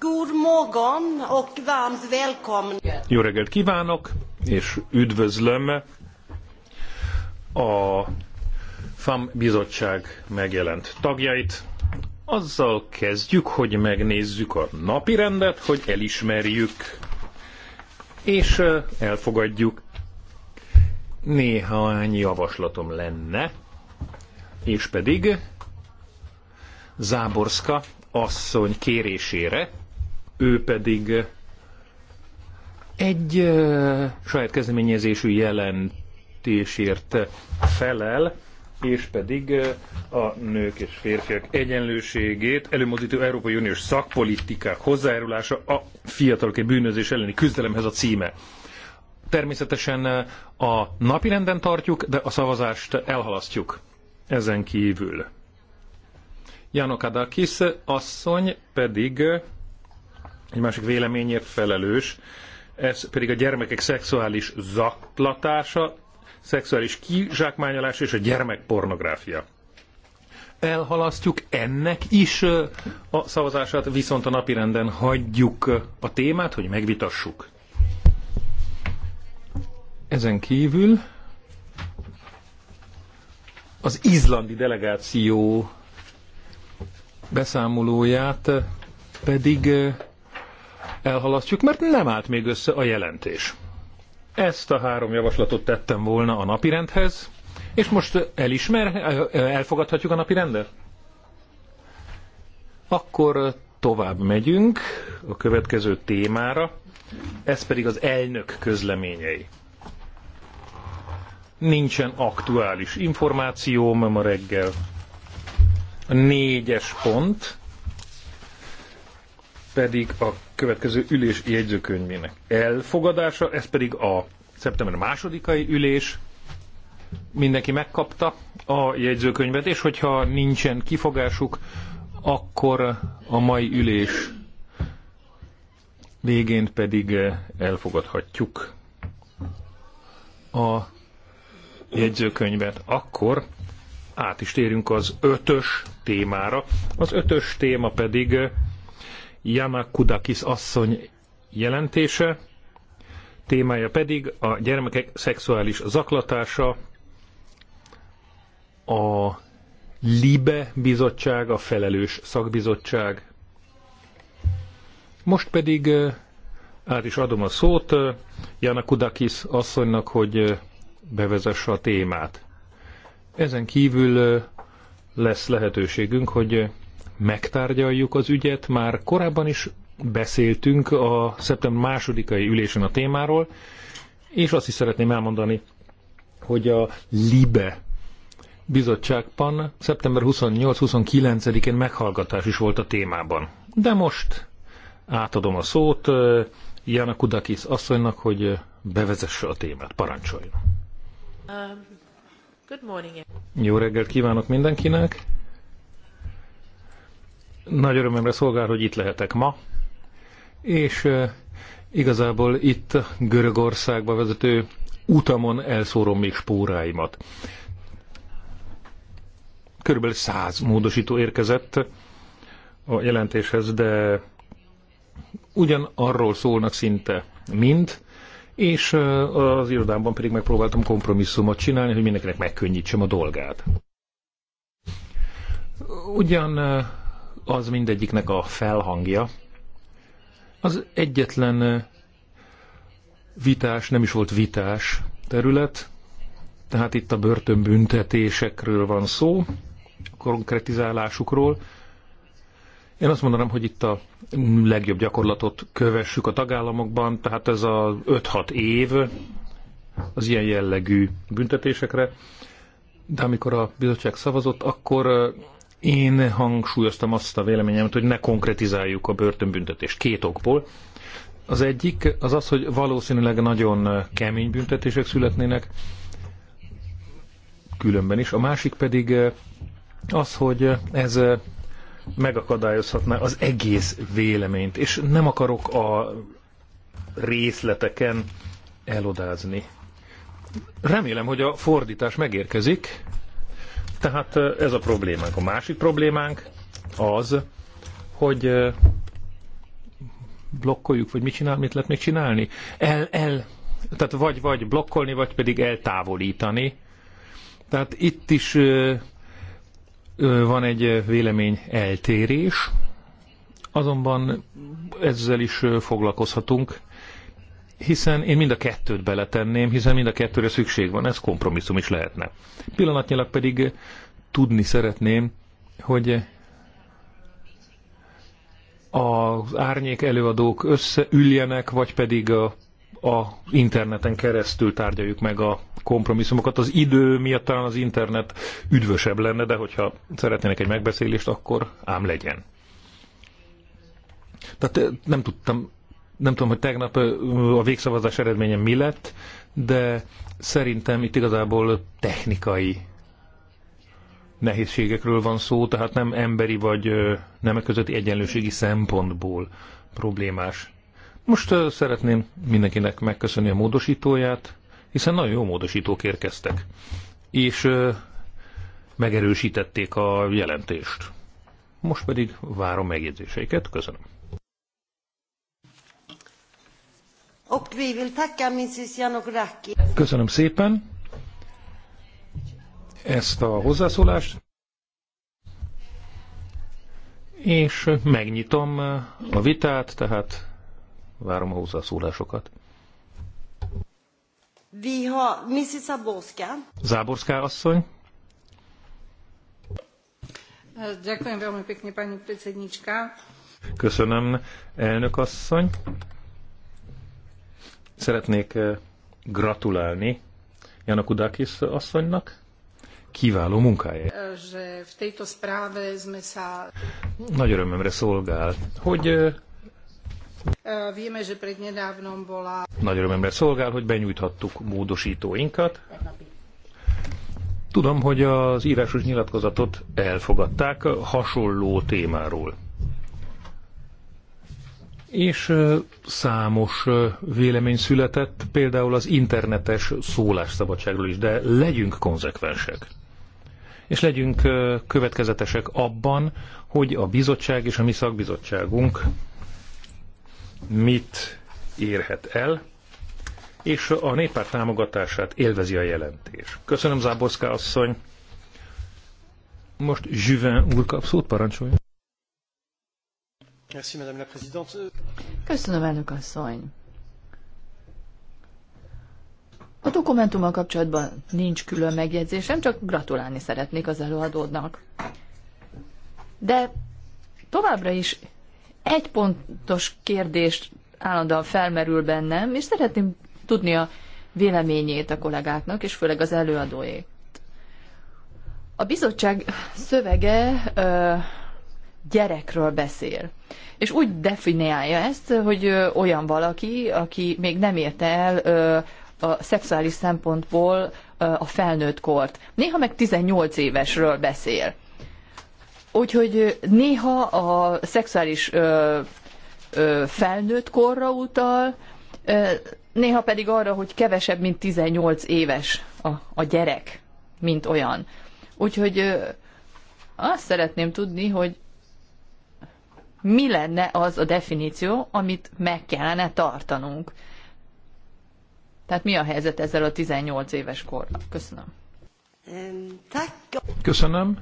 God morgon och varmt välkommen. Jó reggelt kívánok, és üdvözlöm a FAM bizottság megjelent tagjait. Azzal kezdjük, hogy megnézzük a napi rendet, hogy elismerjük és elfogadjuk. Néhány javaslatom lenne, és pedig Záborska asszony kérésére ő pedig egy saját kezdeményezésű jelentésért felel, és pedig a nők és férfiak egyenlőségét előmozdító Európai Uniós szakpolitikák hozzájárulása a fiatalok egy bűnözés elleni küzdelemhez a címe. Természetesen a renden tartjuk, de a szavazást elhalasztjuk ezen kívül. Janok Adakis asszony pedig egy másik véleményért felelős, ez pedig a gyermekek szexuális zaklatása, szexuális kizsákmányolás és a gyermekpornográfia. Elhalasztjuk ennek is a szavazását, viszont a napirenden hagyjuk a témát, hogy megvitassuk. Ezen kívül az izlandi delegáció beszámolóját pedig elhalasztjuk, mert nem állt még össze a jelentés. Ezt a három javaslatot tettem volna a napirendhez, és most elismer, elfogadhatjuk a napirendet? Akkor tovább megyünk a következő témára, ez pedig az elnök közleményei. Nincsen aktuális információm ma reggel. A négyes pont pedig a következő ülés jegyzőkönyvének elfogadása, ez pedig a szeptember másodikai ülés. Mindenki megkapta a jegyzőkönyvet, és hogyha nincsen kifogásuk, akkor a mai ülés végén pedig elfogadhatjuk a jegyzőkönyvet. Akkor át is térünk az ötös témára. Az ötös téma pedig Jana Kudakis asszony jelentése, témája pedig a gyermekek szexuális zaklatása, a LIBE bizottság, a felelős szakbizottság. Most pedig át is adom a szót Jana Kudakis asszonynak, hogy bevezesse a témát. Ezen kívül lesz lehetőségünk, hogy megtárgyaljuk az ügyet. Már korábban is beszéltünk a szeptember másodikai ülésen a témáról, és azt is szeretném elmondani, hogy a LIBE bizottságban szeptember 28-29-én meghallgatás is volt a témában. De most átadom a szót Jana Kudakis asszonynak, hogy bevezesse a témát. Parancsoljon! Um, good morning. Jó reggelt kívánok mindenkinek! Nagy örömömre szolgál, hogy itt lehetek ma, és igazából itt Görögországba vezető utamon elszórom még spóráimat. Körülbelül száz módosító érkezett a jelentéshez, de ugyanarról szólnak szinte mind, és az irodámban pedig megpróbáltam kompromisszumot csinálni, hogy mindenkinek megkönnyítsem a dolgát. Ugyan az mindegyiknek a felhangja. Az egyetlen vitás, nem is volt vitás terület, tehát itt a börtönbüntetésekről van szó, konkretizálásukról. Én azt mondanám, hogy itt a legjobb gyakorlatot kövessük a tagállamokban, tehát ez a 5-6 év az ilyen jellegű büntetésekre, de amikor a bizottság szavazott, akkor én hangsúlyoztam azt a véleményemet, hogy ne konkretizáljuk a börtönbüntetést két okból. Az egyik az az, hogy valószínűleg nagyon kemény büntetések születnének, különben is. A másik pedig eh, az, hogy ez eh, megakadályozhatná az egész véleményt, és nem akarok a részleteken elodázni. Remélem, hogy a fordítás megérkezik. Tehát ez a problémánk. A másik problémánk az, hogy blokkoljuk, vagy mit csinál, mit lehet még csinálni? El, el, tehát vagy, vagy blokkolni, vagy pedig eltávolítani. Tehát itt is van egy vélemény eltérés, azonban ezzel is foglalkozhatunk, hiszen én mind a kettőt beletenném, hiszen mind a kettőre szükség van, ez kompromisszum is lehetne. Pillanatnyilag pedig tudni szeretném, hogy az árnyék előadók összeüljenek, vagy pedig a, a interneten keresztül tárgyaljuk meg a kompromisszumokat. Az idő miatt talán az internet üdvösebb lenne, de hogyha szeretnének egy megbeszélést, akkor ám legyen. Tehát eh, nem tudtam nem tudom, hogy tegnap a végszavazás eredménye mi lett, de szerintem itt igazából technikai nehézségekről van szó, tehát nem emberi vagy nemek közötti egyenlőségi szempontból problémás. Most szeretném mindenkinek megköszönni a módosítóját, hiszen nagyon jó módosítók érkeztek, és megerősítették a jelentést. Most pedig várom megjegyzéseiket. Köszönöm. Köszönöm szépen ezt a hozzászólást, és megnyitom a vitát, tehát várom a hozzászólásokat. Viha, Mrs. Zaborska. Záborská asszony. Köszönöm, elnök asszony. Szeretnék eh, gratulálni Janakudakis asszonynak. Kiváló munkájáért. Eh, nagy örömömre szolgál, hogy eh, Víme, že prednedávnom bola... Nagy örömömre szolgál, hogy benyújthattuk módosítóinkat. Tudom, hogy az írásos nyilatkozatot elfogadták hasonló témáról és számos vélemény született, például az internetes szólásszabadságról is, de legyünk konzekvensek. És legyünk következetesek abban, hogy a bizottság és a mi szakbizottságunk mit érhet el, és a néppárt támogatását élvezi a jelentés. Köszönöm, Záborszka asszony! Most Zsüven úr kap szót, parancsolja. Merci, Madame la Présidente. Köszönöm, elnök asszony. A dokumentummal kapcsolatban nincs külön megjegyzésem, csak gratulálni szeretnék az előadódnak. De továbbra is egy pontos kérdést állandóan felmerül bennem, és szeretném tudni a véleményét a kollégáknak, és főleg az előadóét. A bizottság szövege gyerekről beszél. És úgy definiálja ezt, hogy olyan valaki, aki még nem érte el a szexuális szempontból a felnőtt kort. Néha meg 18 évesről beszél. Úgyhogy néha a szexuális felnőtt korra utal, néha pedig arra, hogy kevesebb, mint 18 éves a, gyerek, mint olyan. Úgyhogy azt szeretném tudni, hogy mi lenne az a definíció, amit meg kellene tartanunk. Tehát mi a helyzet ezzel a 18 éves korral? Köszönöm. Köszönöm.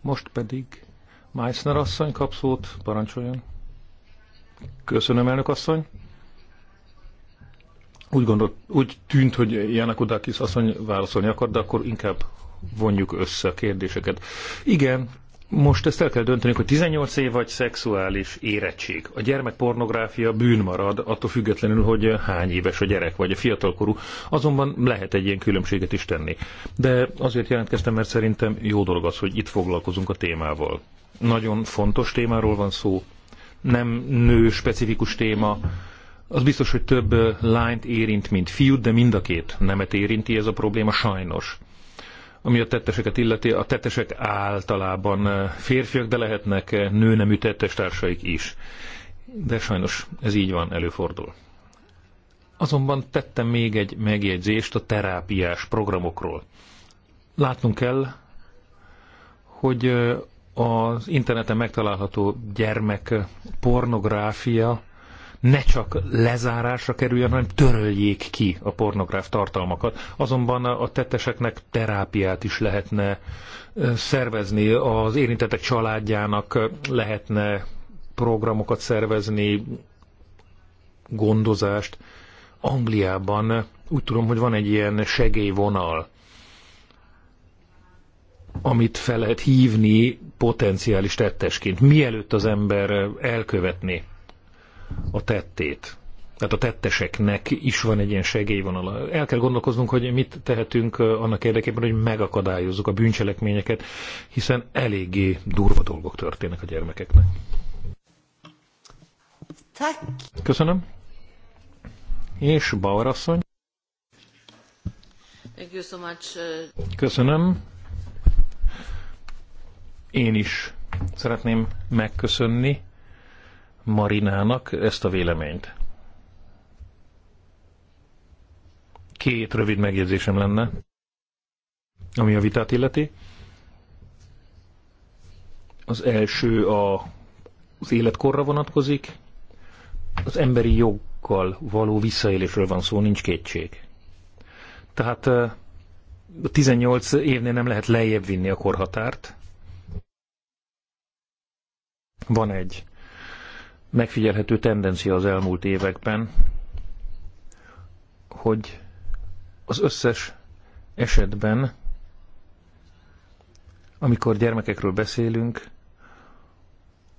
Most pedig Meissner asszony kap szót, parancsoljon. Köszönöm, elnök asszony. Úgy, gondolt, úgy tűnt, hogy Jánakudakis asszony válaszolni akar, de akkor inkább vonjuk össze a kérdéseket. Igen, most ezt el kell dönteni, hogy 18 év vagy szexuális érettség. A gyermekpornográfia bűn marad, attól függetlenül, hogy hány éves a gyerek vagy a fiatalkorú. Azonban lehet egy ilyen különbséget is tenni. De azért jelentkeztem, mert szerintem jó dolog az, hogy itt foglalkozunk a témával. Nagyon fontos témáról van szó, nem nő specifikus téma. Az biztos, hogy több lányt érint, mint fiút, de mind a két nemet érinti ez a probléma sajnos. Ami a tetteseket illeti, a tettesek általában eh, férfiak, de lehetnek eh, nőnemű tettestársaik is. De sajnos ez így van, előfordul. Azonban tettem még egy megjegyzést a terápiás programokról. Látnunk kell, hogy eh, az interneten megtalálható gyermek pornográfia ne csak lezárásra kerüljön, hanem töröljék ki a pornográf tartalmakat. Azonban a tetteseknek terápiát is lehetne szervezni, az érintettek családjának lehetne programokat szervezni, gondozást. Angliában úgy tudom, hogy van egy ilyen segélyvonal, amit fel lehet hívni potenciális tettesként, mielőtt az ember elkövetné a tettét. Tehát a tetteseknek is van egy ilyen segélyvonal. El kell gondolkoznunk, hogy mit tehetünk annak érdekében, hogy megakadályozzuk a bűncselekményeket, hiszen eléggé durva dolgok történnek a gyermekeknek. Köszönöm. És Bauer asszony. Köszönöm. Én is szeretném megköszönni Marinának ezt a véleményt. Két rövid megjegyzésem lenne, ami a vitát illeti. Az első a, az életkorra vonatkozik. Az emberi joggal való visszaélésről van szó, nincs kétség. Tehát 18 évnél nem lehet lejjebb vinni a korhatárt. Van egy megfigyelhető tendencia az elmúlt években, hogy az összes esetben, amikor gyermekekről beszélünk,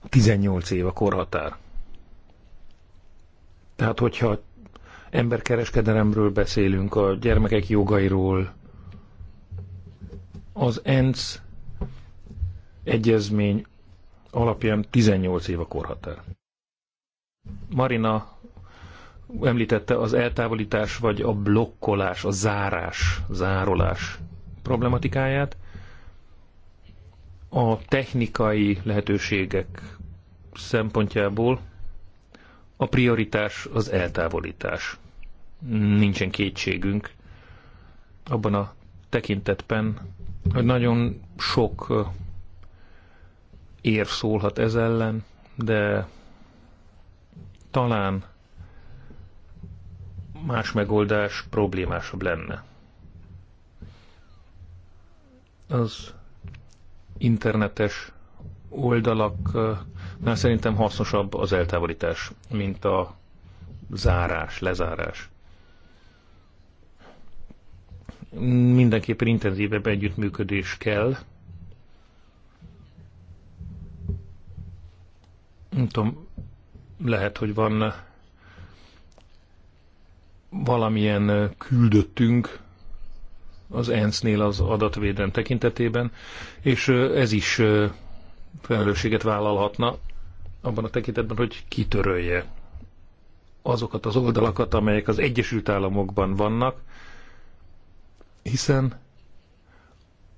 18 év a korhatár. Tehát, hogyha emberkereskedelemről beszélünk, a gyermekek jogairól, az ENSZ egyezmény alapján 18 év a korhatár. Marina említette az eltávolítás vagy a blokkolás, a zárás, zárolás problematikáját. A technikai lehetőségek szempontjából a prioritás az eltávolítás. Nincsen kétségünk abban a tekintetben, hogy nagyon sok ér szólhat ez ellen, de talán más megoldás problémásabb lenne. Az internetes oldalaknál szerintem hasznosabb az eltávolítás, mint a zárás, lezárás. Mindenképpen intenzívebb együttműködés kell. Nem tudom, lehet, hogy van valamilyen küldöttünk az ENSZ-nél az adatvédelem tekintetében, és ez is felelősséget vállalhatna abban a tekintetben, hogy kitörölje azokat az oldalakat, amelyek az Egyesült Államokban vannak, hiszen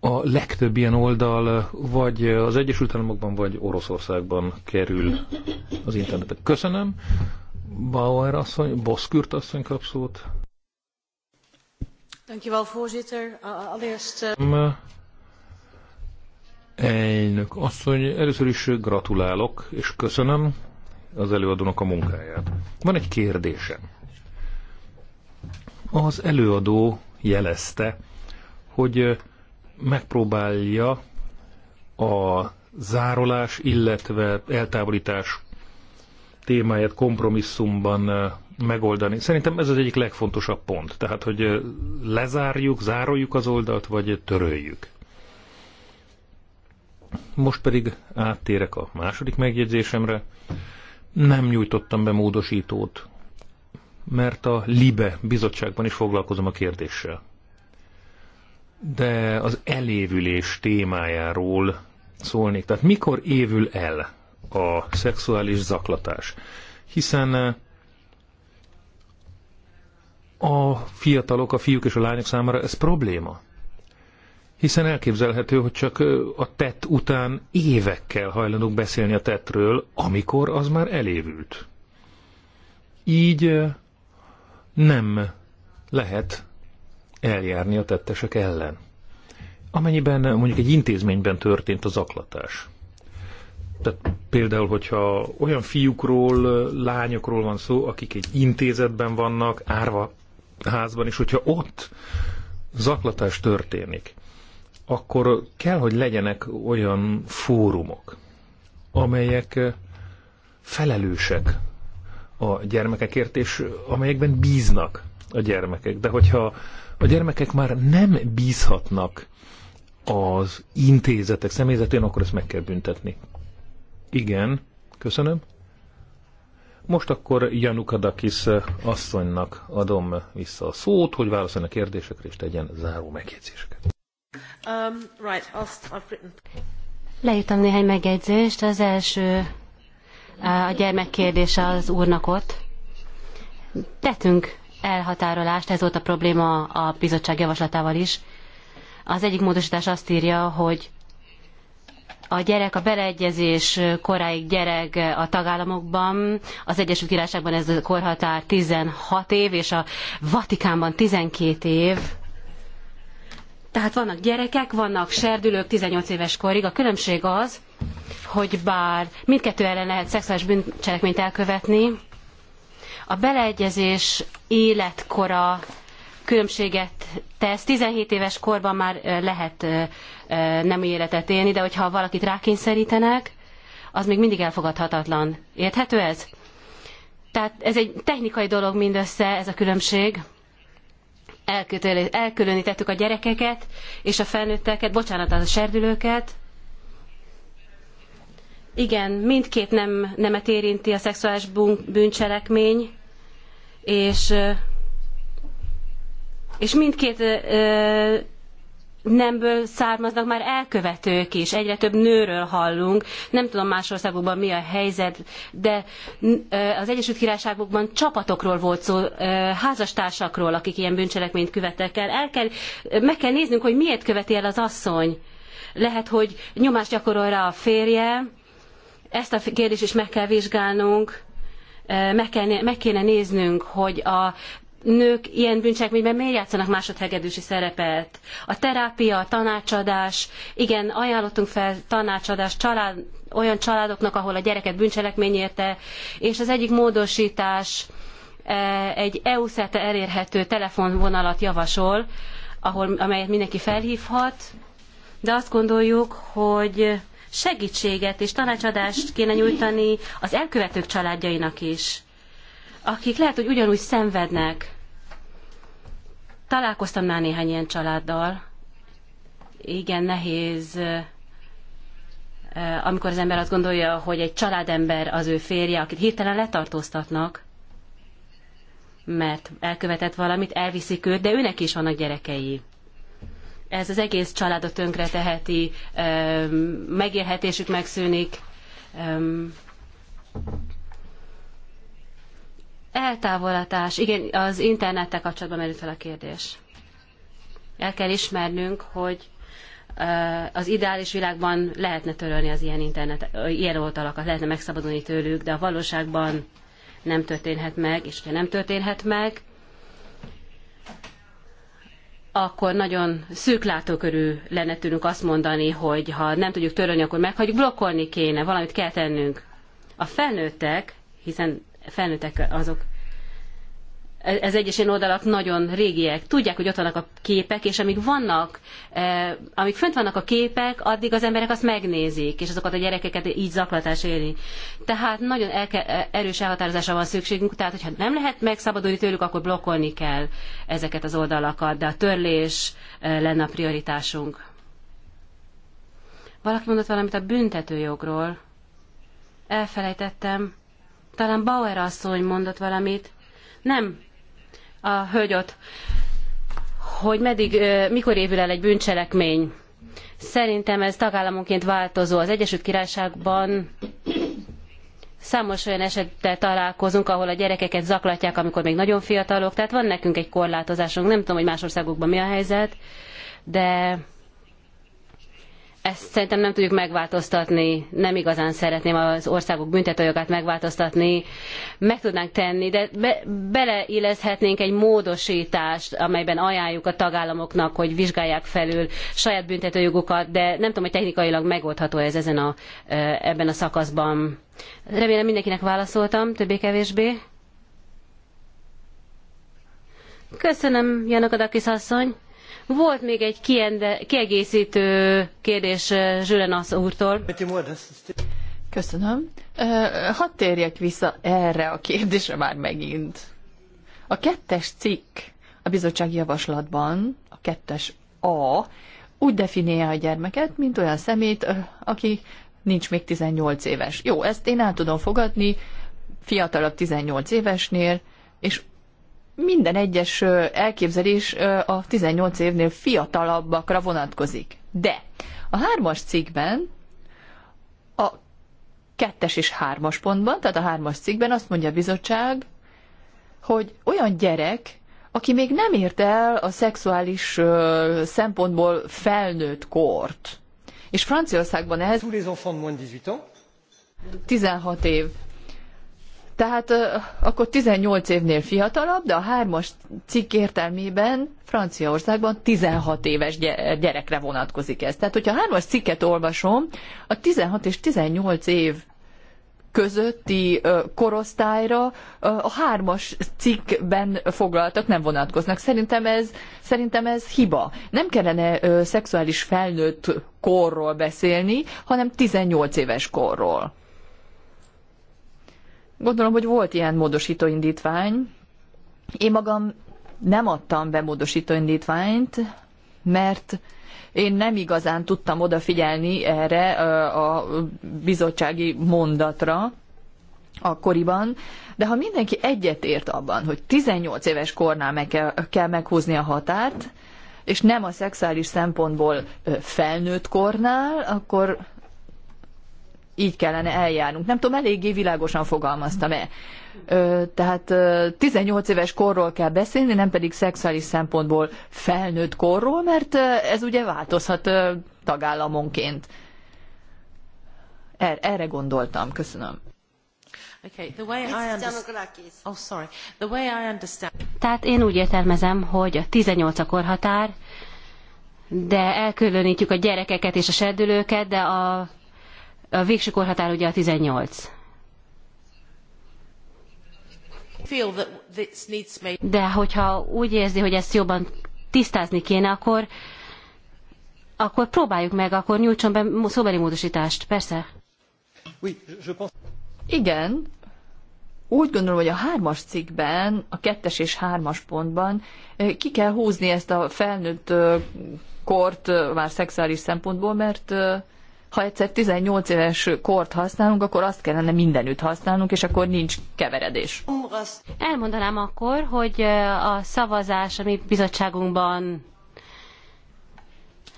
a legtöbb ilyen oldal vagy az Egyesült Államokban, vagy Oroszországban kerül az internetbe. Köszönöm. Bauer asszony, Boszkürt asszony kap szót. Eh, Elnök asszony, először is gratulálok, és köszönöm az előadónak a munkáját. Van egy kérdésem. Az előadó jelezte, hogy megpróbálja a zárolás, illetve eltávolítás témáját kompromisszumban megoldani. Szerintem ez az egyik legfontosabb pont. Tehát, hogy lezárjuk, zároljuk az oldalt, vagy töröljük. Most pedig áttérek a második megjegyzésemre. Nem nyújtottam be módosítót, mert a LIBE bizottságban is foglalkozom a kérdéssel de az elévülés témájáról szólnék. Tehát mikor évül el a szexuális zaklatás? Hiszen eh, a fiatalok, a fiúk és a lányok számára ez probléma. Hiszen elképzelhető, hogy csak eh, a tett után évekkel hajlandók beszélni a tettről, amikor az már elévült. Így eh, nem lehet eljárni a tettesek ellen. Amennyiben mondjuk egy intézményben történt a zaklatás. Tehát például, hogyha olyan fiúkról, lányokról van szó, akik egy intézetben vannak, árva házban, és hogyha ott zaklatás történik, akkor kell, hogy legyenek olyan fórumok, amelyek felelősek a gyermekekért, és amelyekben bíznak a gyermekek. De hogyha a gyermekek már nem bízhatnak az intézetek személyzetén, akkor ezt meg kell büntetni. Igen, köszönöm. Most akkor Janukadakis asszonynak adom vissza a szót, hogy válaszoljon a kérdésekre és tegyen záró megjegyzéseket. Um, right, written. Leírtam néhány megjegyzést. Az első a gyermek kérdése az úrnak ott. Tetünk elhatárolást, ez volt a probléma a bizottság javaslatával is. Az egyik módosítás azt írja, hogy a gyerek, a beleegyezés koráig gyerek a tagállamokban, az Egyesült Királyságban ez a korhatár 16 év, és a Vatikánban 12 év. Tehát vannak gyerekek, vannak serdülők 18 éves korig. A különbség az, hogy bár mindkettő ellen lehet szexuális bűncselekményt elkövetni, a beleegyezés életkora különbséget tesz. 17 éves korban már lehet nem életet élni, de hogyha valakit rákényszerítenek, az még mindig elfogadhatatlan. Érthető ez? Tehát ez egy technikai dolog mindössze, ez a különbség. Elkülönítettük a gyerekeket és a felnőtteket, bocsánat, az a serdülőket, igen, mindkét nem, nemet érinti a szexuális bűncselekmény, és, és mindkét nemből származnak már elkövetők is. Egyre több nőről hallunk. Nem tudom más országokban mi a helyzet, de az Egyesült Királyságokban csapatokról volt szó, házastársakról, akik ilyen bűncselekményt követtek el. el kell, meg kell néznünk, hogy miért követi el az asszony. Lehet, hogy nyomást gyakorol rá a férje, ezt a kérdést is meg kell vizsgálnunk, meg, kell, meg kéne néznünk, hogy a nők ilyen bűncselekményben miért játszanak másodhegedűsi szerepet. A terápia, a tanácsadás, igen, ajánlottunk fel tanácsadást család, olyan családoknak, ahol a gyereket bűncselekmény érte, és az egyik módosítás egy EU szerte elérhető telefonvonalat javasol, ahol, amelyet mindenki felhívhat, de azt gondoljuk, hogy segítséget és tanácsadást kéne nyújtani az elkövetők családjainak is, akik lehet, hogy ugyanúgy szenvednek. Találkoztam már néhány ilyen családdal. Igen, nehéz amikor az ember azt gondolja, hogy egy családember az ő férje, akit hirtelen letartóztatnak, mert elkövetett valamit, elviszik őt, de őnek is vannak gyerekei ez az egész családot tönkre teheti, megélhetésük megszűnik. Eltávolatás. Igen, az internettel kapcsolatban merült fel a kérdés. El kell ismernünk, hogy e, az ideális világban lehetne törölni az ilyen, internet, ilyen oltalakat, lehetne megszabadulni tőlük, de a valóságban nem történhet meg, és ha nem történhet meg, akkor nagyon szűklátókörű lenne tőlünk azt mondani, hogy ha nem tudjuk törölni, akkor meghagyjuk, blokkolni kéne, valamit kell tennünk. A felnőttek, hiszen felnőttek azok, E-, ez egyes ilyen oldalak nagyon régiek. Tudják, hogy ott vannak a képek, és amíg vannak, e, amíg fönt vannak a képek, addig az emberek azt megnézik, és azokat a gyerekeket így zaklatás éri. Tehát nagyon elke, e, erős elhatározásra van szükségünk, tehát hogyha nem lehet megszabadulni tőlük, akkor blokkolni kell ezeket az oldalakat, de a törlés lenne a prioritásunk. Valaki mondott valamit a büntetőjogról. Elfelejtettem. Talán Bauer asszony mondott valamit. Nem, a hölgyot, hogy meddig, mikor évül el egy bűncselekmény. Szerintem ez tagállamonként változó. Az Egyesült Királyságban számos olyan esettel találkozunk, ahol a gyerekeket zaklatják, amikor még nagyon fiatalok, tehát van nekünk egy korlátozásunk. Nem tudom, hogy más országokban mi a helyzet, de ezt szerintem nem tudjuk megváltoztatni, nem igazán szeretném az országok büntetőjogát megváltoztatni, meg tudnánk tenni, de be, beleilleszhetnénk egy módosítást, amelyben ajánljuk a tagállamoknak, hogy vizsgálják felül saját büntetőjogukat, de nem tudom, hogy technikailag megoldható ez ezen a, e, ebben a szakaszban. Remélem mindenkinek válaszoltam, többé-kevésbé. Köszönöm, Janok Adakis asszony. Volt még egy kiegészítő kérdés eh, Zsülenasz úrtól. Köszönöm. Eh, hadd térjek vissza erre a kérdésre már megint. A kettes cikk a bizottsági javaslatban, a kettes A, úgy definiálja a gyermeket, mint olyan szemét, eh, aki nincs még 18 éves. Jó, ezt én el tudom fogadni fiatalabb 18 évesnél, és minden egyes elképzelés a 18 évnél fiatalabbakra vonatkozik. De a hármas cikkben, a kettes és hármas pontban, tehát a hármas cikkben azt mondja a bizottság, hogy olyan gyerek, aki még nem ért el a szexuális szempontból felnőtt kort. És Franciaországban ez 16 év tehát akkor 18 évnél fiatalabb, de a hármas cikk értelmében Franciaországban 16 éves gyerekre vonatkozik ez. Tehát, hogyha a hármas cikket olvasom, a 16 és 18 év közötti korosztályra a hármas cikkben foglaltak nem vonatkoznak. Szerintem ez, szerintem ez hiba. Nem kellene szexuális felnőtt korról beszélni, hanem 18 éves korról. Gondolom, hogy volt ilyen módosító indítvány. Én magam nem adtam be módosító indítványt, mert én nem igazán tudtam odafigyelni erre a bizottsági mondatra akkoriban, de ha mindenki egyetért abban, hogy 18 éves kornál meg kell, kell meghúzni a határt, és nem a szexuális szempontból felnőtt kornál, akkor így kellene eljárnunk. Nem tudom, eléggé világosan fogalmaztam-e. Tehát 18 éves korról kell beszélni, nem pedig szexuális szempontból felnőtt korról, mert ez ugye változhat tagállamonként. Er, erre gondoltam. Köszönöm. Tehát én úgy értelmezem, hogy a 18 a korhatár, de elkülönítjük a gyerekeket és a serdülőket, de a a végső korhatár ugye a 18. De hogyha úgy érzi, hogy ezt jobban tisztázni kéne, akkor, akkor próbáljuk meg, akkor nyújtson be szóbeli módosítást, persze. Igen, úgy gondolom, hogy a hármas cikkben, a kettes és hármas pontban eh, ki kell húzni ezt a felnőtt eh, kort eh, már szexuális szempontból, mert ha egyszer 18 éves kort használunk, akkor azt kellene mindenütt használnunk, és akkor nincs keveredés. Elmondanám akkor, hogy a szavazás a mi bizottságunkban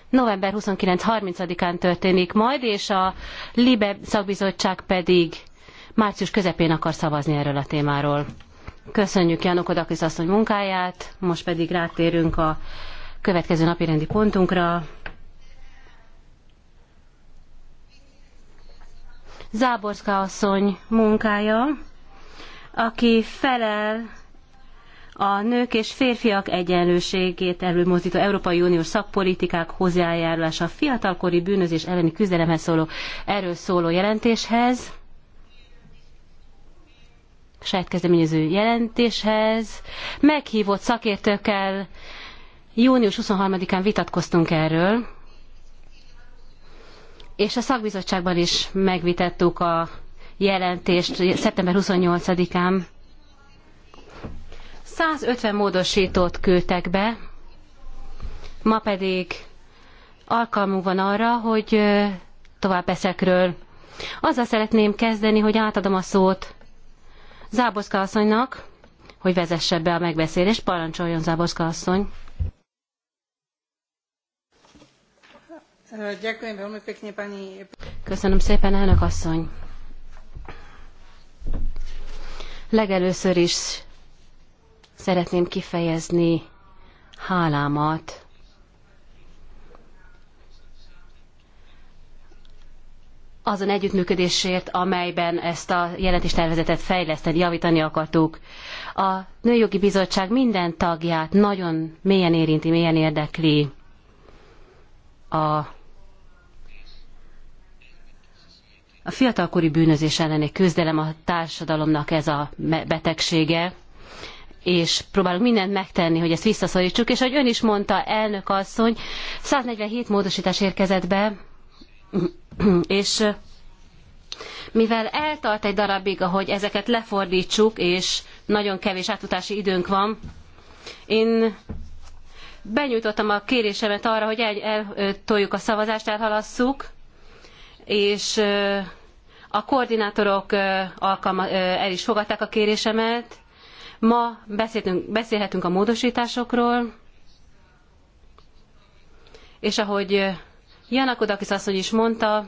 november 29-30-án történik majd, és a LIBE szakbizottság pedig március közepén akar szavazni erről a témáról. Köszönjük Janok Odakis asszony munkáját, most pedig rátérünk a következő napi rendi pontunkra. Záborská asszony munkája, aki felel a nők és férfiak egyenlőségét előmozdító Európai Uniós szakpolitikák hozzájárulása a fiatalkori bűnözés elleni küzdelemhez szóló, erről szóló jelentéshez, saját kezdeményező jelentéshez. Meghívott szakértőkkel június 23-án vitatkoztunk erről, és a szakbizottságban is megvitattuk a jelentést szeptember 28-án. 150 módosítót küldtek be, ma pedig alkalmunk van arra, hogy tovább ezekről. Azzal szeretném kezdeni, hogy átadom a szót Záboszka asszonynak, hogy vezesse be a megbeszélést. Parancsoljon, Záboszka asszony! Köszönöm szépen, elnök asszony. Legelőször is szeretném kifejezni hálámat azon együttműködésért, amelyben ezt a jelentéstervezetet fejleszteni, javítani akartuk. A Nőjogi Bizottság minden tagját nagyon mélyen érinti, mélyen érdekli a A fiatalkori bűnözés elleni küzdelem a társadalomnak ez a betegsége, és próbálunk mindent megtenni, hogy ezt visszaszorítsuk, és ahogy ön is mondta, elnök asszony, 147 módosítás érkezett be, és mivel eltart egy darabig, ahogy ezeket lefordítsuk, és nagyon kevés átutási időnk van, én benyújtottam a kérésemet arra, hogy eltoljuk a szavazást, elhalasszuk, és a koordinátorok alkalma, el is fogadták a kérésemet. Ma beszélhetünk a módosításokról, és ahogy Janakodakis asszony is mondta,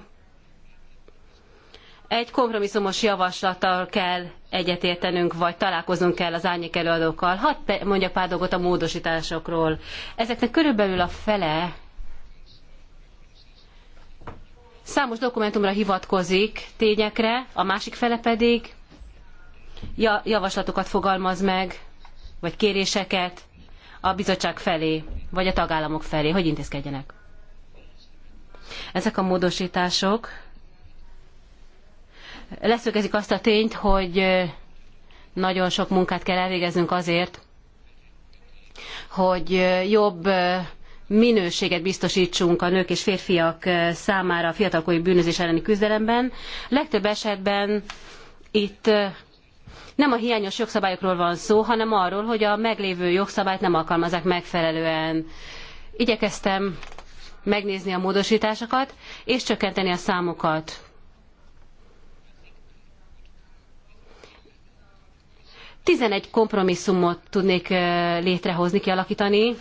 egy kompromisszumos javaslattal kell egyetértenünk, vagy találkoznunk kell az árnyék előadókkal. Hadd mondjak pár dolgot a módosításokról. Ezeknek körülbelül a fele Számos dokumentumra hivatkozik tényekre, a másik fele pedig javaslatokat fogalmaz meg, vagy kéréseket a bizottság felé, vagy a tagállamok felé, hogy intézkedjenek. Ezek a módosítások leszögezik azt a tényt, hogy nagyon sok munkát kell elvégeznünk azért, hogy jobb minőséget biztosítsunk a nők és férfiak számára a fiatalkori bűnözés elleni küzdelemben. Legtöbb esetben itt nem a hiányos jogszabályokról van szó, hanem arról, hogy a meglévő jogszabályt nem alkalmazzák megfelelően. Igyekeztem megnézni a módosításokat, és csökkenteni a számokat. Tizenegy kompromisszumot tudnék létrehozni, kialakítani,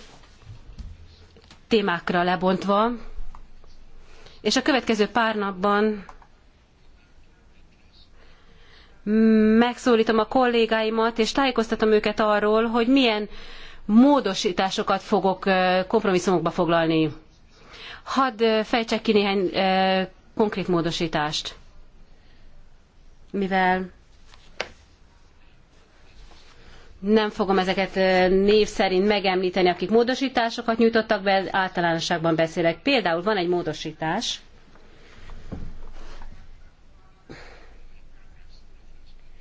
témákra lebontva, és a következő pár napban megszólítom a kollégáimat, és tájékoztatom őket arról, hogy milyen módosításokat fogok kompromisszumokba foglalni. Hadd fejtsek ki néhány konkrét módosítást, mivel nem fogom ezeket név szerint megemlíteni, akik módosításokat nyújtottak be, általánosságban beszélek. Például van egy módosítás,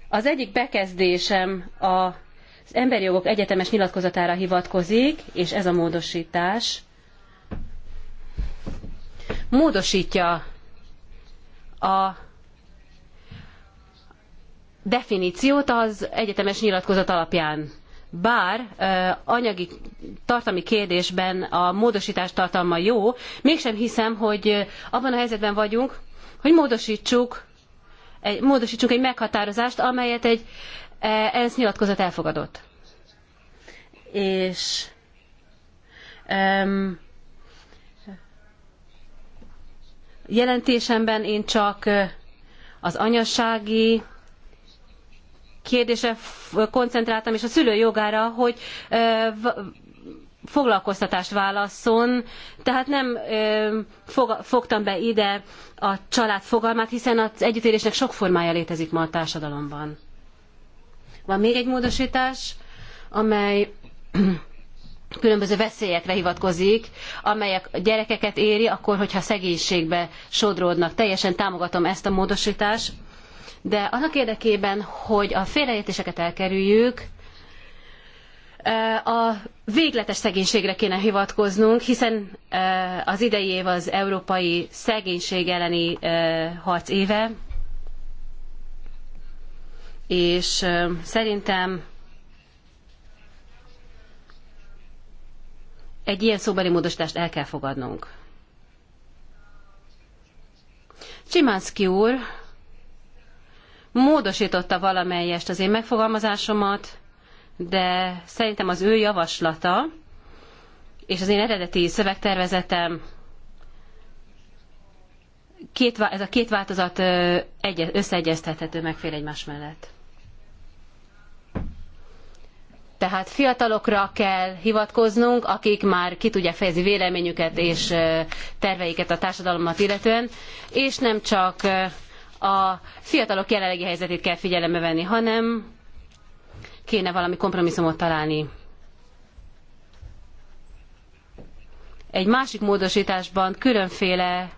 Az egyik bekezdésem az emberi jogok egyetemes nyilatkozatára hivatkozik, és ez a módosítás módosítja a definíciót az egyetemes nyilatkozat alapján. Bár anyagi tartalmi kérdésben a módosítás tartalma jó, mégsem hiszem, hogy abban a helyzetben vagyunk, hogy módosítsuk egy, módosítsunk egy meghatározást, amelyet egy e, ENSZ nyilatkozat elfogadott. És um, jelentésemben én csak az anyassági kérdésre koncentráltam, és a szülő jogára, hogy foglalkoztatást válasszon, tehát nem fogtam be ide a család fogalmát, hiszen az együttélésnek sok formája létezik ma a társadalomban. Van még egy módosítás, amely különböző veszélyekre hivatkozik, amelyek gyerekeket éri, akkor, hogyha szegénységbe sodródnak. Teljesen támogatom ezt a módosítást de annak érdekében, hogy a félreértéseket elkerüljük, a végletes szegénységre kéne hivatkoznunk, hiszen az idei év az európai szegénység elleni harc éve, és szerintem egy ilyen szóbeli módosítást el kell fogadnunk. Csimánszki úr módosította valamelyest az én megfogalmazásomat, de szerintem az ő javaslata és az én eredeti szövegtervezetem két, ez a két változat összeegyeztethető, megfér egymás mellett. Tehát fiatalokra kell hivatkoznunk, akik már ki tudják fejezni véleményüket és terveiket a társadalmat illetően, és nem csak a fiatalok jelenlegi helyzetét kell figyelembe venni, hanem kéne valami kompromisszumot találni. Egy másik módosításban különféle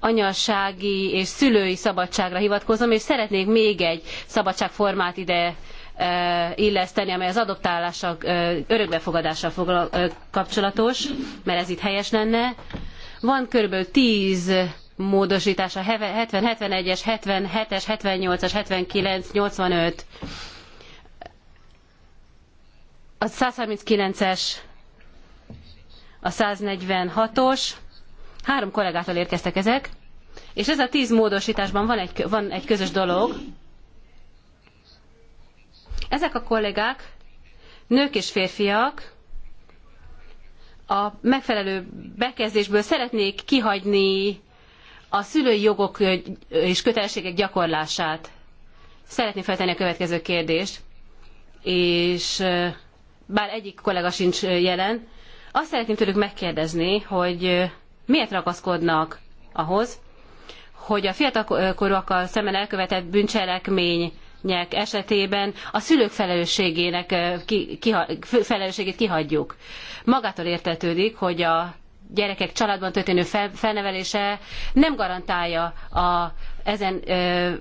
anyassági és szülői szabadságra hivatkozom, és szeretnék még egy szabadságformát ide e, illeszteni, amely az adoptálással, e, örökbefogadással e, kapcsolatos, mert ez itt helyes lenne. Van körülbelül tíz módosítása 70, 71-es, 77-es, 78-as, 79, 85, a 139-es, a 146-os, három kollégától érkeztek ezek, és ez a tíz módosításban van egy, van egy közös dolog. Ezek a kollégák nők és férfiak, a megfelelő bekezdésből szeretnék kihagyni a szülői jogok és kötelességek gyakorlását. Szeretném feltenni a következő kérdést, és bár egyik kollega sincs jelen, azt szeretném tőlük megkérdezni, hogy miért ragaszkodnak ahhoz, hogy a fiatalkorúakkal szemben elkövetett bűncselekmények esetében a szülők felelősségének ki, ki, felelősségét kihagyjuk. Magától értetődik, hogy a gyerekek családban történő fel, felnevelése nem garantálja a, ezen ö,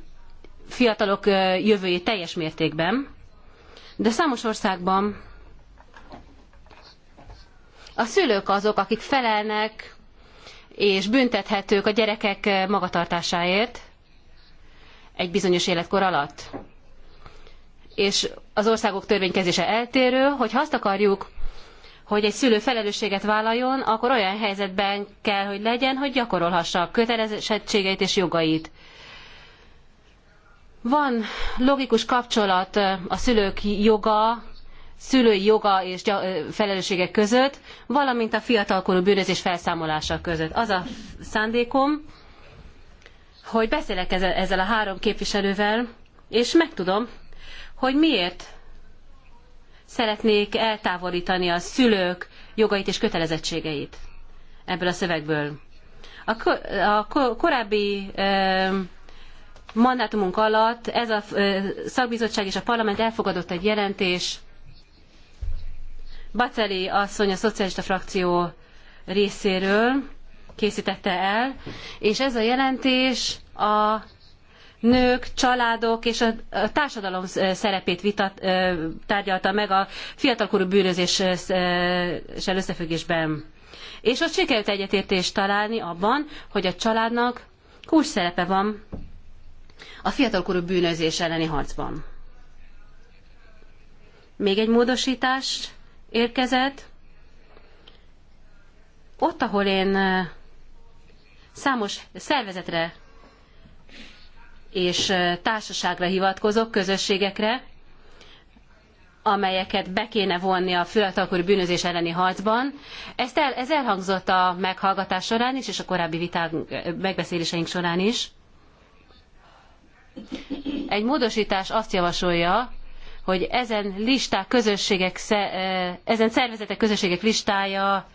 fiatalok ö, jövőjét teljes mértékben, de számos országban a szülők azok, akik felelnek és büntethetők a gyerekek magatartásáért egy bizonyos életkor alatt. És az országok törvénykezése eltérő, hogy ha azt akarjuk, hogy egy szülő felelősséget vállaljon, akkor olyan helyzetben kell, hogy legyen, hogy gyakorolhassa a kötelezettségeit és jogait. Van logikus kapcsolat a szülők joga, szülői joga és felelősségek között, valamint a fiatalkorú bűnözés felszámolása között. Az a szándékom, hogy beszélek ezzel, ezzel a három képviselővel, és megtudom, hogy miért szeretnék eltávolítani a szülők jogait és kötelezettségeit ebből a szövegből. A, korábbi mandátumunk alatt ez a szakbizottság és a parlament elfogadott egy jelentés. Baceli asszony a szocialista frakció részéről készítette el, és ez a jelentés a nők, családok és a társadalom szerepét vitat, tárgyalta meg a fiatalkorú bűnözéssel összefüggésben. És ott sikerült egyetértést találni abban, hogy a családnak kulcs szerepe van a fiatalkorú bűnözés elleni harcban. Még egy módosítás érkezett. Ott, ahol én számos szervezetre és társaságra hivatkozok, közösségekre, amelyeket be kéne vonni a fiatalkori bűnözés elleni harcban. Ezt el, ez elhangzott a meghallgatás során is, és a korábbi vitánk, megbeszéléseink során is. Egy módosítás azt javasolja, hogy ezen listák, közösségek, ezen szervezetek, közösségek listája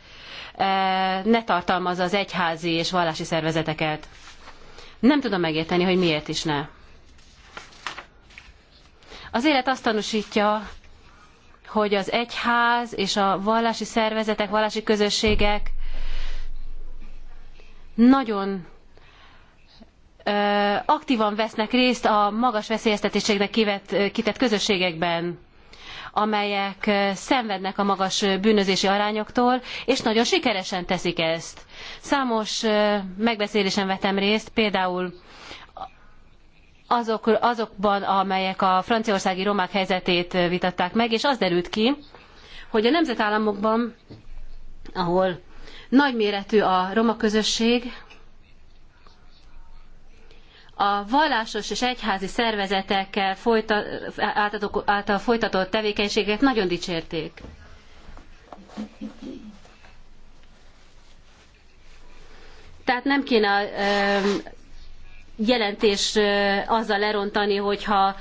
ne tartalmazza az egyházi és vallási szervezeteket. Nem tudom megérteni, hogy miért is ne. Az élet azt tanúsítja, hogy az egyház és a vallási szervezetek, vallási közösségek nagyon ö, aktívan vesznek részt a magas veszélyeztetéségnek kivet kitett közösségekben amelyek szenvednek a magas bűnözési arányoktól, és nagyon sikeresen teszik ezt. Számos megbeszélésen vettem részt, például azok, azokban, amelyek a franciaországi romák helyzetét vitatták meg, és az derült ki, hogy a nemzetállamokban, ahol nagyméretű a roma közösség, a vallásos és egyházi szervezetekkel folyta, által folytatott tevékenységet nagyon dicsérték. Tehát nem kéne a jelentés azzal lerontani, hogyha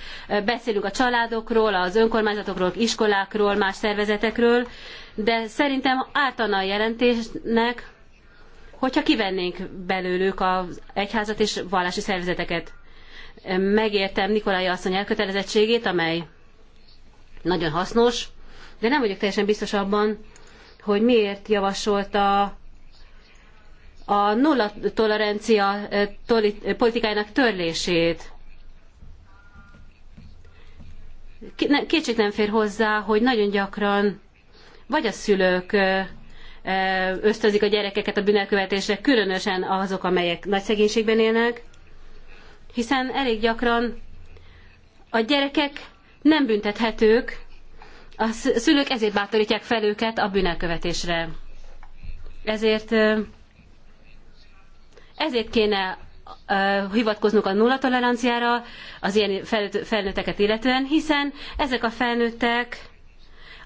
beszélünk a családokról, az önkormányzatokról, iskolákról, más szervezetekről, de szerintem ártana a jelentésnek, hogyha kivennénk belőlük az egyházat és vallási szervezeteket. Megértem Nikolai asszony elkötelezettségét, amely nagyon hasznos, de nem vagyok teljesen biztos abban, hogy miért javasolta a nulla tolerancia eh, eh, politikájának törlését. Kétség nem fér hozzá, hogy nagyon gyakran vagy a szülők eh, ösztönzik a gyerekeket a bűnelkövetésre, különösen azok, amelyek nagy szegénységben élnek, hiszen elég gyakran a gyerekek nem büntethetők, a szülők ezért bátorítják fel őket a bűnelkövetésre. Ezért, ezért kéne hivatkoznunk a nulla toleranciára az ilyen felnőtteket illetően, hiszen ezek a felnőttek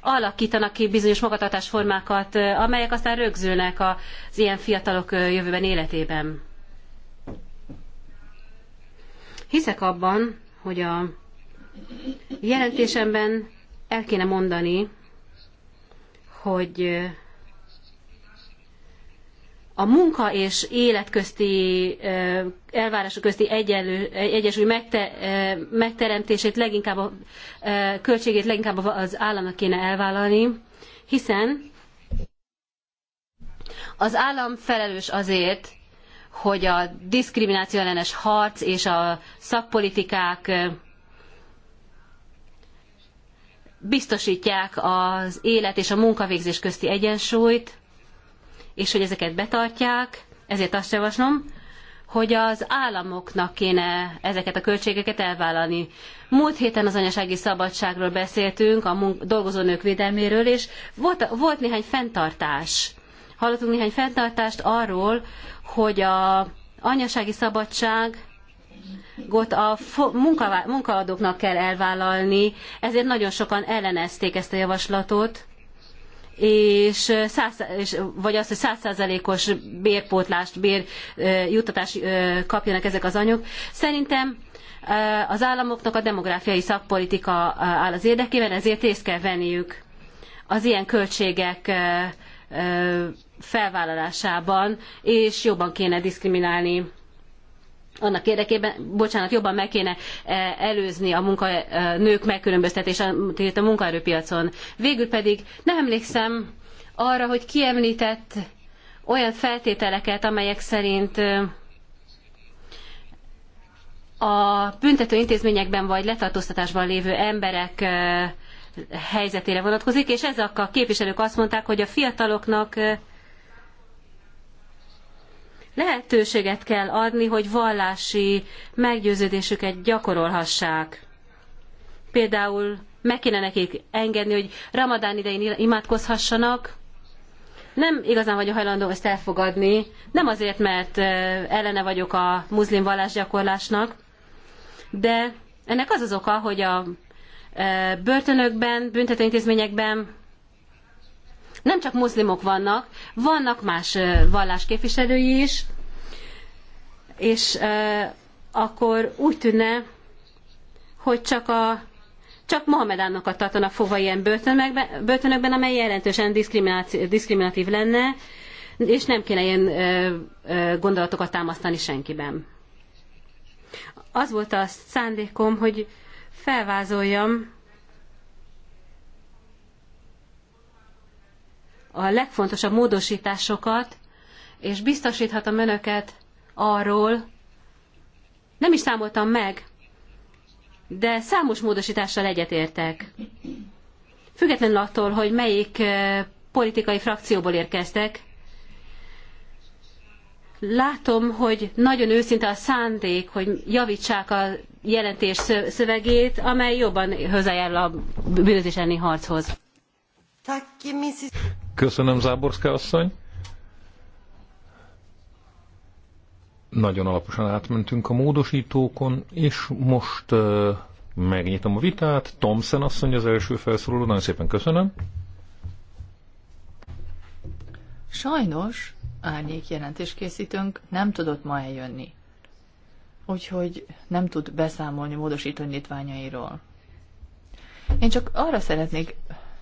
alakítanak ki bizonyos magatartásformákat, amelyek aztán rögzülnek az ilyen fiatalok jövőben életében. Hiszek abban, hogy a jelentésemben el kéne mondani, hogy a munka és életközti elvárások közti egyenlő, egyensúly megte, megteremtését leginkább a költségét leginkább az államnak kéne elvállalni, hiszen az állam felelős azért, hogy a diszkrimináció ellenes harc és a szakpolitikák biztosítják az élet és a munkavégzés közti egyensúlyt, és hogy ezeket betartják, ezért azt javaslom, hogy az államoknak kéne ezeket a költségeket elvállalni. Múlt héten az anyasági szabadságról beszéltünk, a mun- dolgozónők védelméről, és volt, volt néhány fenntartás. Hallottunk néhány fenntartást arról, hogy a anyasági szabadság ott a munkaadóknak kell elvállalni, ezért nagyon sokan ellenezték ezt a javaslatot, és, 100, és vagy az, hogy százszázalékos bérpótlást, bérjuttatást kapjanak ezek az anyok. Szerintem az államoknak a demográfiai szakpolitika áll az érdekében, ezért részt kell venniük az ilyen költségek felvállalásában, és jobban kéne diszkriminálni annak érdekében, bocsánat, jobban meg kéne e, előzni a munka, e, nők megkülönböztetését a munkaerőpiacon. Végül pedig nem emlékszem arra, hogy kiemlített olyan feltételeket, amelyek szerint e, a büntető intézményekben vagy letartóztatásban lévő emberek helyzetére vonatkozik, és ezek a képviselők azt mondták, hogy a fiataloknak lehetőséget kell adni, hogy vallási meggyőződésüket gyakorolhassák. Például meg kéne nekik engedni, hogy ramadán idején imádkozhassanak. Nem igazán vagyok hajlandó ezt elfogadni, nem azért, mert ellene vagyok a muszlim vallásgyakorlásnak, de ennek az az oka, hogy a börtönökben, büntetőintézményekben nem csak muszlimok vannak, vannak más vallás képviselői is, és akkor úgy tűnne, hogy csak a csak Mohamedánokat tartanak fogva ilyen börtönökben, börtönökben amely jelentősen diszkriminatív lenne, és nem kéne ilyen ö, ö, gondolatokat támasztani senkiben. Az volt a szándékom, hogy felvázoljam a legfontosabb módosításokat, és biztosíthatom önöket arról, nem is számoltam meg, de számos módosítással egyetértek. Függetlenül attól, hogy melyik eh, politikai frakcióból érkeztek, látom, hogy nagyon őszinte a szándék, hogy javítsák a jelentés szövegét, amely jobban hozzájárul a bűnözés elleni harchoz. Köszönöm, Záborszka asszony. Nagyon alaposan átmentünk a módosítókon, és most uh, megnyitom a vitát. Thomson asszony az első felszóló. Nagyon szépen köszönöm. Sajnos árnyék jelentéskészítőnk nem tudott ma eljönni, úgyhogy nem tud beszámolni módosító nyitványairól. Én csak arra szeretnék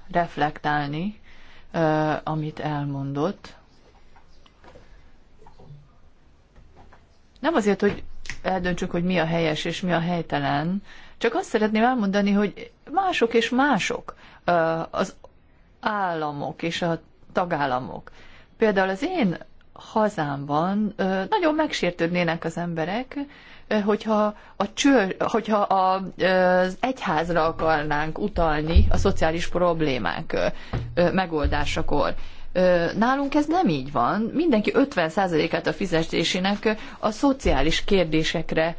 reflektálni, amit elmondott. Nem azért, hogy eldöntsük, hogy mi a helyes és mi a helytelen, csak azt szeretném elmondani, hogy mások és mások az államok és a tagállamok. Például az én hazámban nagyon megsértődnének az emberek, hogyha, a cső, hogyha a, az egyházra akarnánk utalni a szociális problémák megoldásakor. Nálunk ez nem így van. Mindenki 50%-át a fizetésének a szociális kérdésekre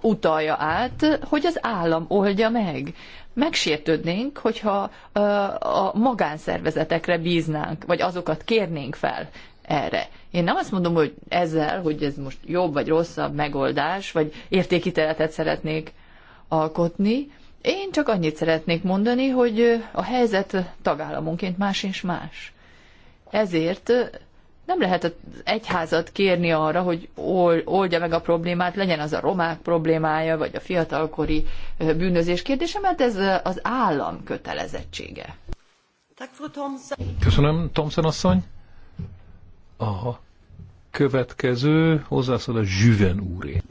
utalja át, hogy az állam oldja meg. Megsértődnénk, hogyha a magánszervezetekre bíznánk, vagy azokat kérnénk fel erre. Én nem azt mondom, hogy ezzel, hogy ez most jobb vagy rosszabb megoldás, vagy értékíteletet szeretnék alkotni. Én csak annyit szeretnék mondani, hogy a helyzet tagállamonként más és más. Ezért nem lehet az egyházat kérni arra, hogy oldja meg a problémát, legyen az a romák problémája, vagy a fiatalkori bűnözés kérdése, mert ez az állam kötelezettsége. Köszönöm, Thomson asszony. A következő hozzászól a Zsüven úré.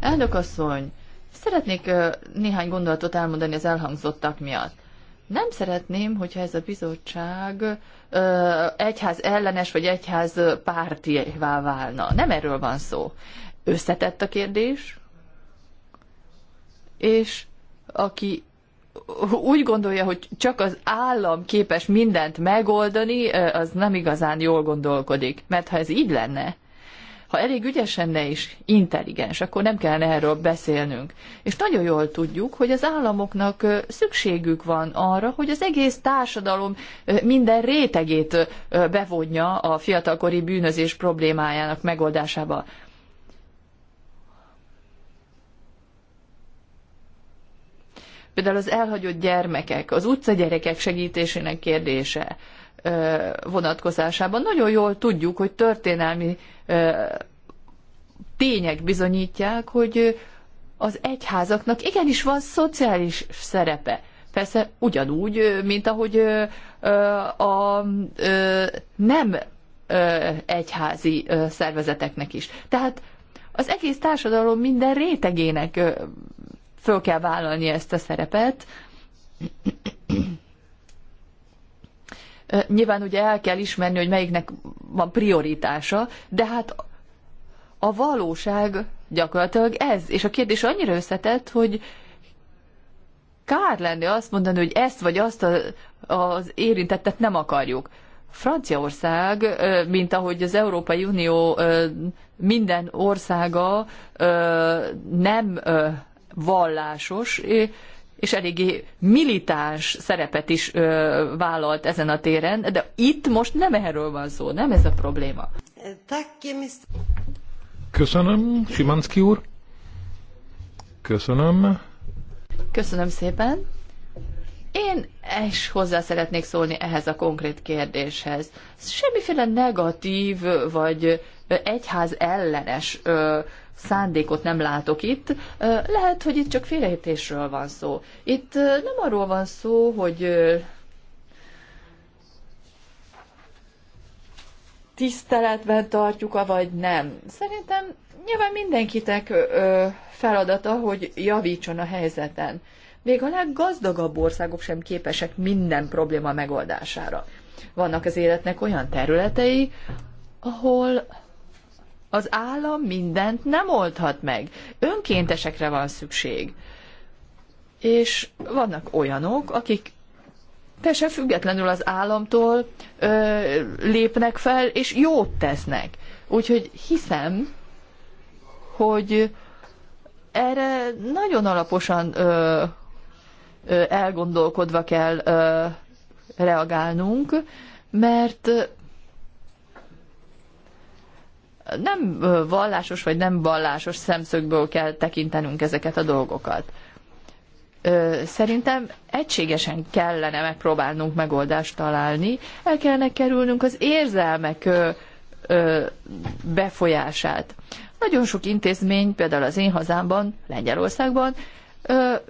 Elnök asszony, szeretnék néhány gondolatot elmondani az elhangzottak miatt. Nem szeretném, hogyha ez a bizottság egyház ellenes vagy egyház pártivá válna. Nem erről van szó. Összetett a kérdés, és aki úgy gondolja, hogy csak az állam képes mindent megoldani, az nem igazán jól gondolkodik. Mert ha ez így lenne, ha elég ügyes lenne és intelligens, akkor nem kellene erről beszélnünk. És nagyon jól tudjuk, hogy az államoknak szükségük van arra, hogy az egész társadalom minden rétegét bevonja a fiatalkori bűnözés problémájának megoldásába. Például az elhagyott gyermekek, az utcagyerekek segítésének kérdése vonatkozásában nagyon jól tudjuk, hogy történelmi tények bizonyítják, hogy az egyházaknak igenis van szociális szerepe. Persze ugyanúgy, mint ahogy a nem egyházi szervezeteknek is. Tehát az egész társadalom minden rétegének föl kell vállalni ezt a szerepet. Nyilván ugye el kell ismerni, hogy melyiknek van prioritása, de hát a valóság gyakorlatilag ez. És a kérdés annyira összetett, hogy kár lenne azt mondani, hogy ezt vagy azt a, az érintettet nem akarjuk. Franciaország, mint ahogy az Európai Unió minden országa nem vallásos és eléggé militáns szerepet is vállalt ezen a téren, de itt most nem erről van szó, nem ez a probléma. Köszönöm, Simanszki úr. Köszönöm. Köszönöm szépen. Én is hozzá szeretnék szólni ehhez a konkrét kérdéshez. Semmiféle negatív vagy egyház ellenes szándékot nem látok itt. Lehet, hogy itt csak félrejtésről van szó. Itt nem arról van szó, hogy tiszteletben tartjuk, vagy nem. Szerintem nyilván mindenkitek feladata, hogy javítson a helyzeten. Még a leggazdagabb országok sem képesek minden probléma megoldására. Vannak az életnek olyan területei, ahol az állam mindent nem oldhat meg. Önkéntesekre van szükség. És vannak olyanok, akik teljesen függetlenül az államtól ö, lépnek fel, és jót tesznek. Úgyhogy hiszem, hogy erre nagyon alaposan ö, ö, elgondolkodva kell ö, reagálnunk, mert nem vallásos vagy nem vallásos szemszögből kell tekintenünk ezeket a dolgokat. Szerintem egységesen kellene megpróbálnunk megoldást találni, el kellene kerülnünk az érzelmek befolyását. Nagyon sok intézmény, például az én hazámban, Lengyelországban,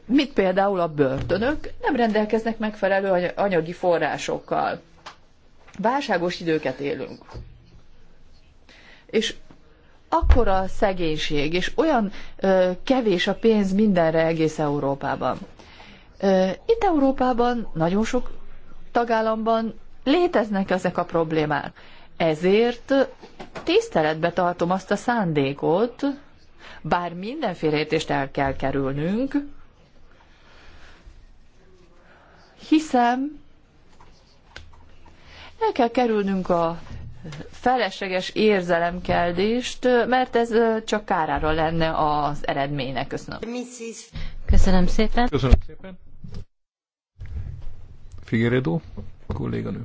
mit például a börtönök, nem rendelkeznek megfelelő anyagi forrásokkal. Válságos időket élünk és akkora a szegénység, és olyan ö, kevés a pénz mindenre egész Európában. Ö, itt Európában nagyon sok tagállamban léteznek ezek a problémák. Ezért tiszteletbe tartom azt a szándékot, bár mindenféle értést el kell kerülnünk, hiszem el kell kerülnünk a felesleges érzelemkeldést, mert ez csak kárára lenne az eredménynek. Köszönöm. Köszönöm szépen. Köszönöm szépen. Figueredo, kolléganő.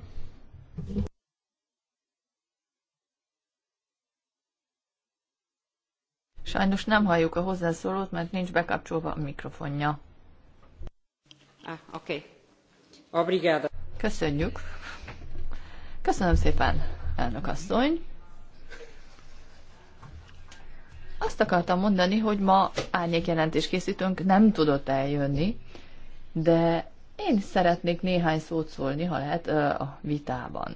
Sajnos nem halljuk a hozzászólót, mert nincs bekapcsolva a mikrofonja. Ah, oké. Okay. Obrigada. Köszönjük. Köszönöm szépen elnök asszony. Azt akartam mondani, hogy ma jelentés készítünk, nem tudott eljönni, de én szeretnék néhány szót szólni, ha lehet, a vitában.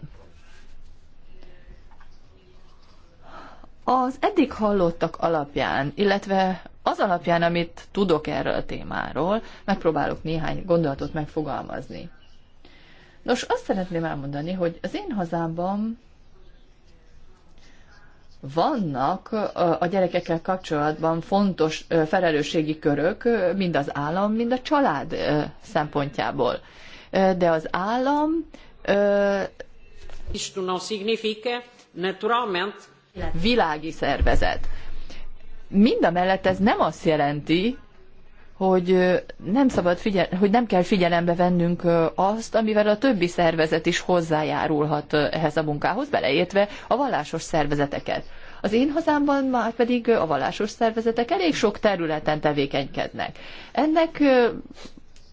Az eddig hallottak alapján, illetve az alapján, amit tudok erről a témáról, megpróbálok néhány gondolatot megfogalmazni. Nos, azt szeretném elmondani, hogy az én hazámban vannak a gyerekekkel kapcsolatban fontos felelősségi körök, mind az állam, mind a család szempontjából. De az állam világi szervezet. Mind a mellett ez nem azt jelenti, hogy nem, szabad figyel, hogy nem kell figyelembe vennünk azt, amivel a többi szervezet is hozzájárulhat ehhez a munkához, beleértve a vallásos szervezeteket. Az én hazámban már pedig a vallásos szervezetek elég sok területen tevékenykednek. Ennek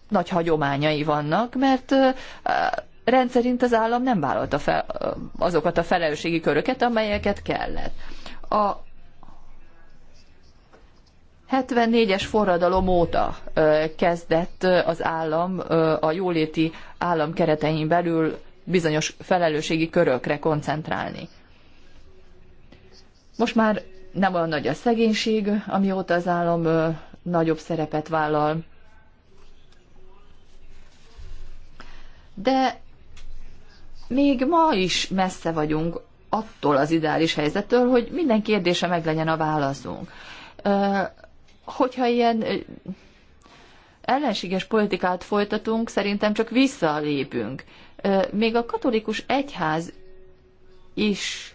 nagy hagyományai vannak, mert rendszerint az állam nem vállalta fel azokat a felelősségi köröket, amelyeket kellett. A 74-es forradalom óta kezdett az állam a jóléti állam keretein belül bizonyos felelősségi körökre koncentrálni. Most már nem olyan nagy a szegénység, amióta az állam nagyobb szerepet vállal. De még ma is messze vagyunk attól az ideális helyzettől, hogy minden kérdése meglegyen a válaszunk hogyha ilyen ellenséges politikát folytatunk, szerintem csak visszalépünk. Még a katolikus egyház is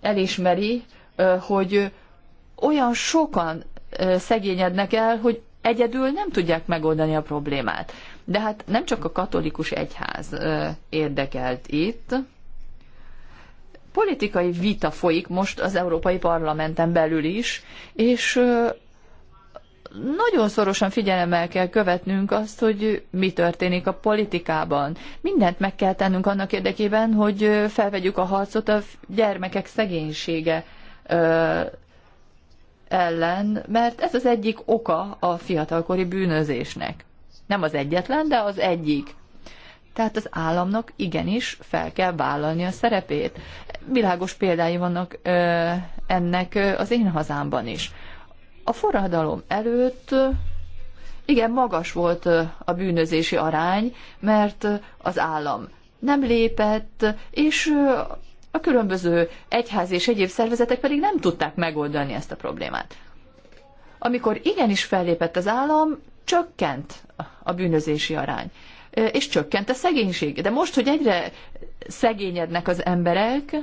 elismeri, hogy olyan sokan szegényednek el, hogy egyedül nem tudják megoldani a problémát. De hát nem csak a katolikus egyház érdekelt itt, politikai vita folyik most az Európai Parlamenten belül is, és nagyon szorosan figyelemmel kell követnünk azt, hogy mi történik a politikában. Mindent meg kell tennünk annak érdekében, hogy felvegyük a harcot a gyermekek szegénysége ellen, mert ez az egyik oka a fiatalkori bűnözésnek. Nem az egyetlen, de az egyik. Tehát az államnak igenis fel kell vállalni a szerepét. Világos példái vannak ö, ennek az én hazámban is. A forradalom előtt igen magas volt a bűnözési arány, mert az állam nem lépett, és a különböző egyház és egyéb szervezetek pedig nem tudták megoldani ezt a problémát. Amikor igenis fellépett az állam, csökkent a bűnözési arány és csökkent a szegénység. De most, hogy egyre szegényednek az emberek,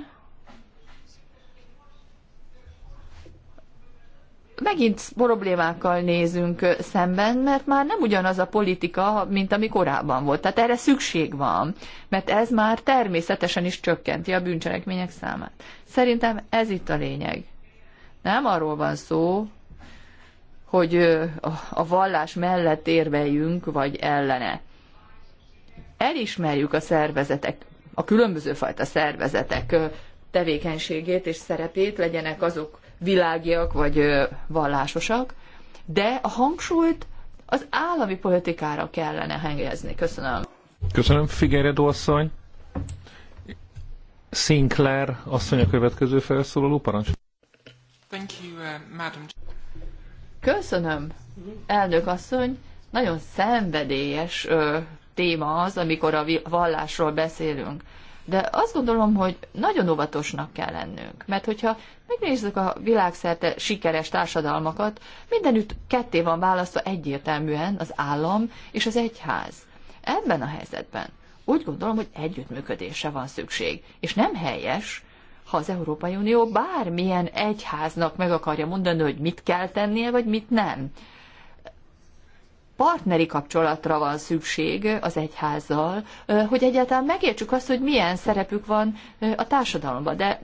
megint problémákkal nézünk szemben, mert már nem ugyanaz a politika, mint ami korábban volt. Tehát erre szükség van, mert ez már természetesen is csökkenti a bűncselekmények számát. Szerintem ez itt a lényeg. Nem arról van szó, hogy a vallás mellett érveljünk, vagy ellene elismerjük a szervezetek, a különböző fajta szervezetek tevékenységét és szerepét, legyenek azok világiak vagy vallásosak, de a hangsúlyt az állami politikára kellene hengezni. Köszönöm. Köszönöm, Figueredo asszony. Sinclair asszony a következő felszólaló parancs. Thank you, uh, madam. Köszönöm, elnök asszony. Nagyon szenvedélyes uh, téma az, amikor a vallásról beszélünk. De azt gondolom, hogy nagyon óvatosnak kell lennünk, mert hogyha megnézzük a világszerte sikeres társadalmakat, mindenütt ketté van választva egyértelműen az állam és az egyház. Ebben a helyzetben úgy gondolom, hogy együttműködésre van szükség, és nem helyes, ha az Európai Unió bármilyen egyháznak meg akarja mondani, hogy mit kell tennie, vagy mit nem partneri kapcsolatra van szükség az egyházzal, hogy egyáltalán megértsük azt, hogy milyen szerepük van a társadalomban. De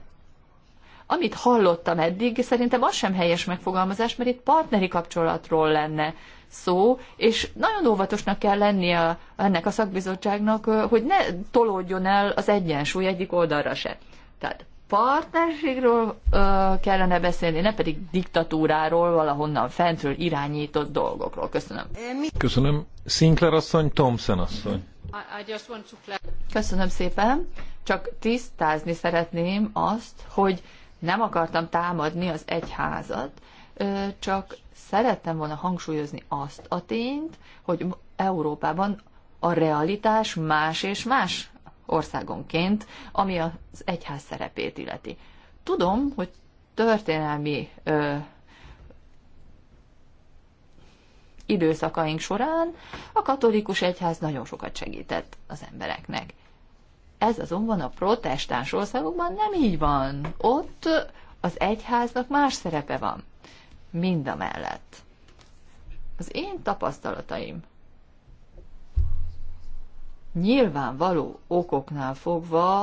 amit hallottam eddig, szerintem az sem helyes megfogalmazás, mert itt partneri kapcsolatról lenne szó, és nagyon óvatosnak kell lennie ennek a szakbizottságnak, hogy ne tolódjon el az egyensúly egyik oldalra se. Tehát partnerségről ö, kellene beszélni, ne pedig diktatúráról, valahonnan fentről irányított dolgokról. Köszönöm. Köszönöm. Sinclair asszony, Thompson asszony. Köszönöm szépen. Csak tisztázni szeretném azt, hogy nem akartam támadni az egyházat, csak szerettem volna hangsúlyozni azt a tényt, hogy Európában a realitás más és más országonként, ami az egyház szerepét illeti. Tudom, hogy történelmi ö, időszakaink során a katolikus egyház nagyon sokat segített az embereknek. Ez azonban a protestáns országokban nem így van. Ott az egyháznak más szerepe van. Mind a mellett. Az én tapasztalataim nyilvánvaló okoknál fogva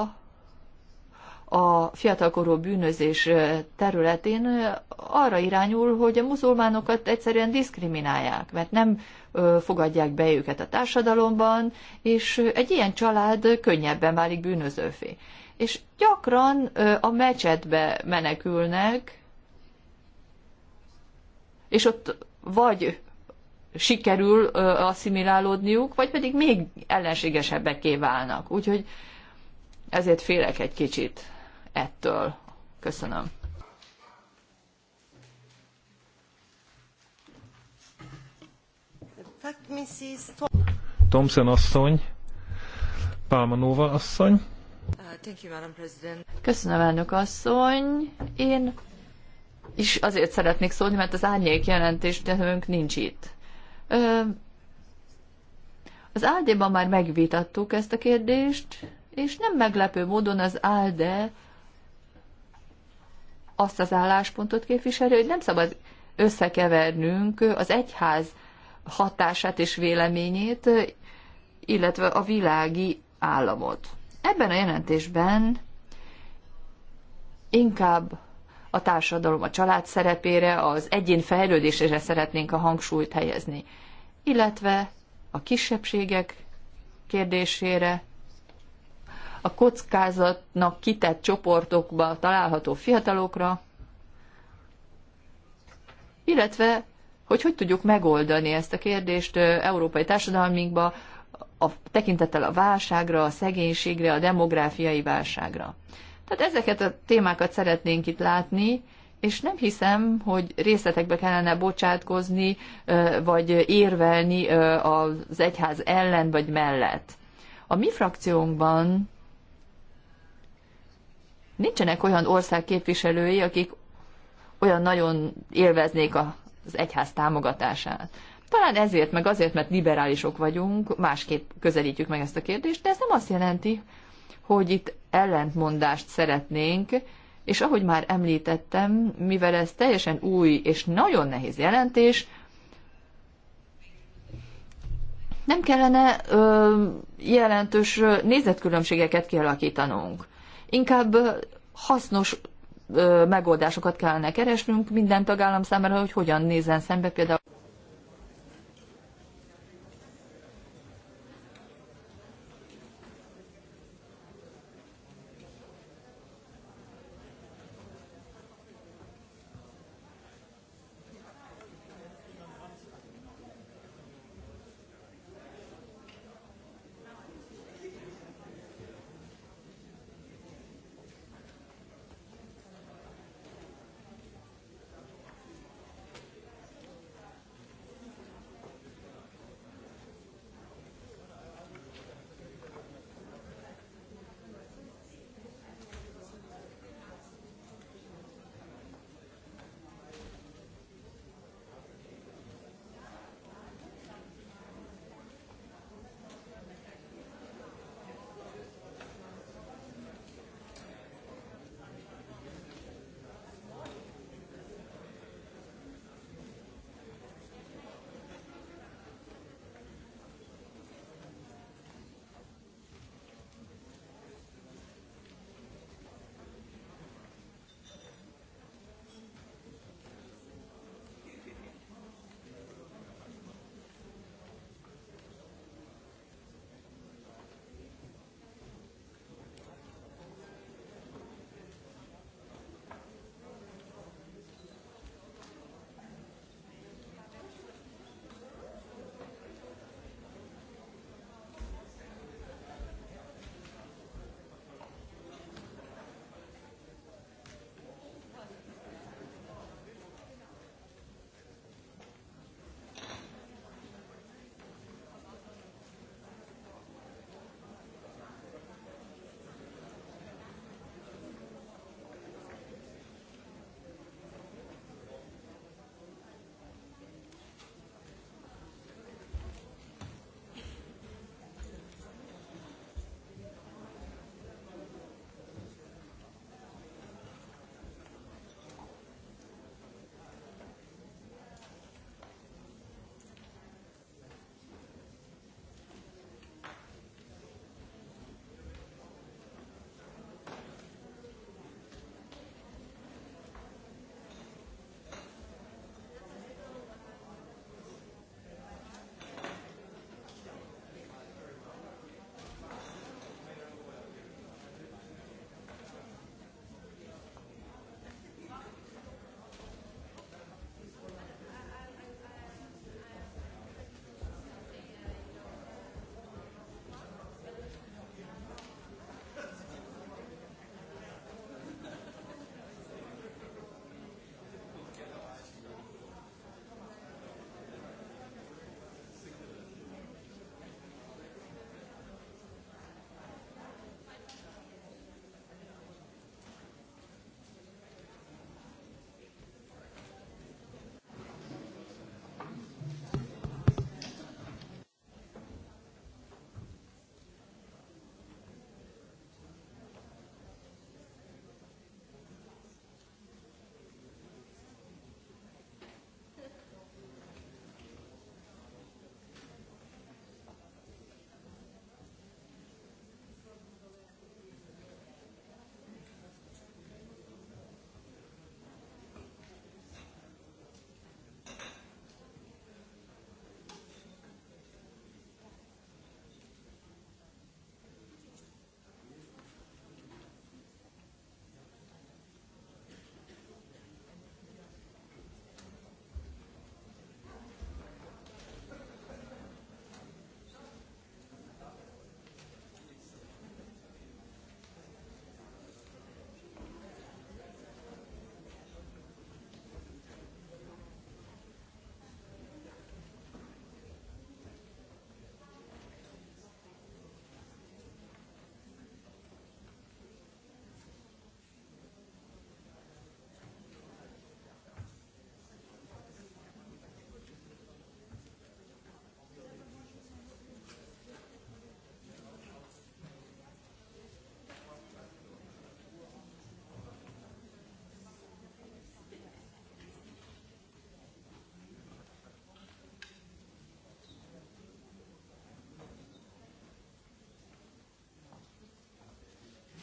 a fiatalkorú bűnözés területén arra irányul, hogy a muzulmánokat egyszerűen diszkriminálják, mert nem fogadják be őket a társadalomban, és egy ilyen család könnyebben válik bűnözőfé. És gyakran a mecsetbe menekülnek, és ott vagy sikerül asszimilálódniuk, vagy pedig még ellenségesebbeké válnak. Úgyhogy ezért félek egy kicsit ettől. Köszönöm. Thompson asszony, Pálmanóva asszony. Köszönöm, elnök asszony. Én is azért szeretnék szólni, mert az árnyék jelentés, de nincs itt. Az Áldéban már megvitattuk ezt a kérdést, és nem meglepő módon az Álde azt az álláspontot képviseli, hogy nem szabad összekevernünk az egyház hatását és véleményét, illetve a világi államot. Ebben a jelentésben inkább a társadalom, a család szerepére, az egyén fejlődésére szeretnénk a hangsúlyt helyezni, illetve a kisebbségek kérdésére, a kockázatnak kitett csoportokba található fiatalokra, illetve hogy hogy tudjuk megoldani ezt a kérdést európai társadalminkba, a tekintettel a válságra, a szegénységre, a demográfiai válságra. Tehát ezeket a témákat szeretnénk itt látni, és nem hiszem, hogy részletekbe kellene bocsátkozni, vagy érvelni az egyház ellen vagy mellett. A mi frakciónkban nincsenek olyan ország képviselői, akik olyan nagyon élveznék az egyház támogatását. Talán ezért, meg azért, mert liberálisok vagyunk, másképp közelítjük meg ezt a kérdést, de ez nem azt jelenti, hogy itt ellentmondást szeretnénk, és ahogy már említettem, mivel ez teljesen új és nagyon nehéz jelentés, nem kellene ö, jelentős nézetkülönbségeket kialakítanunk. Inkább hasznos ö, megoldásokat kellene keresnünk minden tagállam számára, hogy hogyan nézzen szembe például.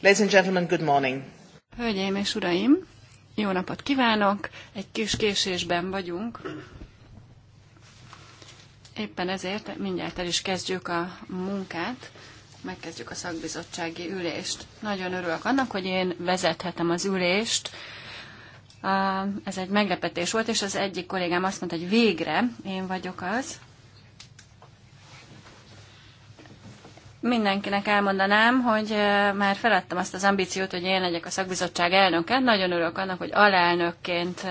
Ladies and gentlemen, good morning. Hölgyeim és uraim, jó napot kívánok! Egy kis késésben vagyunk. Éppen ezért mindjárt el is kezdjük a munkát, megkezdjük a szakbizottsági ülést. Nagyon örülök annak, hogy én vezethetem az ülést. Ez egy meglepetés volt, és az egyik kollégám azt mondta, hogy végre én vagyok az, mindenkinek elmondanám, hogy már feladtam azt az ambíciót, hogy én legyek a szakbizottság elnöke. Nagyon örülök annak, hogy alelnökként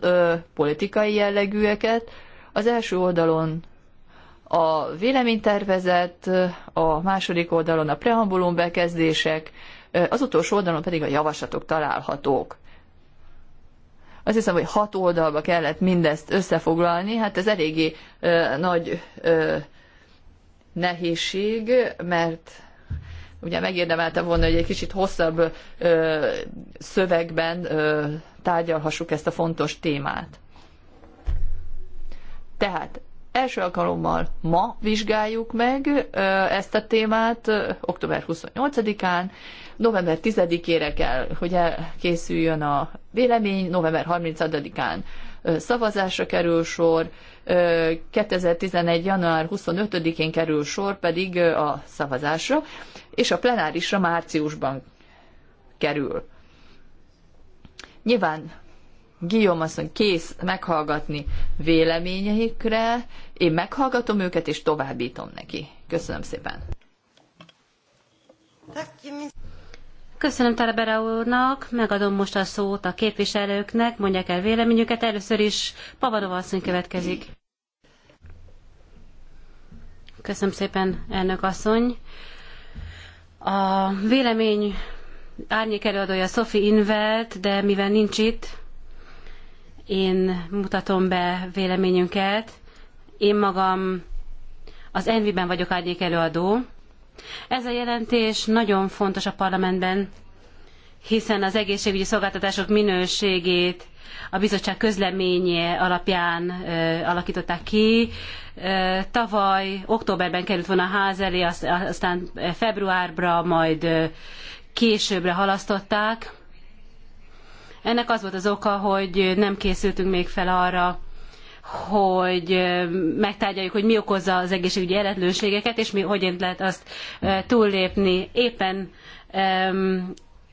ö, politikai jellegűeket. Az első oldalon a véleménytervezet, a második oldalon a preambulum bekezdések, az utolsó oldalon pedig a javaslatok találhatók. Azt hiszem, hogy hat oldalba kellett mindezt összefoglalni, hát ez eléggé ö, nagy ö, nehézség, mert ugye megérdemelte volna, hogy egy kicsit hosszabb ö, szövegben ö, tárgyalhassuk ezt a fontos témát. Tehát első alkalommal ma vizsgáljuk meg ö, ezt a témát, ö, október 28-án, november 10-ére kell, hogy elkészüljön a vélemény, november 30-án szavazásra kerül sor, 2011. január 25-én kerül sor pedig a szavazásra és a plenárisra márciusban kerül. Nyilván Guillaume mondja, kész meghallgatni véleményeikre, én meghallgatom őket, és továbbítom neki. Köszönöm szépen. Köszönöm Talabera úrnak, megadom most a szót a képviselőknek, mondják el véleményüket. Először is Pavarova asszony következik. Köszönöm szépen, elnök asszony. A vélemény árnyék előadója Sophie Invelt, de mivel nincs itt, én mutatom be véleményünket. Én magam az Envi-ben vagyok árnyék előadó. Ez a jelentés nagyon fontos a parlamentben, hiszen az egészségügyi szolgáltatások minőségét a bizottság közleménye alapján alakították ki. Tavaly októberben került volna a ház elé, aztán februárra, majd későbbre halasztották. Ennek az volt az oka, hogy nem készültünk még fel arra, hogy megtárgyaljuk, hogy mi okozza az egészségügyi eredlőségeket, és mi hogyan lehet azt túllépni. Éppen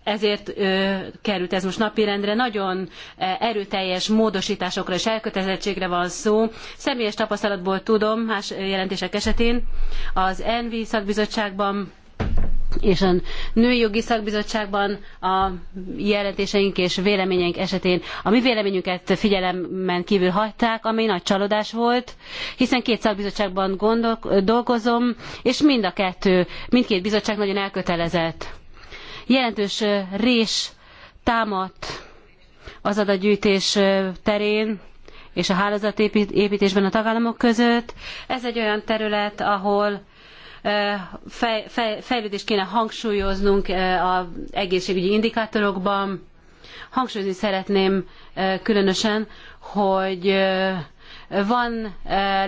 ezért ö, került ez most napirendre. Nagyon erőteljes módosításokra és elkötelezettségre van szó. Személyes tapasztalatból tudom más jelentések esetén. Az ENVI szakbizottságban és a női jogi szakbizottságban a jelentéseink és véleményeink esetén a mi véleményünket figyelemben kívül hagyták, ami nagy csalódás volt, hiszen két szakbizottságban gondol, dolgozom, és mind a kettő, mindkét bizottság nagyon elkötelezett jelentős rés támadt az adatgyűjtés terén és a hálózatépítésben a tagállamok között. Ez egy olyan terület, ahol fej, fej, fejlődést kéne hangsúlyoznunk az egészségügyi indikátorokban. Hangsúlyozni szeretném különösen, hogy van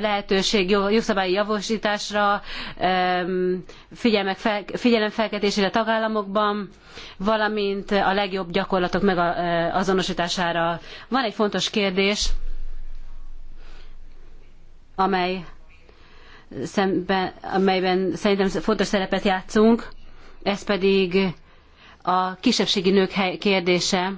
lehetőség jogszabályi javosításra, figyelemfelkeltésére tagállamokban, valamint a legjobb gyakorlatok megazonosítására. Van egy fontos kérdés, amely szemben, amelyben szerintem fontos szerepet játszunk, ez pedig a kisebbségi nők kérdése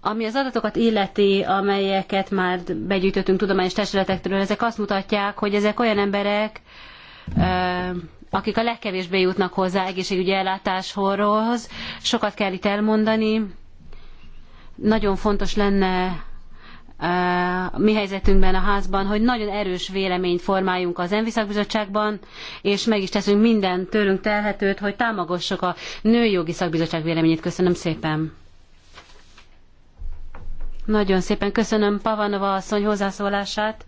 ami az adatokat illeti, amelyeket már begyűjtöttünk tudományos testületektől, ezek azt mutatják, hogy ezek olyan emberek, akik a legkevésbé jutnak hozzá egészségügyi ellátáshoz. Sokat kell itt elmondani. Nagyon fontos lenne a mi helyzetünkben a házban, hogy nagyon erős véleményt formáljunk az Enviszak Bizottságban, és meg is teszünk minden tőlünk telhetőt, hogy támogassuk a Nőjogi Szakbizottság véleményét. Köszönöm szépen! Nagyon szépen köszönöm Pavanova asszony hozzászólását.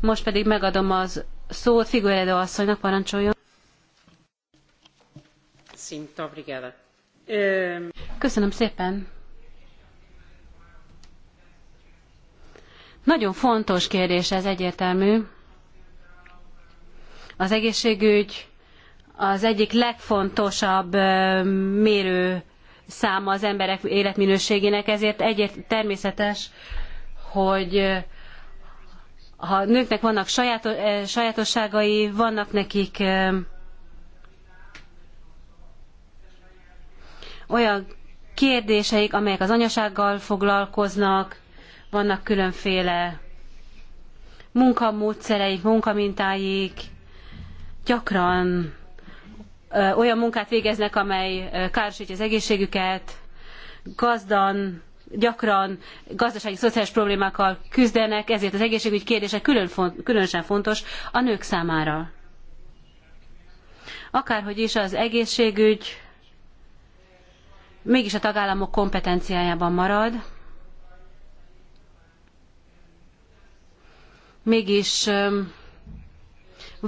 Most pedig megadom az szót Figueredo asszonynak, parancsoljon. Köszönöm szépen. Nagyon fontos kérdés ez egyértelmű. Az egészségügy az egyik legfontosabb mérő száma az emberek életminőségének, ezért egyért természetes, hogy ha nőknek vannak sajátosságai, vannak nekik olyan kérdéseik, amelyek az anyasággal foglalkoznak, vannak különféle munkamódszereik, munkamintáik, gyakran olyan munkát végeznek, amely károsítja az egészségüket, gazdan, gyakran gazdasági, szociális problémákkal küzdenek, ezért az egészségügy kérdése külön font, különösen fontos a nők számára. Akárhogy is az egészségügy mégis a tagállamok kompetenciájában marad, mégis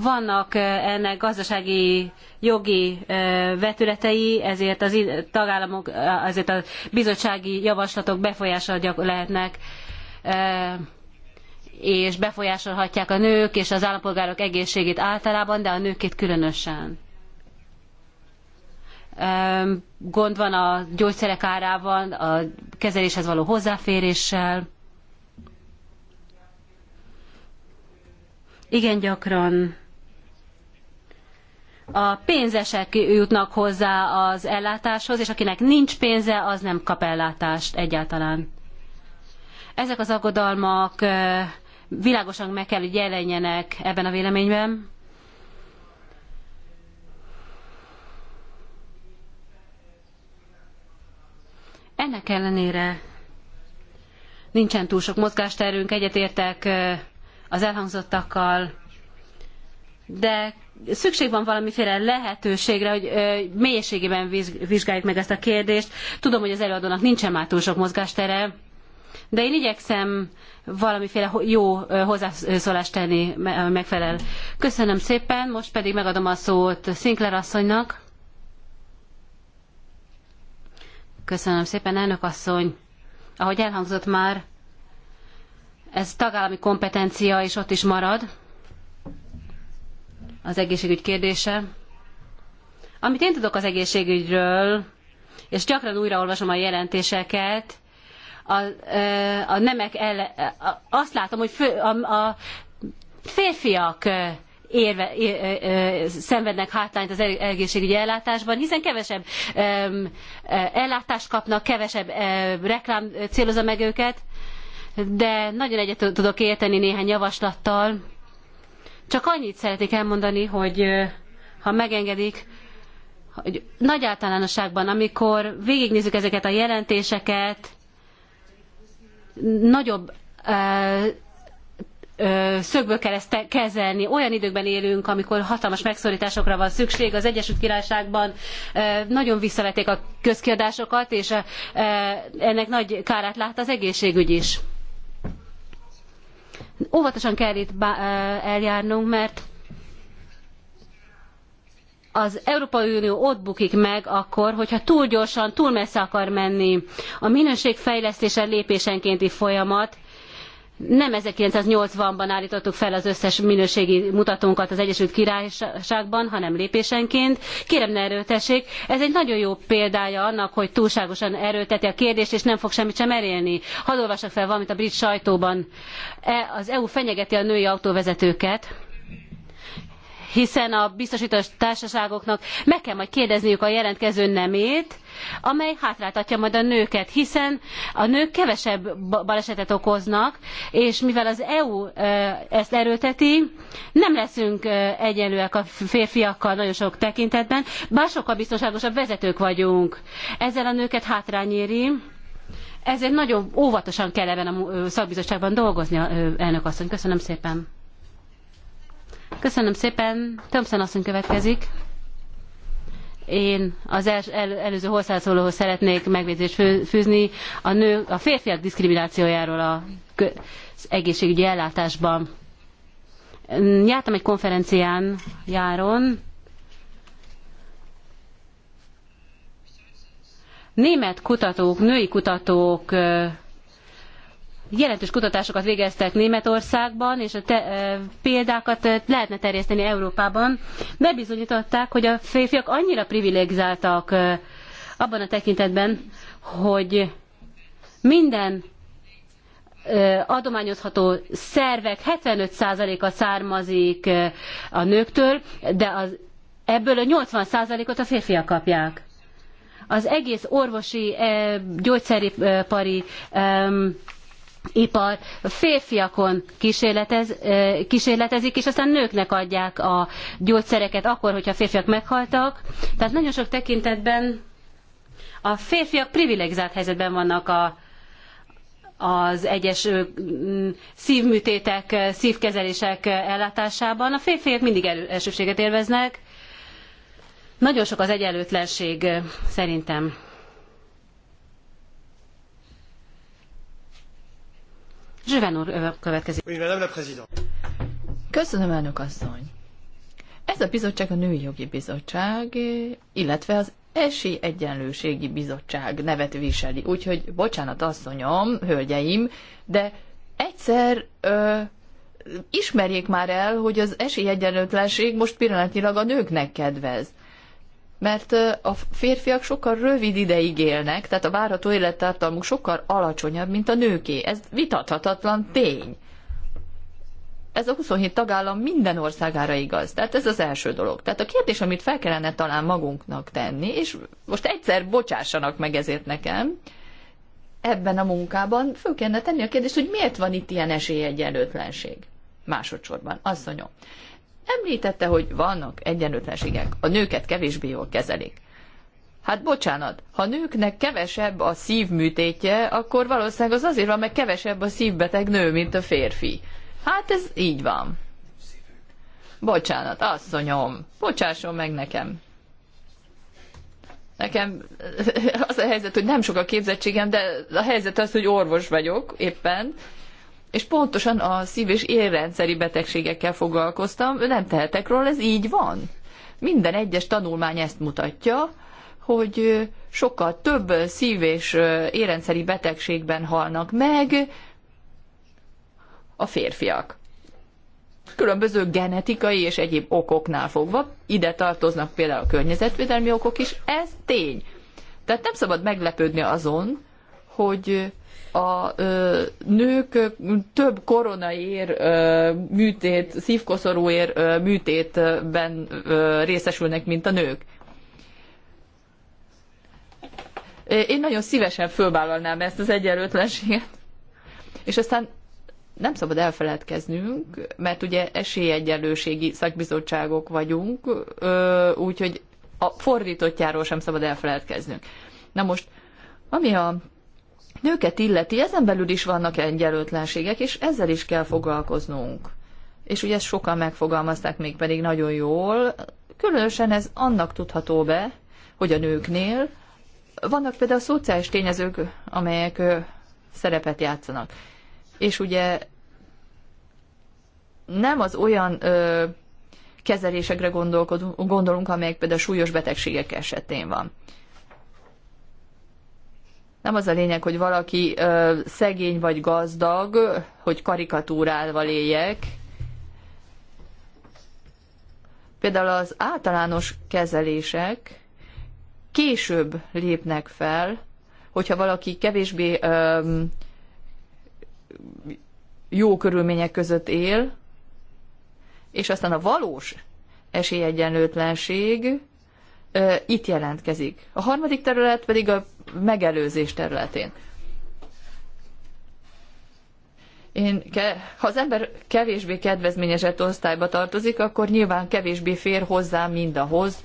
vannak eh, ennek gazdasági, jogi eh, vetületei, ezért az tagállamok, eh, ezért a bizottsági javaslatok befolyással lehetnek és befolyásolhatják a nők és az állampolgárok egészségét általában, de a nőkét különösen. Gond van a gyógyszerek árában, a kezeléshez való hozzáféréssel. Igen gyakran a pénzesek jutnak hozzá az ellátáshoz, és akinek nincs pénze, az nem kap ellátást egyáltalán. Ezek az aggodalmak világosan meg kell, hogy jelenjenek ebben a véleményben. Ennek ellenére nincsen túl sok mozgásterünk, egyetértek az elhangzottakkal, de szükség van valamiféle lehetőségre, hogy mélységében vizsgáljuk meg ezt a kérdést. Tudom, hogy az előadónak nincsen már túl sok mozgástere, de én igyekszem valamiféle jó hozzászólást tenni, megfelel. Köszönöm szépen, most pedig megadom a szót Sinclair asszonynak. Köszönöm szépen, elnök asszony. Ahogy elhangzott már, ez tagállami kompetencia, és ott is marad az egészségügy kérdése. Amit én tudok az egészségügyről, és gyakran újraolvasom a jelentéseket, a, a nemek ele, azt látom, hogy fő, a, a férfiak érve, é, szenvednek hátrányt az e-, egészségügyi ellátásban, hiszen kevesebb em, ellátást kapnak, kevesebb em, reklám célozza meg őket, de nagyon egyet tudok érteni néhány javaslattal, csak annyit szeretnék elmondani, hogy ha megengedik, hogy nagy általánosságban, amikor végignézzük ezeket a jelentéseket, nagyobb ö, ö, szögből kell ezt kezelni. Olyan időkben élünk, amikor hatalmas megszorításokra van szükség. Az Egyesült Királyságban ö, nagyon visszavették a közkiadásokat, és ennek nagy kárát lát az egészségügy is. Óvatosan kell itt eljárnunk, mert az Európai Unió ott bukik meg akkor, hogyha túl gyorsan, túl messze akar menni. A minőségfejlesztése lépésenkénti folyamat, nem 1980-ban állítottuk fel az összes minőségi mutatónkat az Egyesült Királyságban, hanem lépésenként. Kérem ne erőltessék, ez egy nagyon jó példája annak, hogy túlságosan erőlteti a kérdést, és nem fog semmit sem elérni. Hadd olvasok fel valamit a brit sajtóban. E, az EU fenyegeti a női autóvezetőket hiszen a biztosítós társaságoknak meg kell majd kérdezniük a jelentkező nemét, amely hátráltatja majd a nőket, hiszen a nők kevesebb balesetet okoznak, és mivel az EU ezt erőlteti, nem leszünk egyenlőek a férfiakkal nagyon sok tekintetben, bár sokkal biztonságosabb vezetők vagyunk. Ezzel a nőket hátrányéri, ezért nagyon óvatosan kell ebben a szakbizottságban dolgozni, elnök asszony. Köszönöm szépen. Köszönöm szépen. Thompson asszony következik. Én az els, el, előző hozzászólóhoz szeretnék megvédést fűzni a, nő, a férfiak diszkriminációjáról a, az egészségügyi ellátásban. Jártam egy konferencián járon. Német kutatók, női kutatók jelentős kutatásokat végeztek Németországban, és a te, e, példákat lehetne terjeszteni Európában. Bebizonyították, hogy a férfiak annyira privilegizáltak e, abban a tekintetben, hogy minden e, adományozható szervek 75%-a származik a nőktől, de az, ebből a 80%-ot a férfiak kapják. Az egész orvosi, gyógyszeripari ipar férfiakon kísérletez, kísérletezik, és aztán nőknek adják a gyógyszereket akkor, hogyha férfiak meghaltak. Tehát nagyon sok tekintetben a férfiak privilegizált helyzetben vannak a, az egyes szívműtétek, szívkezelések ellátásában. A férfiak mindig elő, elsőséget élveznek. Nagyon sok az egyenlőtlenség szerintem. Zsüven következik. Köszönöm, elnök asszony. Ez a bizottság a Női Jogi Bizottság, illetve az Esi Egyenlőségi Bizottság nevet viseli. Úgyhogy, bocsánat, asszonyom, hölgyeim, de egyszer ö, ismerjék már el, hogy az esélyegyenlőtlenség most pillanatnyilag a nőknek kedvez mert a férfiak sokkal rövid ideig élnek, tehát a várható élettartalmuk sokkal alacsonyabb, mint a nőké. Ez vitathatatlan tény. Ez a 27 tagállam minden országára igaz. Tehát ez az első dolog. Tehát a kérdés, amit fel kellene talán magunknak tenni, és most egyszer bocsássanak meg ezért nekem, ebben a munkában föl kellene tenni a kérdést, hogy miért van itt ilyen esélyegyenlőtlenség másodszorban. Asszonyom, Említette, hogy vannak egyenlőtlenségek, a nőket kevésbé jól kezelik. Hát bocsánat, ha nőknek kevesebb a szívműtétje, akkor valószínűleg az azért van, mert kevesebb a szívbeteg nő, mint a férfi. Hát ez így van. Bocsánat, asszonyom, bocsásson meg nekem. Nekem az a helyzet, hogy nem sok a képzettségem, de a helyzet az, hogy orvos vagyok éppen, és pontosan a szív- és érrendszeri betegségekkel foglalkoztam, nem tehetek róla, ez így van. Minden egyes tanulmány ezt mutatja, hogy sokkal több szív- és érrendszeri betegségben halnak meg a férfiak. Különböző genetikai és egyéb okoknál fogva, ide tartoznak például a környezetvédelmi okok is, ez tény. Tehát nem szabad meglepődni azon, hogy a ö, nők több koronaér ö, műtét, szívkoszorúér ö, műtétben ö, részesülnek, mint a nők. Én nagyon szívesen fölvállalnám ezt az egyenlőtlenséget. És aztán nem szabad elfeledkeznünk, mert ugye esélyegyenlőségi szakbizottságok vagyunk, úgyhogy a fordítottjáról sem szabad elfeledkeznünk. Na most, ami a nőket illeti, ezen belül is vannak egyenlőtlenségek, és ezzel is kell foglalkoznunk. És ugye ezt sokan megfogalmazták még pedig nagyon jól, különösen ez annak tudható be, hogy a nőknél vannak például szociális tényezők, amelyek szerepet játszanak. És ugye nem az olyan ö, kezelésekre gondolunk, amelyek például súlyos betegségek esetén van. Nem az a lényeg, hogy valaki ö, szegény vagy gazdag, hogy karikatúrálva éljek. Például az általános kezelések később lépnek fel, hogyha valaki kevésbé ö, jó körülmények között él, és aztán a valós esélyegyenlőtlenség ö, itt jelentkezik. A harmadik terület pedig a megelőzés területén. Én, ha az ember kevésbé kedvezményezett osztályba tartozik, akkor nyilván kevésbé fér hozzá mindahhoz,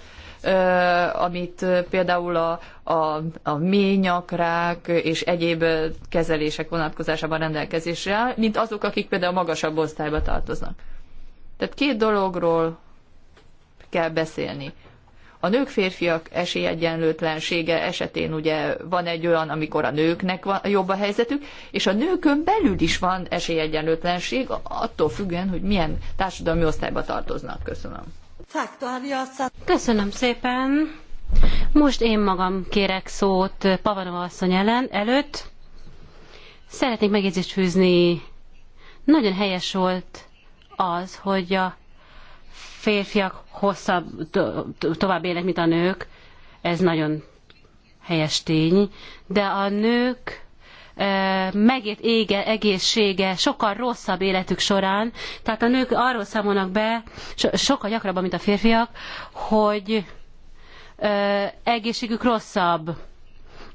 amit például a, a, a ményakrák és egyéb kezelések vonatkozásában rendelkezésre áll, mint azok, akik például magasabb osztályba tartoznak. Tehát két dologról kell beszélni. A nők-férfiak esélyegyenlőtlensége esetén ugye van egy olyan, amikor a nőknek van jobb a helyzetük, és a nőkön belül is van esélyegyenlőtlenség, attól függően, hogy milyen társadalmi osztályba tartoznak. Köszönöm. Köszönöm szépen. Most én magam kérek szót Pavanova asszony ellen, előtt. Szeretnék megjegyzést fűzni. Nagyon helyes volt az, hogy a férfiak hosszabb, tovább élnek, mint a nők, ez nagyon helyes tény, de a nők e, megért ége, egészsége sokkal rosszabb életük során, tehát a nők arról számolnak be, sokkal gyakrabban, mint a férfiak, hogy e, egészségük rosszabb.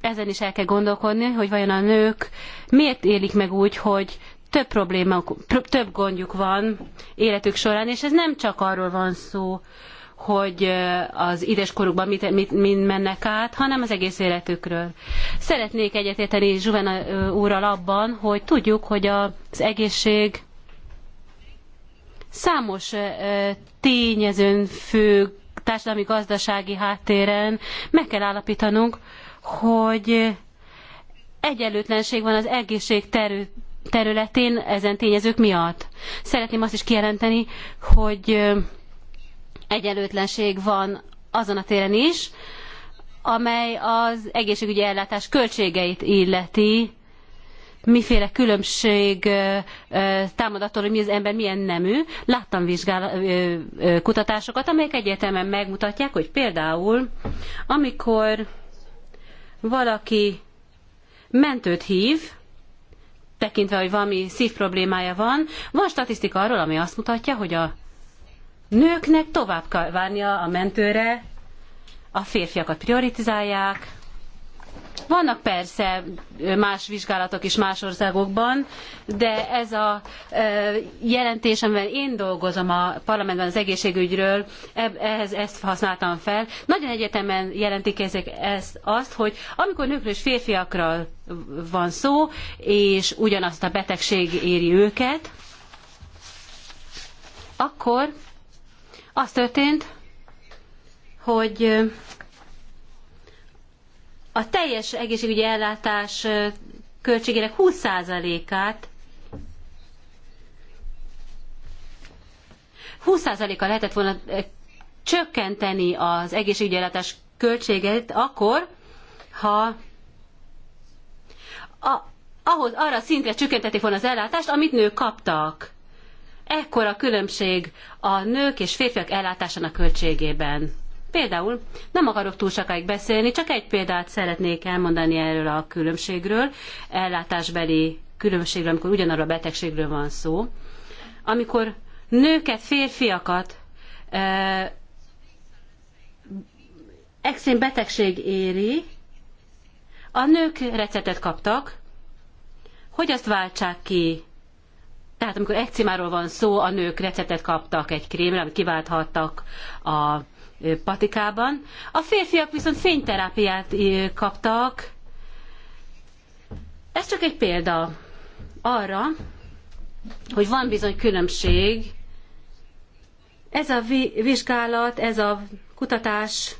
Ezen is el kell gondolkodni, hogy vajon a nők miért élik meg úgy, hogy több probléma, több gondjuk van életük során, és ez nem csak arról van szó, hogy az ideskorukban mit, mit, mind mennek át, hanem az egész életükről. Szeretnék egyetérteni Zsuvena úrral abban, hogy tudjuk, hogy az egészség számos tényezőn függ, társadalmi gazdasági háttéren meg kell állapítanunk, hogy egyenlőtlenség van az egészség területén ezen tényezők miatt. Szeretném azt is kijelenteni, hogy egyenlőtlenség van azon a téren is, amely az egészségügyi ellátás költségeit illeti, miféle különbség támad attól, hogy mi az ember milyen nemű. Láttam vizsgál, kutatásokat, amelyek egyértelműen megmutatják, hogy például, amikor valaki mentőt hív, tekintve, hogy valami szívproblémája van, van statisztika arról, ami azt mutatja, hogy a nőknek tovább kell várnia a mentőre, a férfiakat prioritizálják, vannak persze más vizsgálatok is más országokban, de ez a jelentés, amivel én dolgozom a parlamentben az egészségügyről, ehhez ezt használtam fel. Nagyon egyetemen jelentik ezek ezt, azt, hogy amikor nőkről és férfiakról van szó, és ugyanazt a betegség éri őket, akkor az történt, hogy a teljes egészségügyi ellátás költségének 20%-át 20%-kal lehetett volna csökkenteni az egészségügyi ellátás költségét akkor, ha a, ahhoz arra szintre csökkentették volna az ellátást, amit nők kaptak. Ekkora különbség a nők és férfiak ellátásának költségében. Például nem akarok túl sokáig beszélni, csak egy példát szeretnék elmondani erről a különbségről, ellátásbeli különbségről, amikor ugyanarra a betegségről van szó. Amikor nőket, férfiakat euh, extrém betegség éri, a nők receptet kaptak, hogy azt váltsák ki tehát amikor ekcimáról van szó, a nők receptet kaptak egy krémre, amit kiválthattak a patikában. A férfiak viszont fényterápiát kaptak. Ez csak egy példa arra, hogy van bizony különbség. Ez a vizsgálat, ez a kutatás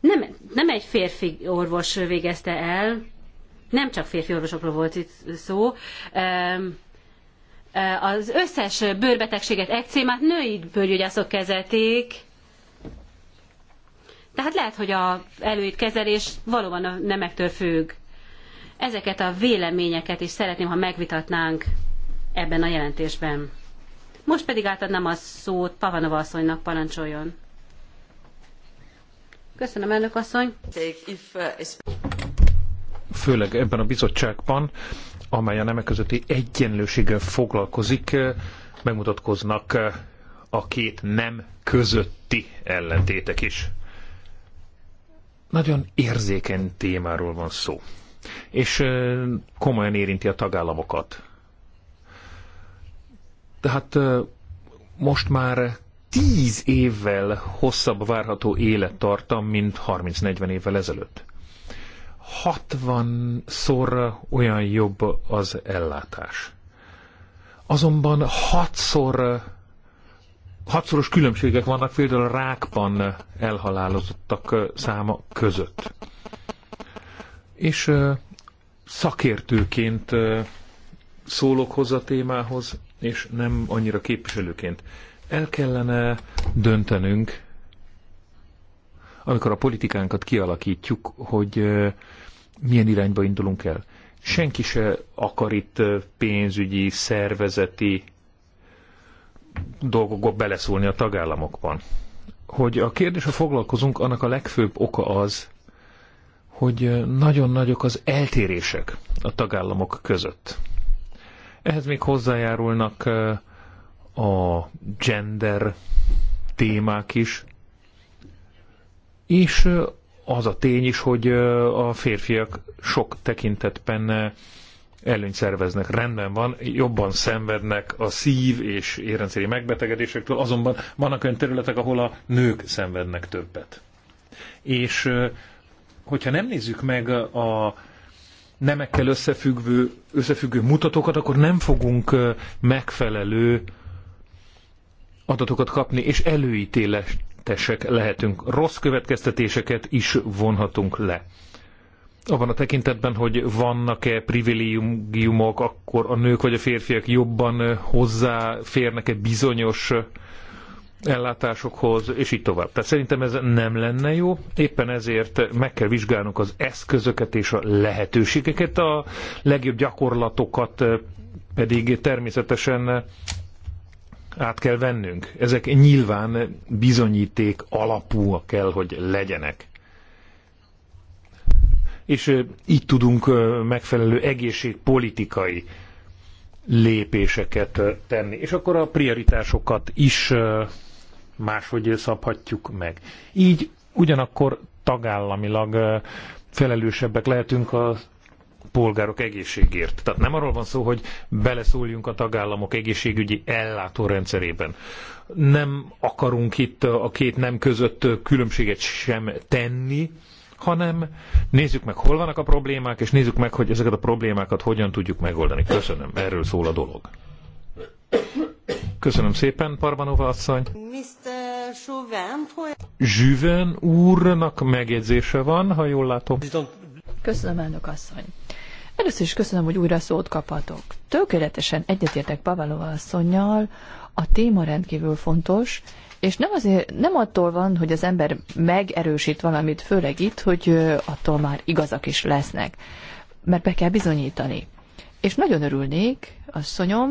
nem, nem egy férfi orvos végezte el, nem csak férfi orvosokról volt itt szó, az összes bőrbetegséget, ekcémát női bőrgyógyászok kezelték, tehát lehet, hogy a előírt kezelés valóban a nemektől függ. Ezeket a véleményeket is szeretném, ha megvitatnánk ebben a jelentésben. Most pedig átadnám a szót Pavanova asszonynak, parancsoljon. Köszönöm, elnök asszony. Főleg ebben a bizottságban, amely a nemek közötti egyenlőséggel foglalkozik, megmutatkoznak a két nem közötti ellentétek is nagyon érzékeny témáról van szó, és komolyan érinti a tagállamokat. Tehát most már 10 évvel hosszabb várható élettartam, mint 30-40 évvel ezelőtt. 60 szorra olyan jobb az ellátás. Azonban 6 szorra hatszoros különbségek vannak például a rákban elhalálozottak száma között. És szakértőként szólok hozzá a témához, és nem annyira képviselőként. El kellene döntenünk, amikor a politikánkat kialakítjuk, hogy milyen irányba indulunk el. Senki se akar itt pénzügyi, szervezeti dolgokba beleszólni a tagállamokban. Hogy a kérdésre foglalkozunk, annak a legfőbb oka az, hogy nagyon nagyok az eltérések a tagállamok között. Ehhez még hozzájárulnak eh, a gender témák is, és eh, az a tény is, hogy eh, a férfiak sok tekintetben előnyt szerveznek. Rendben van, jobban szenvednek a szív- és érrendszeri megbetegedésektől, azonban vannak olyan területek, ahol a nők szenvednek többet. És hogyha nem nézzük meg a nemekkel összefüggő, összefüggő mutatókat, akkor nem fogunk megfelelő adatokat kapni, és előítéletesek lehetünk. Rossz következtetéseket is vonhatunk le abban a tekintetben, hogy vannak-e privilégiumok, akkor a nők vagy a férfiak jobban hozzáférnek-e bizonyos ellátásokhoz, és így tovább. Tehát szerintem ez nem lenne jó, éppen ezért meg kell vizsgálnunk az eszközöket és a lehetőségeket, a legjobb gyakorlatokat pedig természetesen át kell vennünk. Ezek nyilván bizonyíték alapúak kell, hogy legyenek és így tudunk megfelelő egészségpolitikai lépéseket tenni. És akkor a prioritásokat is máshogy szabhatjuk meg. Így ugyanakkor tagállamilag felelősebbek lehetünk a polgárok egészségért. Tehát nem arról van szó, hogy beleszóljunk a tagállamok egészségügyi ellátórendszerében. Nem akarunk itt a két nem között különbséget sem tenni, hanem nézzük meg, hol vannak a problémák, és nézzük meg, hogy ezeket a problémákat hogyan tudjuk megoldani. Köszönöm, erről szól a dolog. Köszönöm szépen, Parbanova asszony. Zsüven úrnak megjegyzése van, ha jól látom. Köszönöm, elnök asszony. Először is köszönöm, hogy újra szót kaphatok. Tökéletesen egyetértek Pavalova asszonynal, a téma rendkívül fontos, és nem, azért, nem attól van, hogy az ember megerősít valamit, főleg itt, hogy attól már igazak is lesznek, mert be kell bizonyítani. És nagyon örülnék, asszonyom,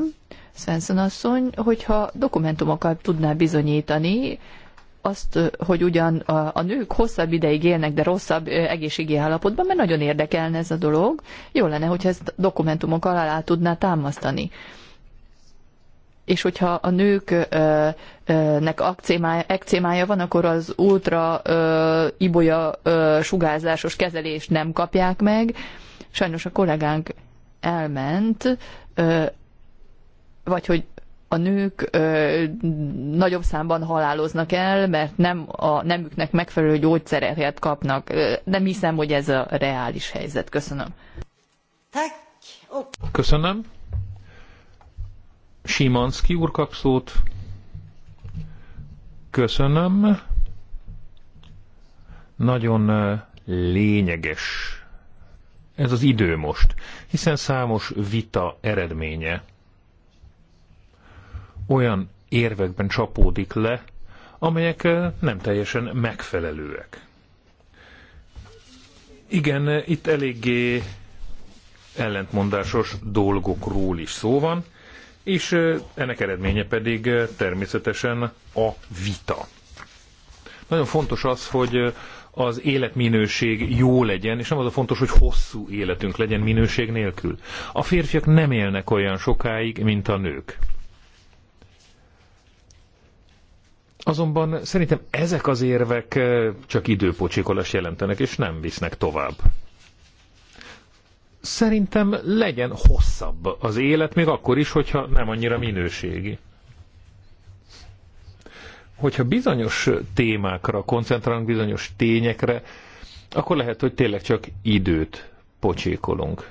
Svensson asszony, hogyha dokumentumokat tudná bizonyítani, azt, hogy ugyan a, a nők hosszabb ideig élnek, de rosszabb egészségi állapotban, mert nagyon érdekelne ez a dolog. Jó lenne, hogyha ezt dokumentumok alá tudná támasztani és hogyha a nőknek akcémája, ekcémája van, akkor az ultra ibolya sugárzásos kezelést nem kapják meg. Sajnos a kollégánk elment, vagy hogy a nők ö, nagyobb számban haláloznak el, mert nem a nemüknek megfelelő gyógyszereket kapnak. Nem hiszem, hogy ez a reális helyzet. Köszönöm. Köszönöm. Simanszki úr kap szót. Köszönöm. Nagyon eh, lényeges ez az idő most, hiszen számos vita eredménye olyan érvekben csapódik le, amelyek eh, nem teljesen megfelelőek. Igen, eh, itt eléggé ellentmondásos dolgokról is szó van, és ennek eredménye pedig természetesen a vita. Nagyon fontos az, hogy az életminőség jó legyen, és nem az a fontos, hogy hosszú életünk legyen minőség nélkül. A férfiak nem élnek olyan sokáig, mint a nők. Azonban szerintem ezek az érvek csak időpocsékolás jelentenek, és nem visznek tovább szerintem legyen hosszabb az élet, még akkor is, hogyha nem annyira minőségi. Hogyha bizonyos témákra koncentrálunk, bizonyos tényekre, akkor lehet, hogy tényleg csak időt pocsékolunk.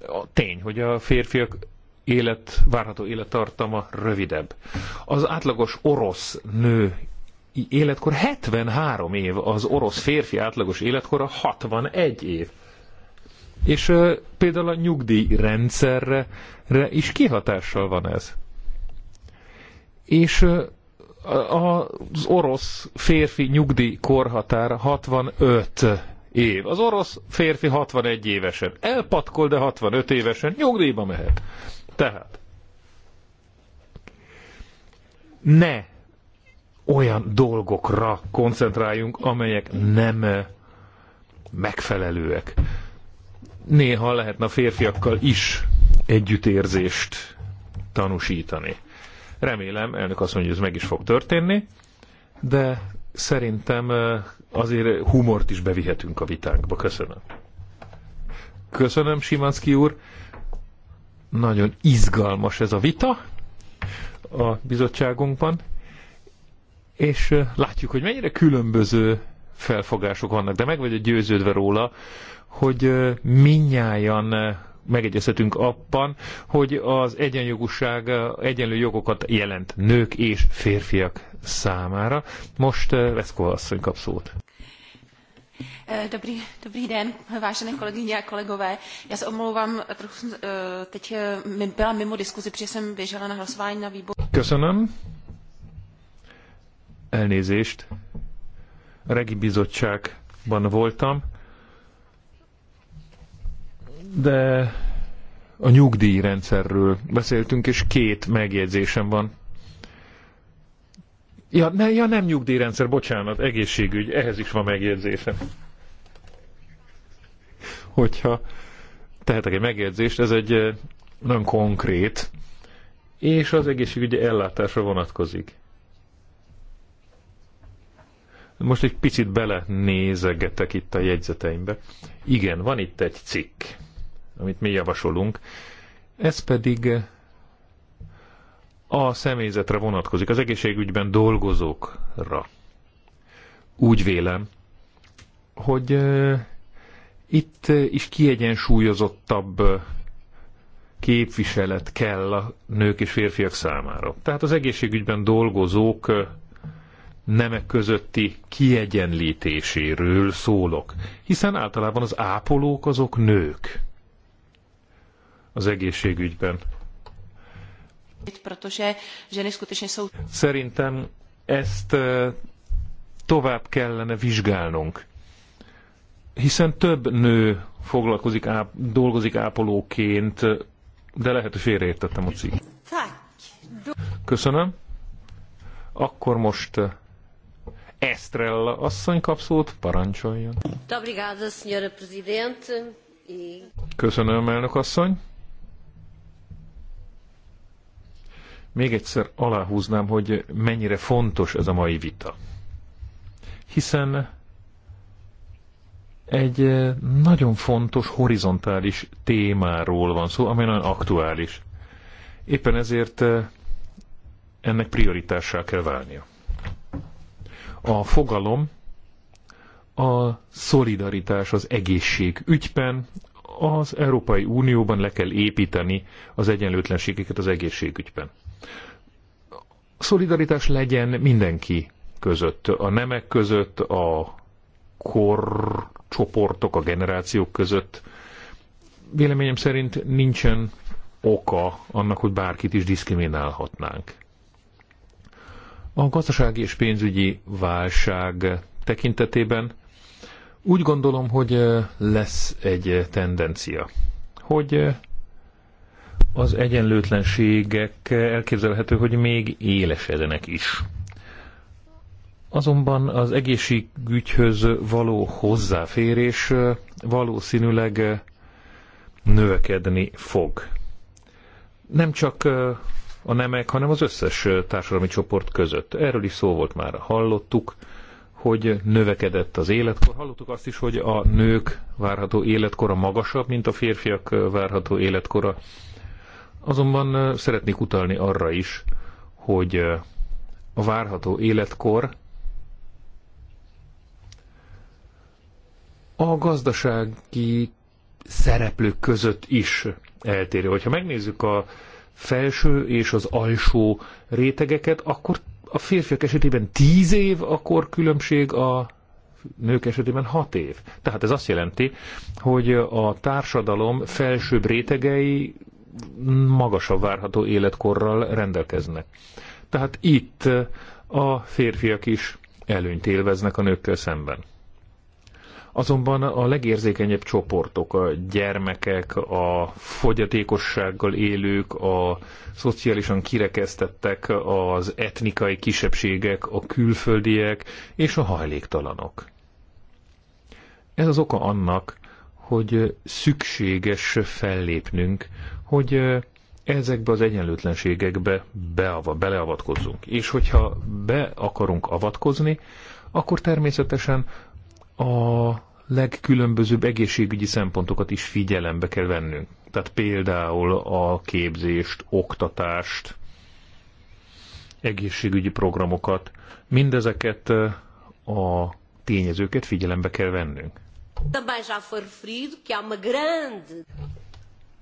A tény, hogy a férfiak élet, várható élettartama rövidebb. Az átlagos orosz nő életkor 73 év, az orosz férfi átlagos életkora 61 év. És például a nyugdíjrendszerre is kihatással van ez. És az orosz férfi nyugdíj korhatár 65 év. Az orosz férfi 61 évesen. Elpatkol, de 65 évesen nyugdíjba mehet. Tehát ne olyan dolgokra koncentráljunk, amelyek nem megfelelőek néha lehetne a férfiakkal is együttérzést tanúsítani. Remélem, elnök azt mondja, hogy ez meg is fog történni, de szerintem eh, azért humort is bevihetünk a vitánkba. Köszönöm. Köszönöm, Simanszki úr. Nagyon izgalmas ez a vita a bizottságunkban, és eh, látjuk, hogy mennyire különböző felfogások vannak, de meg vagyok győződve róla, hogy minnyáján megegyezhetünk abban, hogy az egyenjogúság egyenlő jogokat jelent nők és férfiak számára. Most Veszkova asszony kap szót. Dobrý, dobrý den, vážené kolegyně a kolegové. Já se omlouvám, trochu, teď byla mimo diskuzi, protože jsem běžela na hlasování na výboru. Köszönöm. Elnézést. Regi bizottságban voltam, de a nyugdíjrendszerről beszéltünk, és két megjegyzésem van. Ja, ne, ja nem nyugdíjrendszer, bocsánat, egészségügy, ehhez is van megjegyzésem. Hogyha tehetek egy megjegyzést, ez egy eh, nem konkrét, és az egészségügyi ellátásra vonatkozik. Most egy picit bele itt a jegyzeteimbe. Igen, van itt egy cikk amit mi javasolunk. Ez pedig a személyzetre vonatkozik, az egészségügyben dolgozókra. Úgy vélem, hogy itt is kiegyensúlyozottabb képviselet kell a nők és férfiak számára. Tehát az egészségügyben dolgozók nemek közötti kiegyenlítéséről szólok, hiszen általában az ápolók azok nők az egészségügyben. Szerintem ezt tovább kellene vizsgálnunk, hiszen több nő foglalkozik, áp, dolgozik ápolóként, de lehet, hogy félreértettem a cikk. Köszönöm. Akkor most Estrella asszony kap szót, parancsoljon. E- Köszönöm, elnök asszony. Még egyszer aláhúznám, hogy mennyire fontos ez a mai vita. Hiszen egy nagyon fontos horizontális témáról van szó, ami nagyon aktuális. Éppen ezért ennek prioritássá kell válnia. A fogalom a szolidaritás az egészség ügyben, az Európai Unióban le kell építeni az egyenlőtlenségeket az egészségügyben. Szolidaritás legyen mindenki között, a nemek között, a korcsoportok, a generációk között. Véleményem szerint nincsen oka annak, hogy bárkit is diszkriminálhatnánk. A gazdasági és pénzügyi válság tekintetében úgy gondolom, hogy eh, lesz egy tendencia, hogy eh, az egyenlőtlenségek elképzelhető, hogy még élesedenek is. Azonban az egészségügyhöz való hozzáférés valószínűleg növekedni fog. Nem csak a nemek, hanem az összes társadalmi csoport között. Erről is szó volt már, hallottuk, hogy növekedett az életkor. Hallottuk azt is, hogy a nők várható életkora magasabb, mint a férfiak várható életkora. Azonban szeretnék utalni arra is, hogy a várható életkor a gazdasági szereplők között is eltérő. Hogyha megnézzük a felső és az alsó rétegeket, akkor a férfiak esetében 10 év a különbség, a nők esetében 6 év. Tehát ez azt jelenti, hogy a társadalom felsőbb rétegei magasabb várható életkorral rendelkeznek. Tehát itt eh, a férfiak is előnyt élveznek a nőkkel szemben. Azonban a legérzékenyebb csoportok, a gyermekek, a fogyatékossággal élők, a szociálisan kirekesztettek, az etnikai kisebbségek, a külföldiek és a hajléktalanok. Ez az oka annak, hogy szükséges fellépnünk, hogy ezekbe az egyenlőtlenségekbe beava, beleavatkozzunk. És hogyha be akarunk avatkozni, akkor természetesen a legkülönbözőbb egészségügyi szempontokat is figyelembe kell vennünk. Tehát például a képzést, oktatást, egészségügyi programokat, mindezeket a tényezőket figyelembe kell vennünk. Também já foi referido que há uma grande...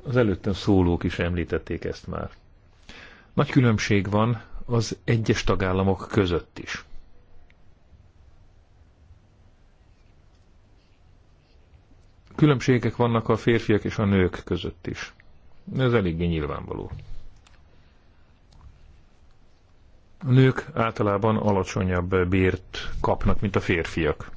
Az előttem szólók is említették ezt már. Nagy különbség van az egyes tagállamok között is. Különbségek vannak a férfiak és a nők között is. Ez eléggé nyilvánvaló. A nők általában alacsonyabb bért kapnak, mint a férfiak.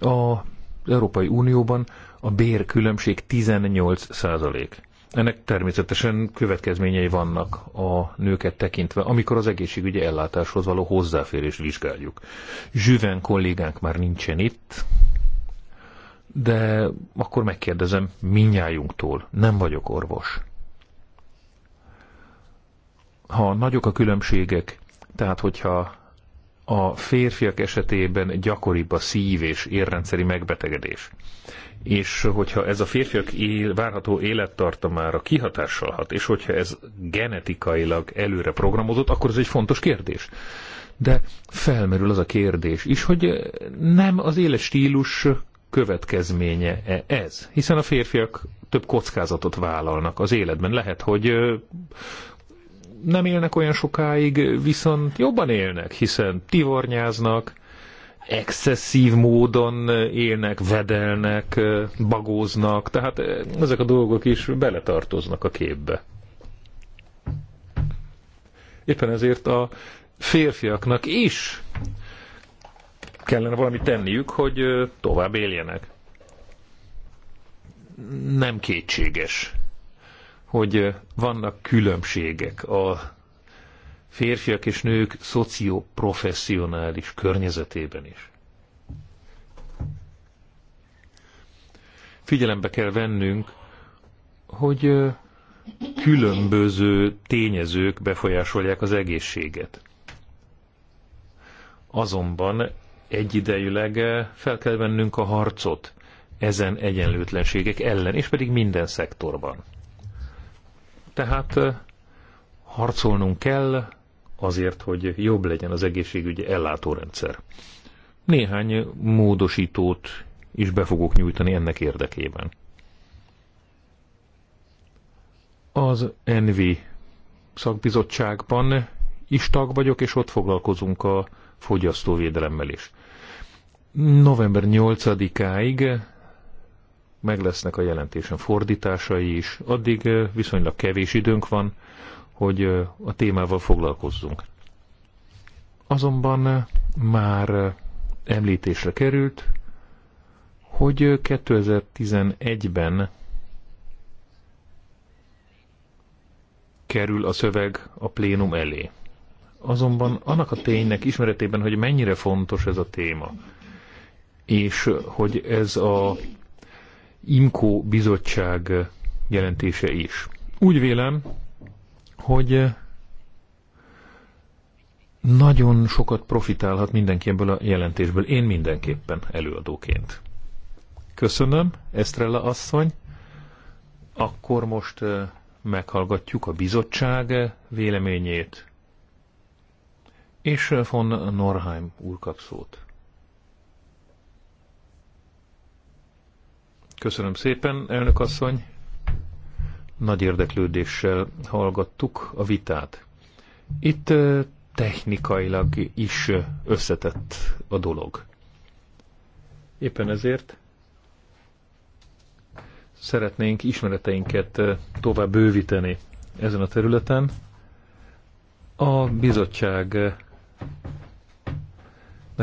A Európai Unióban a bérkülönbség 18 százalék. Ennek természetesen következményei vannak a nőket tekintve, amikor az egészségügyi ellátáshoz való hozzáférés vizsgáljuk. Zsüven kollégánk már nincsen itt, de akkor megkérdezem minnyájunktól, nem vagyok orvos. Ha nagyok a különbségek, tehát hogyha a férfiak esetében gyakoribb a szív- és érrendszeri megbetegedés. És hogyha ez a férfiak él, várható élettartamára kihatással hat, és hogyha ez genetikailag előre programozott, akkor ez egy fontos kérdés. De felmerül az a kérdés is, hogy nem az éles stílus következménye -e ez? Hiszen a férfiak több kockázatot vállalnak az életben. Lehet, hogy nem élnek olyan sokáig, viszont jobban élnek, hiszen tivornyáznak, excesszív módon élnek, vedelnek, bagóznak, tehát ezek a dolgok is beletartoznak a képbe. Éppen ezért a férfiaknak is kellene valami tenniük, hogy tovább éljenek. Nem kétséges hogy vannak különbségek a férfiak és nők szocioprofessionális környezetében is. Figyelembe kell vennünk, hogy különböző tényezők befolyásolják az egészséget. Azonban egyidejűleg fel kell vennünk a harcot ezen egyenlőtlenségek ellen, és pedig minden szektorban. Tehát harcolnunk kell azért, hogy jobb legyen az egészségügyi ellátórendszer. Néhány módosítót is be fogok nyújtani ennek érdekében. Az NV szakbizottságban is tag vagyok, és ott foglalkozunk a fogyasztóvédelemmel is. November 8-áig meg lesznek a jelentésen fordításai is. Addig viszonylag kevés időnk van, hogy a témával foglalkozzunk. Azonban már említésre került, hogy 2011-ben kerül a szöveg a plénum elé. Azonban annak a ténynek ismeretében, hogy mennyire fontos ez a téma, és hogy ez a IMCO bizottság jelentése is. Úgy vélem, hogy nagyon sokat profitálhat mindenki ebből a jelentésből. Én mindenképpen előadóként. Köszönöm, Estrella asszony. Akkor most meghallgatjuk a bizottság véleményét. És von Norheim úr kap szót. Köszönöm szépen, elnök asszony. Nagy érdeklődéssel hallgattuk a vitát. Itt technikailag is összetett a dolog. Éppen ezért szeretnénk ismereteinket tovább bővíteni ezen a területen. A bizottságnak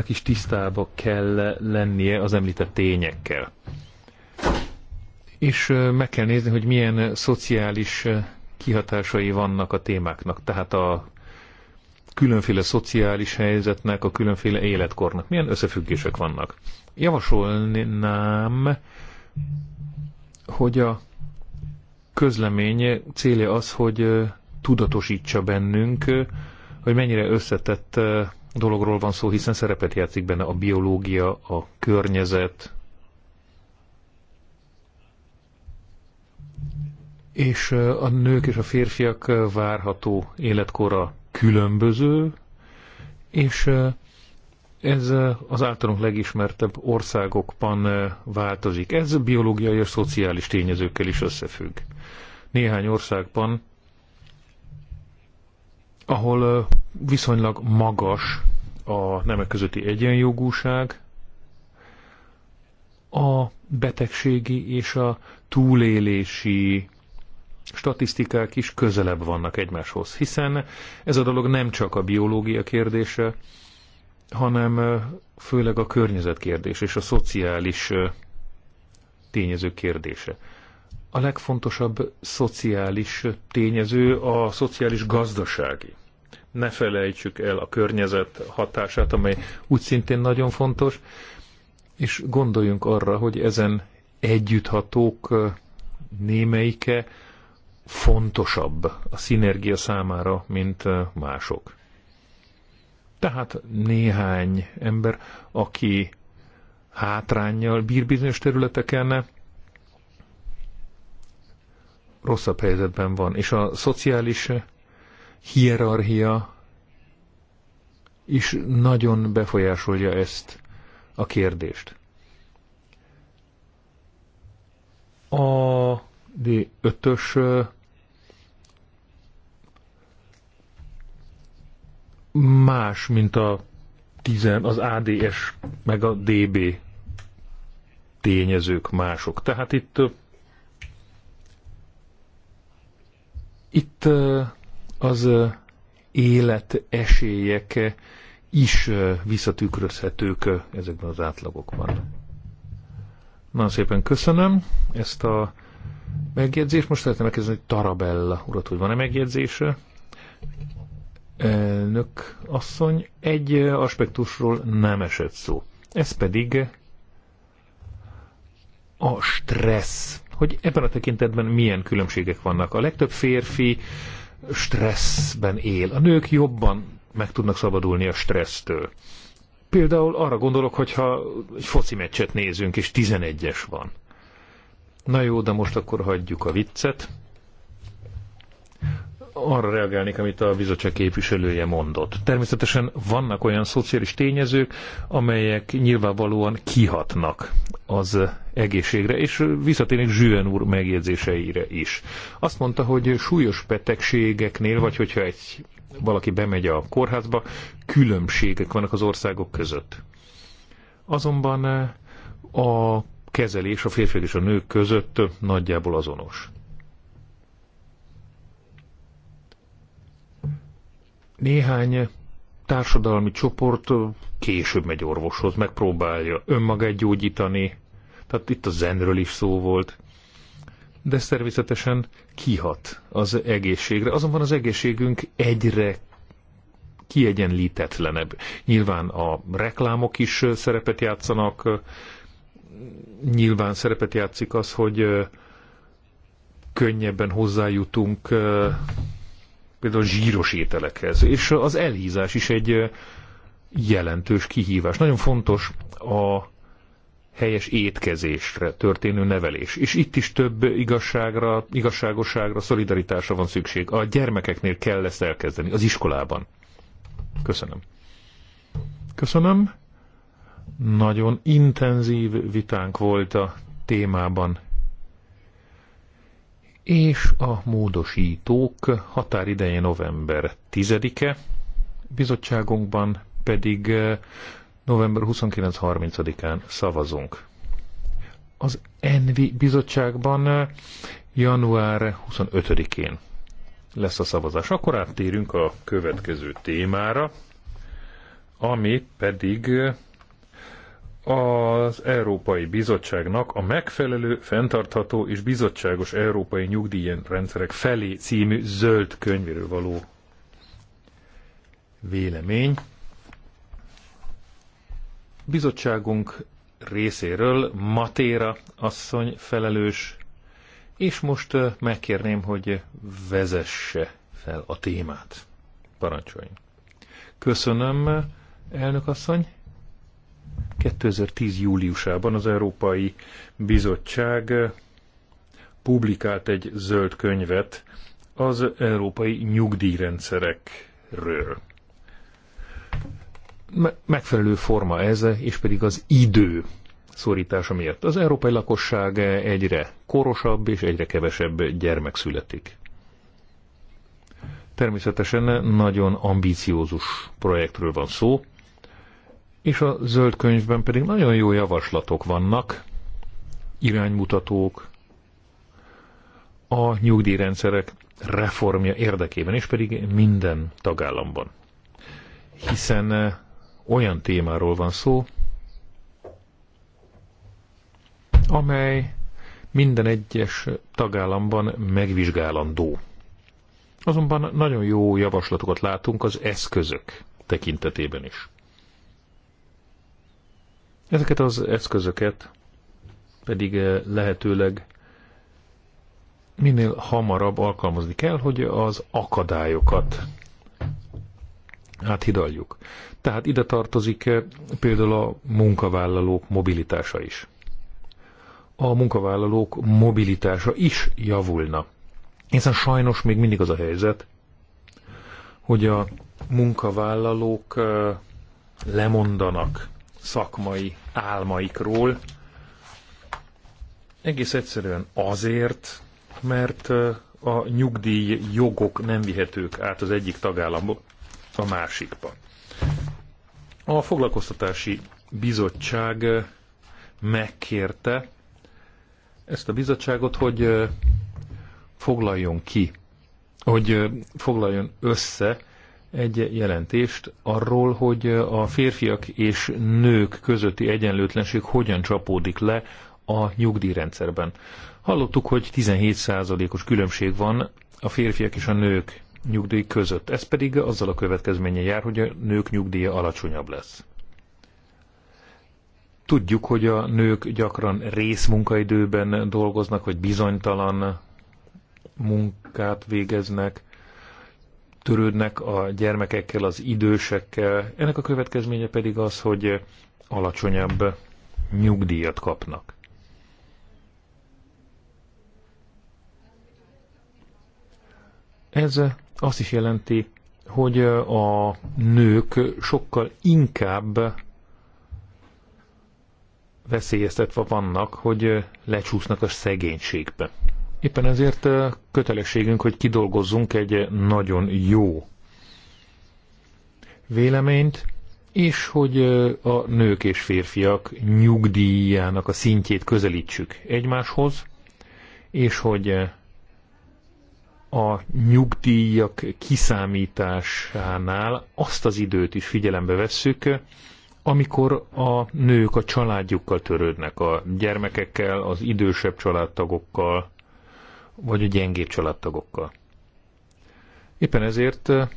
is tisztába kell lennie az említett tényekkel és meg kell nézni, hogy milyen szociális kihatásai vannak a témáknak, tehát a különféle szociális helyzetnek, a különféle életkornak. Milyen összefüggések vannak? Javasolnám, hogy a közlemény célja az, hogy tudatosítsa bennünk, hogy mennyire összetett dologról van szó, hiszen szerepet játszik benne a biológia, a környezet, és a nők és a férfiak várható életkora különböző, és ez az általunk legismertebb országokban változik. Ez biológiai és szociális tényezőkkel is összefügg. Néhány országban, ahol viszonylag magas a nemek közötti egyenjogúság, a betegségi és a túlélési statisztikák is közelebb vannak egymáshoz, hiszen ez a dolog nem csak a biológia kérdése, hanem főleg a környezet kérdése és a szociális tényező kérdése. A legfontosabb szociális tényező a szociális gazdasági. Ne felejtsük el a környezet hatását, amely úgy szintén nagyon fontos, és gondoljunk arra, hogy ezen együtthatók némelyike fontosabb a szinergia számára, mint mások. Tehát néhány ember, aki hátrányjal bír bizonyos területeken, rosszabb helyzetben van. És a szociális hierarchia is nagyon befolyásolja ezt a kérdést. A D5-ös más, mint a tizen, az ADS meg a DB tényezők mások. Tehát itt itt az élet esélyek is visszatükrözhetők ezekben az átlagokban. Nagyon szépen köszönöm ezt a megjegyzést. Most szeretném megkérdezni, hogy Tarabella urat, hogy van-e megjegyzése? Elnök asszony, egy aspektusról nem esett szó. Ez pedig a stressz. Hogy ebben a tekintetben milyen különbségek vannak. A legtöbb férfi stresszben él. A nők jobban meg tudnak szabadulni a stressztől. Például arra gondolok, hogyha egy foci meccset nézünk, és 11-es van. Na jó, de most akkor hagyjuk a viccet arra reagálnék, amit a bizottság képviselője mondott. Természetesen vannak olyan szociális tényezők, amelyek nyilvánvalóan kihatnak az egészségre, és visszatérnék Zsűen úr megjegyzéseire is. Azt mondta, hogy súlyos betegségeknél, vagy hogyha egy, valaki bemegy a kórházba, különbségek vannak az országok között. Azonban eh, a kezelés a férfiak és a nők között nagyjából azonos. Néhány társadalmi csoport később megy orvoshoz, megpróbálja önmagát gyógyítani, tehát itt a zenről is szó volt, de szervezetesen természetesen kihat az egészségre. Azonban az egészségünk egyre kiegyenlítetlenebb. Nyilván a reklámok is szerepet játszanak, nyilván szerepet játszik az, hogy könnyebben hozzájutunk például zsíros ételekhez. És az elhízás is egy jelentős kihívás. Nagyon fontos a helyes étkezésre történő nevelés. És itt is több igazságra, igazságosságra, szolidaritásra van szükség. A gyermekeknél kell ezt elkezdeni, az iskolában. Köszönöm. Köszönöm. Nagyon intenzív vitánk volt a témában és a módosítók határideje november 10-e, bizottságunkban pedig eh, november 29-30-án szavazunk. Az Envi bizottságban eh, január 25-én lesz a szavazás. Akkor áttérünk a következő témára, ami pedig eh, az Európai Bizottságnak a megfelelő, fenntartható és bizottságos európai nyugdíjrendszerek felé című zöld könyvéről való vélemény. Bizottságunk részéről Matéra asszony felelős, és most megkérném, hogy vezesse fel a témát. Parancsoljon. Köszönöm, elnök asszony. 2010. júliusában az Európai Bizottság publikált egy zöld könyvet az európai nyugdíjrendszerekről. Megfelelő forma ez, és pedig az idő szorítása miatt. Az európai lakosság egyre korosabb és egyre kevesebb gyermek születik. Természetesen nagyon ambíciózus projektről van szó, és a zöld könyvben pedig nagyon jó javaslatok vannak, iránymutatók a nyugdíjrendszerek reformja érdekében, és pedig minden tagállamban. Hiszen eh, olyan témáról van szó, amely minden egyes tagállamban megvizsgálandó. Azonban nagyon jó javaslatokat látunk az eszközök tekintetében is. Ezeket az eszközöket pedig eh, lehetőleg minél hamarabb alkalmazni kell, hogy az akadályokat áthidaljuk. Tehát ide tartozik eh, például a munkavállalók mobilitása is. A munkavállalók mobilitása is javulna. Hiszen sajnos még mindig az a helyzet, hogy a munkavállalók eh, lemondanak szakmai álmaikról. Egész egyszerűen azért, mert a nyugdíj jogok nem vihetők át az egyik tagállamból a másikba. A foglalkoztatási bizottság megkérte ezt a bizottságot, hogy foglaljon ki, hogy foglaljon össze egy jelentést arról, hogy a férfiak és nők közötti egyenlőtlenség hogyan csapódik le a nyugdíjrendszerben. Hallottuk, hogy 17%-os különbség van a férfiak és a nők nyugdíj között. Ez pedig azzal a következménye jár, hogy a nők nyugdíja alacsonyabb lesz. Tudjuk, hogy a nők gyakran részmunkaidőben dolgoznak, vagy bizonytalan munkát végeznek, törődnek a gyermekekkel, az idősekkel. Ennek a következménye pedig az, hogy alacsonyabb nyugdíjat kapnak. Ez azt is jelenti, hogy a nők sokkal inkább veszélyeztetve vannak, hogy lecsúsznak a szegénységbe. Éppen ezért kötelességünk, hogy kidolgozzunk egy nagyon jó véleményt, és hogy a nők és férfiak nyugdíjának a szintjét közelítsük egymáshoz, és hogy a nyugdíjak kiszámításánál azt az időt is figyelembe vesszük, amikor a nők a családjukkal törődnek, a gyermekekkel, az idősebb családtagokkal, vagy a gyengébb családtagokkal. Éppen ezért eh,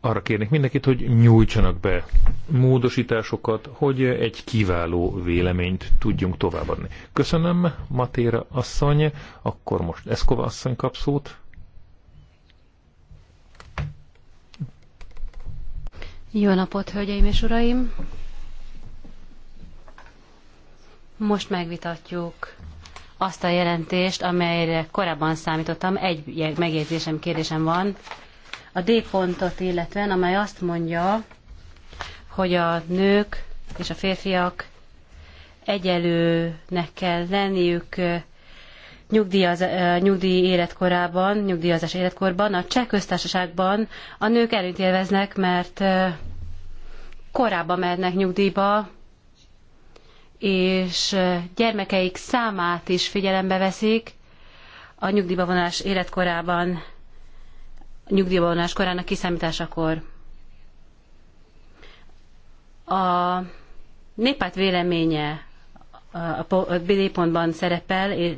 arra kérnék mindenkit, hogy nyújtsanak be módosításokat, hogy egy kiváló véleményt tudjunk továbbadni. Köszönöm, Matéra asszony, akkor most Eszkova asszony kap szót. Jó napot, hölgyeim és uraim! Most megvitatjuk azt a jelentést, amelyre korábban számítottam. Egy megjegyzésem, kérdésem van. A D pontot illetően, amely azt mondja, hogy a nők és a férfiak egyelőnek kell lenniük nyugdíjaz, nyugdíj életkorában, nyugdíjazás életkorban. A cseh köztársaságban a nők előnyt élveznek, mert korábban mernek nyugdíjba, és gyermekeik számát is figyelembe veszik a nyugdíjba vonás életkorában, nyugdíjba vonás korának kiszámításakor. A néppárt véleménye a B-pontban szerepel,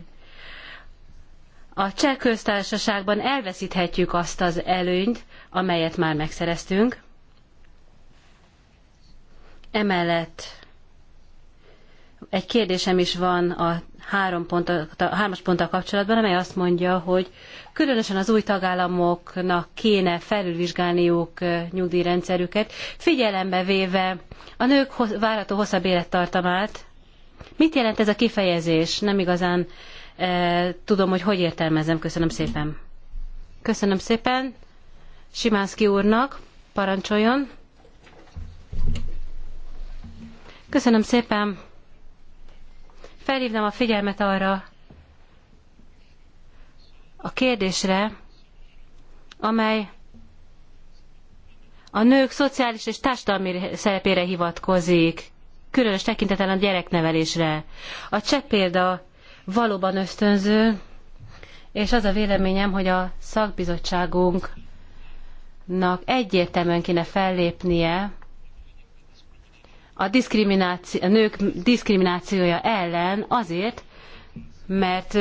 a cseh köztársaságban elveszíthetjük azt az előnyt, amelyet már megszereztünk. Emellett egy kérdésem is van a három a hármas ponttal kapcsolatban, amely azt mondja, hogy különösen az új tagállamoknak kéne felülvizsgálniuk nyugdíjrendszerüket, figyelembe véve a nők várható hosszabb élettartamát. Mit jelent ez a kifejezés? Nem igazán e, tudom, hogy hogy értelmezem. Köszönöm szépen. Köszönöm szépen Simánszki úrnak. Parancsoljon. Köszönöm szépen felhívnám a figyelmet arra a kérdésre, amely a nők szociális és társadalmi szerepére hivatkozik, különös tekintettel a gyereknevelésre. A cseh példa valóban ösztönző, és az a véleményem, hogy a szakbizottságunknak egyértelműen kéne fellépnie a, diszkrimináció, a nők diszkriminációja ellen azért, mert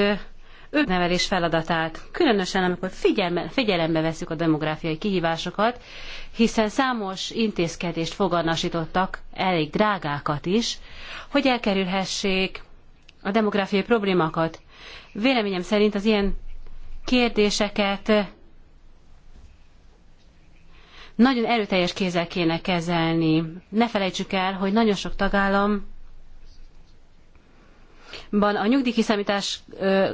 ők nevelés feladatát, különösen amikor figyelme, figyelembe veszük a demográfiai kihívásokat, hiszen számos intézkedést foganasítottak, elég drágákat is, hogy elkerülhessék a demográfiai problémákat. Véleményem szerint az ilyen kérdéseket nagyon erőteljes kézzel kéne kezelni. Ne felejtsük el, hogy nagyon sok tagállam ban a nyugdíjkiszámítás,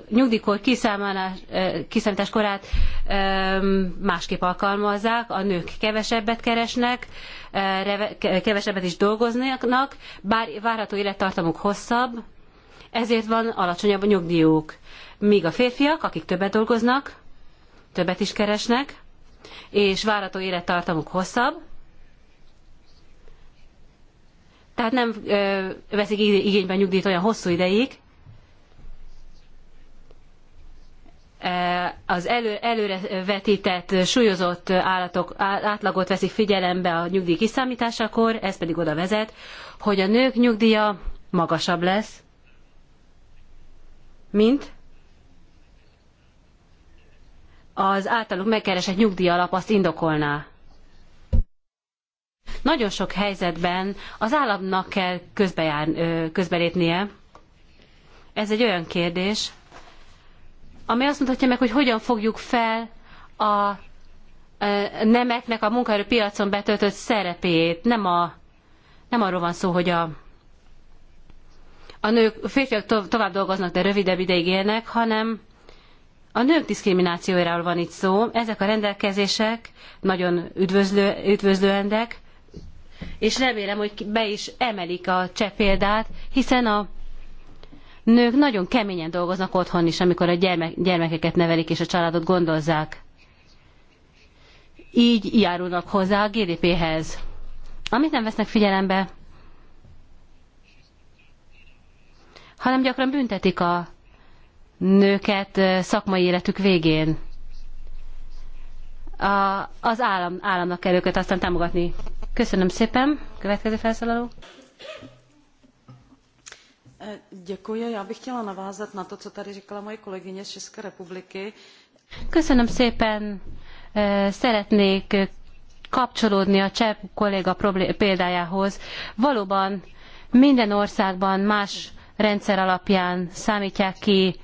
nyugdíjkor kiszámítás korát másképp alkalmazzák, a nők kevesebbet keresnek, kevesebbet is dolgoznak, bár várható élettartamuk hosszabb, ezért van alacsonyabb a nyugdíjuk. Míg a férfiak, akik többet dolgoznak, többet is keresnek, és várató élettartamuk hosszabb, tehát nem ö, veszik igénybe a nyugdíjt olyan hosszú ideig. Az elő, előre vetített, súlyozott állatok átlagot veszik figyelembe a nyugdíj kiszámításakor, ez pedig oda vezet, hogy a nők nyugdíja magasabb lesz, mint az általuk megkeresett nyugdíjalap azt indokolná. Nagyon sok helyzetben az államnak kell közbejár, közbelépnie. Ez egy olyan kérdés, ami azt mutatja meg, hogy hogyan fogjuk fel a nemeknek a munkaerőpiacon betöltött szerepét. Nem, a, nem arról van szó, hogy a, a nők, férfiak tovább dolgoznak, de rövidebb ideig élnek, hanem a nők diszkriminációjáról van itt szó. Ezek a rendelkezések nagyon üdvözlő, üdvözlőendek, és remélem, hogy be is emelik a cseh példát, hiszen a nők nagyon keményen dolgoznak otthon is, amikor a gyermek, gyermekeket nevelik és a családot gondozzák. Így járulnak hozzá a GDP-hez. Amit nem vesznek figyelembe, hanem gyakran büntetik a nőket szakmai életük végén. A, az állam, államnak kell őket aztán támogatni. Köszönöm szépen. Következő felszólaló. E, děkuji. Já bych chtěla navázat na to, co tady říkala moje kolegyně z České republiky. Köszönöm szépen. E, szeretnék kapcsolódni a cseh kolléga példájához. Valóban minden országban más rendszer alapján számítják ki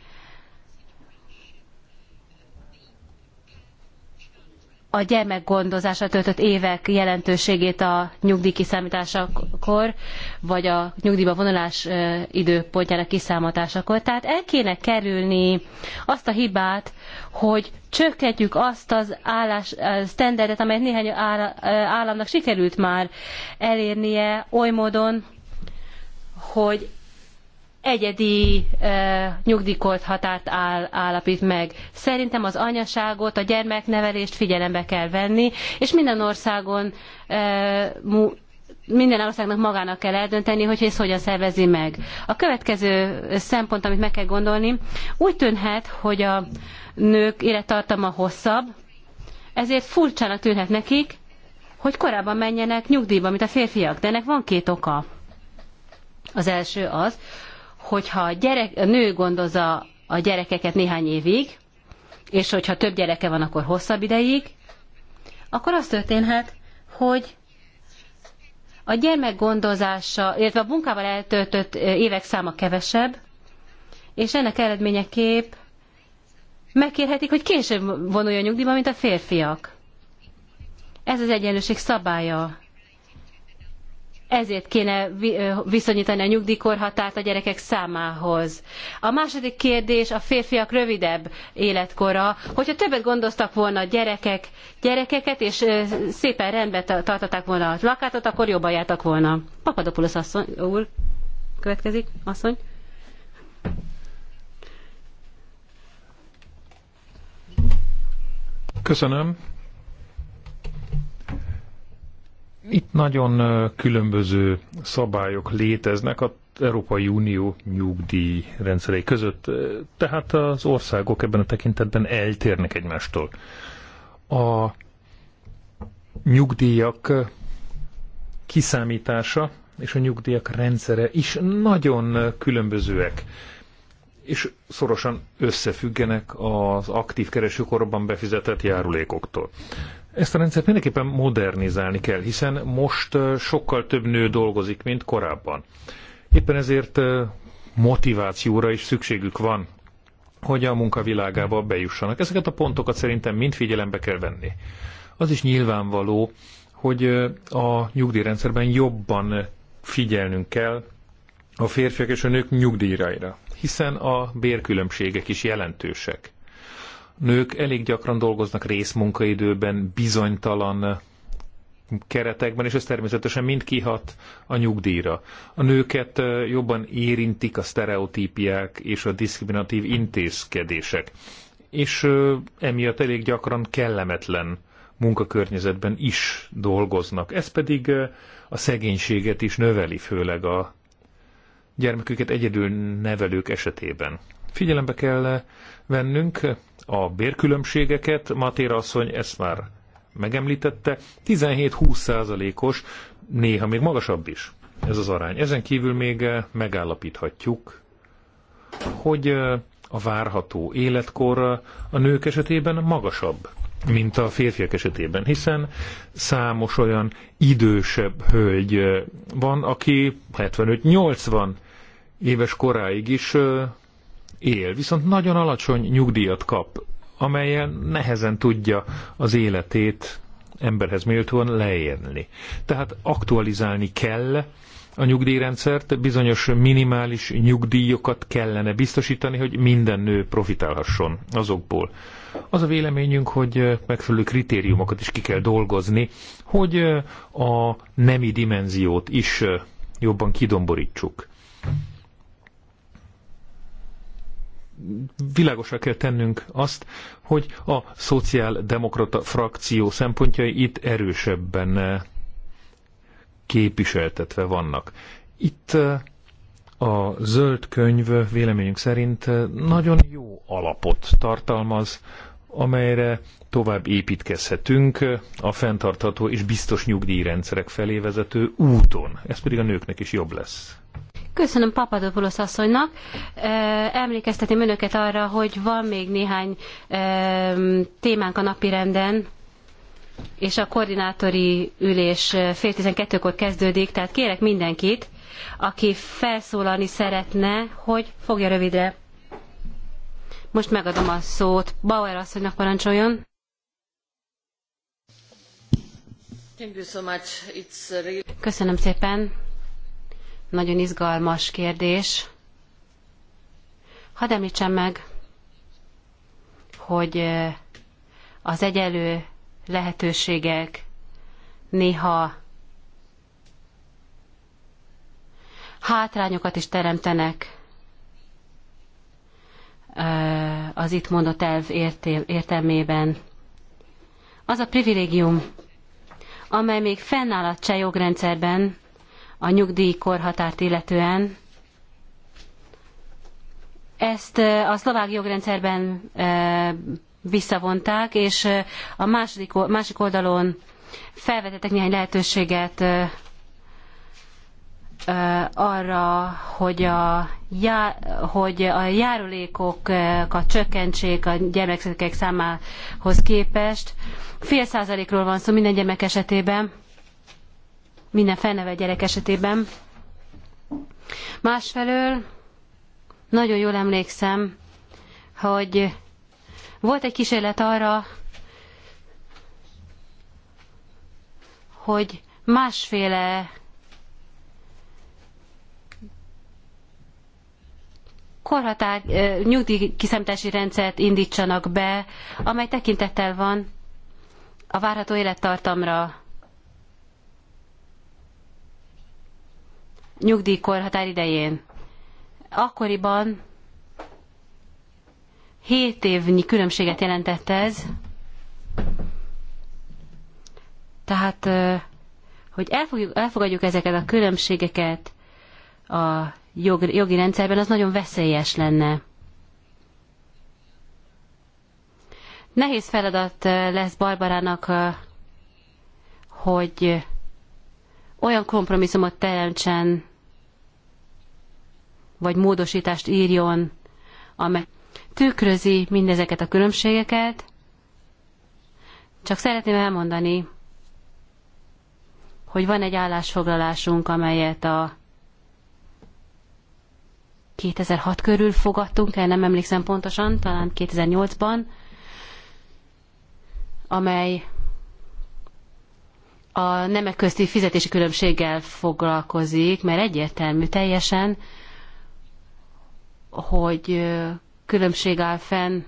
a gyermekgondozásra töltött évek jelentőségét a nyugdíj kiszámításakor, vagy a nyugdíjba vonulás időpontjának kiszámításakor. Tehát el kéne kerülni azt a hibát, hogy csökkentjük azt az állás standardet, amelyet néhány államnak sikerült már elérnie oly módon, hogy egyedi e, nyugdíjkort határt áll, állapít meg. Szerintem az anyaságot, a gyermeknevelést figyelembe kell venni, és minden országon e, mu, minden országnak magának kell eldönteni, hogy ezt hogyan szervezi meg. A következő szempont, amit meg kell gondolni, úgy tűnhet, hogy a nők élettartama hosszabb, ezért furcsának tűnhet nekik, hogy korábban menjenek nyugdíjba, mint a férfiak. De ennek van két oka. Az első az, hogyha a, gyerek, a nő gondozza a gyerekeket néhány évig, és hogyha több gyereke van, akkor hosszabb ideig, akkor az történhet, hogy a gyermek gondozása, illetve a munkával eltöltött évek száma kevesebb, és ennek eredményeképp megkérhetik, hogy később vonuljon nyugdíjba, mint a férfiak. Ez az egyenlőség szabálya ezért kéne viszonyítani a nyugdíjkorhatárt a gyerekek számához. A második kérdés a férfiak rövidebb életkora. Hogyha többet gondoztak volna a gyerekek, gyerekeket, és szépen rendbe tartották volna a lakátot, akkor jobban jártak volna. Papadopoulos asszony, úr, következik, asszony. Köszönöm. Itt nagyon különböző szabályok léteznek a Európai Unió rendszerei között, tehát az országok ebben a tekintetben eltérnek egymástól. A nyugdíjak kiszámítása és a nyugdíjak rendszere is nagyon különbözőek, és szorosan összefüggenek az aktív keresőkorban befizetett járulékoktól. Ezt a rendszert mindenképpen modernizálni kell, hiszen most sokkal több nő dolgozik, mint korábban. Éppen ezért motivációra is szükségük van, hogy a munkavilágába bejussanak. Ezeket a pontokat szerintem mind figyelembe kell venni. Az is nyilvánvaló, hogy a nyugdíjrendszerben jobban figyelnünk kell a férfiak és a nők nyugdíjraira, hiszen a bérkülönbségek is jelentősek nők elég gyakran dolgoznak részmunkaidőben, bizonytalan keretekben, és ez természetesen mind kihat a nyugdíjra. A nőket jobban érintik a sztereotípiák és a diszkriminatív intézkedések, és emiatt elég gyakran kellemetlen munkakörnyezetben is dolgoznak. Ez pedig a szegénységet is növeli, főleg a gyermeküket egyedül nevelők esetében. Figyelembe kell vennünk a bérkülönbségeket, Matéra asszony ezt már megemlítette, 17-20 százalékos, néha még magasabb is ez az arány. Ezen kívül még eh, megállapíthatjuk, hogy eh, a várható életkor eh, a nők esetében magasabb, mint a férfiak esetében, hiszen számos olyan idősebb hölgy van, aki 75-80 éves koráig is él, viszont nagyon alacsony nyugdíjat kap, amelyen nehezen tudja az életét emberhez méltóan leélni. Tehát aktualizálni kell a nyugdíjrendszert, bizonyos minimális nyugdíjokat kellene biztosítani, hogy minden nő profitálhasson azokból. Az a véleményünk, hogy megfelelő kritériumokat is ki kell dolgozni, hogy a nemi dimenziót is jobban kidomborítsuk világosra kell tennünk azt, hogy a szociáldemokrata frakció szempontjai itt erősebben eh, képviseltetve vannak. Itt eh, a zöld könyv véleményünk szerint eh, nagyon jó alapot tartalmaz, amelyre tovább építkezhetünk a fenntartható és biztos nyugdíjrendszerek felé vezető úton. Ez pedig a nőknek is jobb lesz. Köszönöm Papadopoulos asszonynak. Emlékeztetném önöket arra, hogy van még néhány témánk a napirenden, és a koordinátori ülés fél tizenkettőkor kezdődik, tehát kérek mindenkit, aki felszólalni szeretne, hogy fogja rövidre. Most megadom a szót. Bauer asszonynak parancsoljon. Köszönöm szépen nagyon izgalmas kérdés. Hadd említsem meg, hogy az egyelő lehetőségek néha hátrányokat is teremtenek az itt mondott elv értelmében. Az a privilégium, amely még fennáll a cseh jogrendszerben, a nyugdíjkorhatárt illetően. Ezt a szlovák jogrendszerben visszavonták, és a második, másik oldalon felvetettek néhány lehetőséget arra, hogy a, já, hogy a járulékokat csökkentsék a gyermekek számához képest. Fél százalékról van szó minden gyermek esetében, minden felnevelt gyerek esetében. Másfelől nagyon jól emlékszem, hogy volt egy kísérlet arra, hogy másféle korhatár kiszemtási rendszert indítsanak be, amely tekintettel van a várható élettartamra nyugdíjkorhatár idején. Akkoriban 7 évnyi különbséget jelentett ez, tehát, hogy elfogjuk, elfogadjuk ezeket a különbségeket a jog, jogi rendszerben, az nagyon veszélyes lenne. Nehéz feladat lesz Barbarának, hogy olyan kompromisszumot teremtsen, vagy módosítást írjon, amely tükrözi mindezeket a különbségeket. Csak szeretném elmondani, hogy van egy állásfoglalásunk, amelyet a 2006 körül fogadtunk el, nem emlékszem pontosan, talán 2008-ban, amely a nemek közti fizetési különbséggel foglalkozik, mert egyértelmű teljesen, hogy különbség áll fenn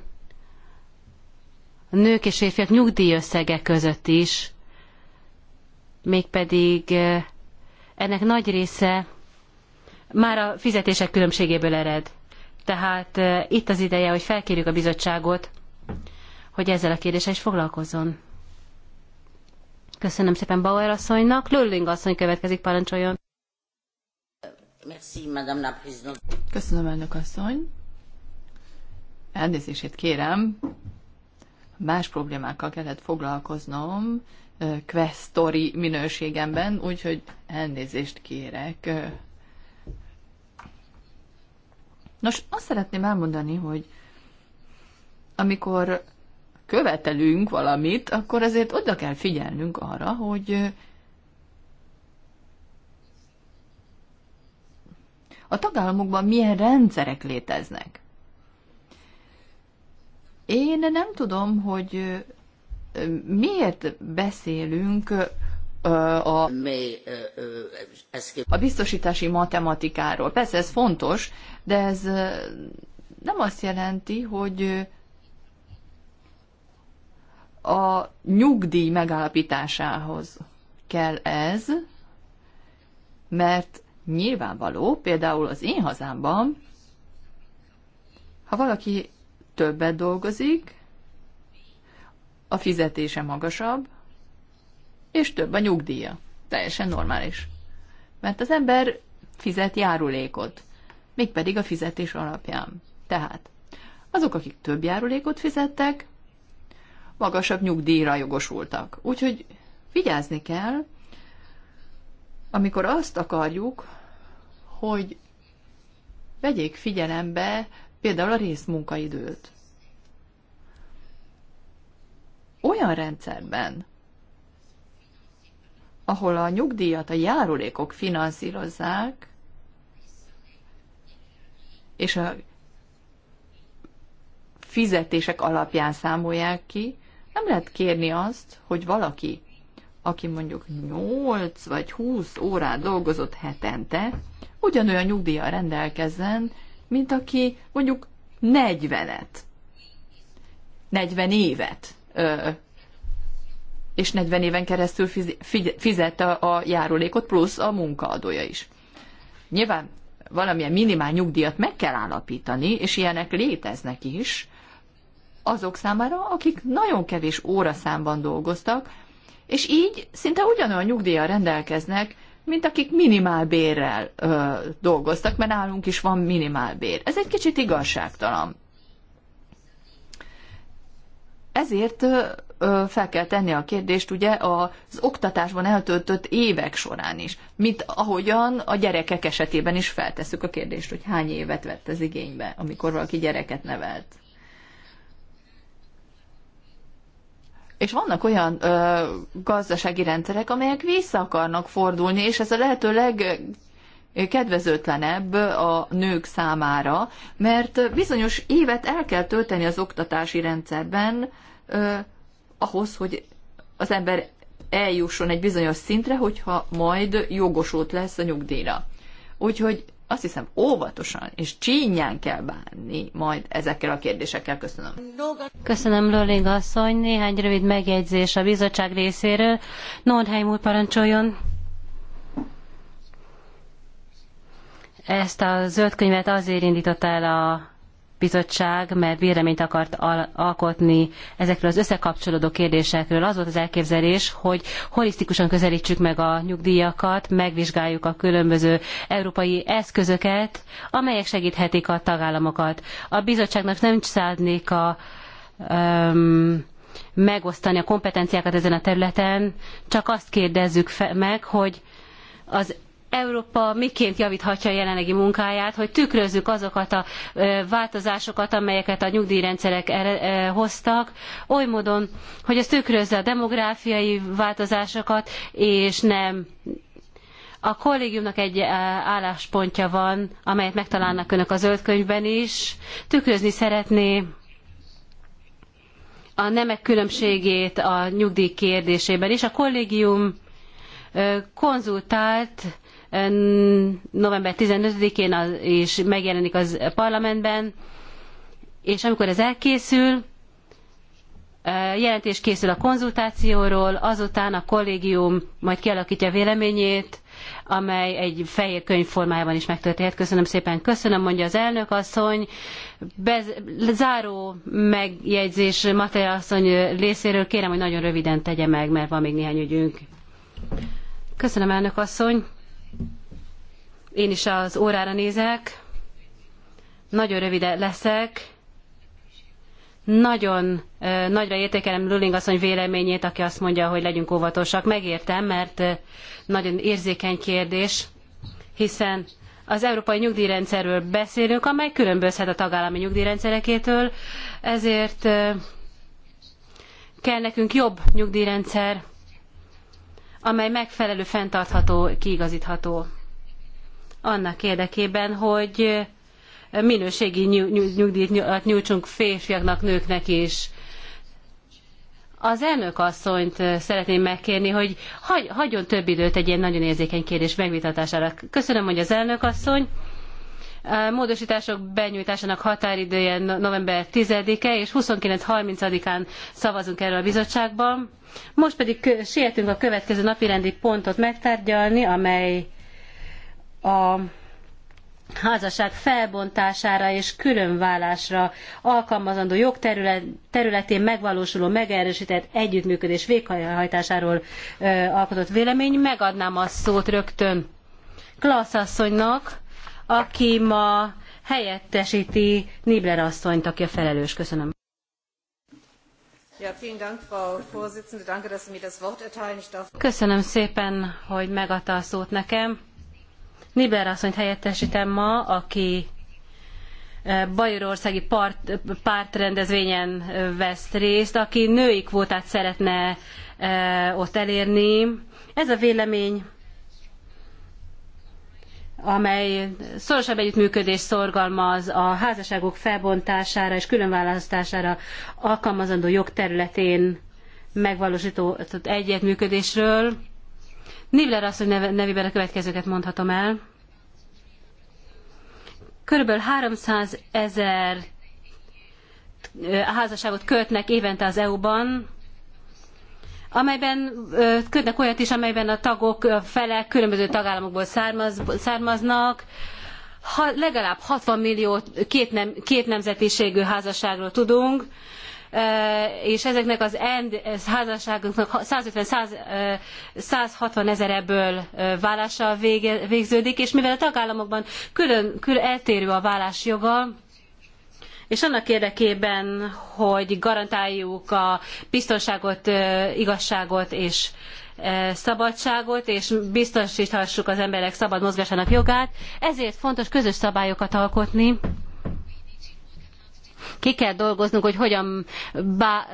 a nők és férfiak nyugdíjösszege között is, mégpedig ennek nagy része már a fizetések különbségéből ered. Tehát itt az ideje, hogy felkérjük a bizottságot, hogy ezzel a kérdéssel is foglalkozzon. Köszönöm szépen Bauer asszonynak. Lölling asszony következik, parancsoljon. Köszönöm, elnök asszony. Elnézését kérem. Más problémákkal kellett foglalkoznom questori minőségemben, úgyhogy elnézést kérek. Nos, azt szeretném elmondani, hogy amikor követelünk valamit, akkor azért oda kell figyelnünk arra, hogy a tagállamokban milyen rendszerek léteznek. Én nem tudom, hogy miért beszélünk a, a biztosítási matematikáról. Persze ez fontos, de ez nem azt jelenti, hogy a nyugdíj megállapításához kell ez, mert nyilvánvaló, például az én hazámban, ha valaki többet dolgozik, a fizetése magasabb, és több a nyugdíja. Teljesen normális. Mert az ember fizet járulékot, mégpedig a fizetés alapján. Tehát azok, akik több járulékot fizettek, magasabb nyugdíjra jogosultak. Úgyhogy vigyázni kell, amikor azt akarjuk, hogy vegyék figyelembe például a részmunkaidőt. Olyan rendszerben, ahol a nyugdíjat a járulékok finanszírozzák, és a fizetések alapján számolják ki, nem lehet kérni azt, hogy valaki aki mondjuk 8 vagy 20 órát dolgozott hetente, ugyanolyan nyugdíjjal rendelkezzen, mint aki mondjuk 40-et, 40 évet, ö, és 40 éven keresztül fizet a, a járulékot, plusz a munkaadója is. Nyilván valamilyen minimál nyugdíjat meg kell állapítani, és ilyenek léteznek is, azok számára, akik nagyon kevés óraszámban dolgoztak, és így szinte ugyanolyan nyugdíjjal rendelkeznek, mint akik minimálbérrel ö, dolgoztak, mert nálunk is van minimálbér. Ez egy kicsit igazságtalan. Ezért ö, fel kell tenni a kérdést ugye az oktatásban eltöltött évek során is, mint ahogyan a gyerekek esetében is feltesszük a kérdést, hogy hány évet vett ez igénybe, amikor valaki gyereket nevelt. És vannak olyan ö, gazdasági rendszerek, amelyek vissza akarnak fordulni, és ez a lehető legkedvezőtlenebb a nők számára, mert bizonyos évet el kell tölteni az oktatási rendszerben ö, ahhoz, hogy az ember eljusson egy bizonyos szintre, hogyha majd jogosult lesz a nyugdíjra. Úgyhogy azt hiszem óvatosan és csínyán kell bánni majd ezekkel a kérdésekkel. Köszönöm. Köszönöm, Lölling asszony. Néhány rövid megjegyzés a bizottság részéről. Nordheim úr parancsoljon. Ezt a zöld könyvet azért indította el a bizottság, mert véleményt akart alkotni ezekről az összekapcsolódó kérdésekről. Az volt az elképzelés, hogy holisztikusan közelítsük meg a nyugdíjakat, megvizsgáljuk a különböző európai eszközöket, amelyek segíthetik a tagállamokat. A bizottságnak nem szállnék a um, megosztani a kompetenciákat ezen a területen, csak azt kérdezzük meg, hogy az Európa miként javíthatja a jelenlegi munkáját, hogy tükrözzük azokat a változásokat, amelyeket a nyugdíjrendszerek hoztak, oly módon, hogy ez tükrözze a demográfiai változásokat, és nem a kollégiumnak egy álláspontja van, amelyet megtalálnak önök a zöld könyvben is. Tükrözni szeretné a nemek különbségét a nyugdíj kérdésében is. A kollégium konzultált november 15-én is megjelenik az parlamentben, és amikor ez elkészül, jelentés készül a konzultációról, azután a kollégium majd kialakítja véleményét, amely egy fehér könyv formájában is megtörténhet. Köszönöm szépen, köszönöm, mondja az elnök asszony. Bez, záró megjegyzés Matea asszony részéről kérem, hogy nagyon röviden tegye meg, mert van még néhány ügyünk. Köszönöm, elnök asszony. Én is az órára nézek. Nagyon rövide leszek. Nagyon eh, nagyra értékelem Luling asszony véleményét, aki azt mondja, hogy legyünk óvatosak. Megértem, mert nagyon érzékeny kérdés, hiszen az európai nyugdíjrendszerről beszélünk, amely különbözhet a tagállami nyugdíjrendszerekétől, ezért eh, kell nekünk jobb nyugdíjrendszer, amely megfelelő, fenntartható, kiigazítható annak érdekében, hogy minőségi nyugdíjat nyújtsunk férfiaknak, nőknek is. Az elnök asszonyt szeretném megkérni, hogy hagy, hagyjon több időt egy ilyen nagyon érzékeny kérdés megvitatására. Köszönöm, hogy az elnök asszony. A módosítások benyújtásának határidője november 10-e, és 29-30-án szavazunk erről a bizottságban. Most pedig sietünk a következő napirendi pontot megtárgyalni, amely a házasság felbontására és különválásra alkalmazandó jogterületén megvalósuló megerősített együttműködés végrehajtásáról alkotott vélemény. Megadnám a szót rögtön Klassz asszonynak, aki ma helyettesíti Nibler asszonyt, aki a felelős. Köszönöm. Köszönöm szépen, hogy megadta a szót nekem. Niber asszonyt helyettesítem ma, aki eh, Bajorországi part, pártrendezvényen eh, vesz részt, aki női kvótát szeretne eh, ott elérni. Ez a vélemény amely szorosabb együttműködést szorgalmaz a házasságok felbontására és különválasztására alkalmazandó jogterületén megvalósított együttműködésről. Nibler asszony nevében a következőket mondhatom el. Körülbelül 300 ezer házasságot kötnek évente az EU-ban, amelyben kötnek olyat is, amelyben a tagok felek különböző tagállamokból származ, származnak. Ha, legalább 60 millió két, nem, két nemzetiségű házasságról tudunk, és ezeknek az end házasságoknak 150 160 ezer ebből vállással végződik, és mivel a tagállamokban külön, külön eltérő a vállás joga, és annak érdekében, hogy garantáljuk a biztonságot, igazságot és szabadságot, és biztosíthassuk az emberek szabad mozgásának jogát, ezért fontos közös szabályokat alkotni, ki kell dolgoznunk, hogy hogyan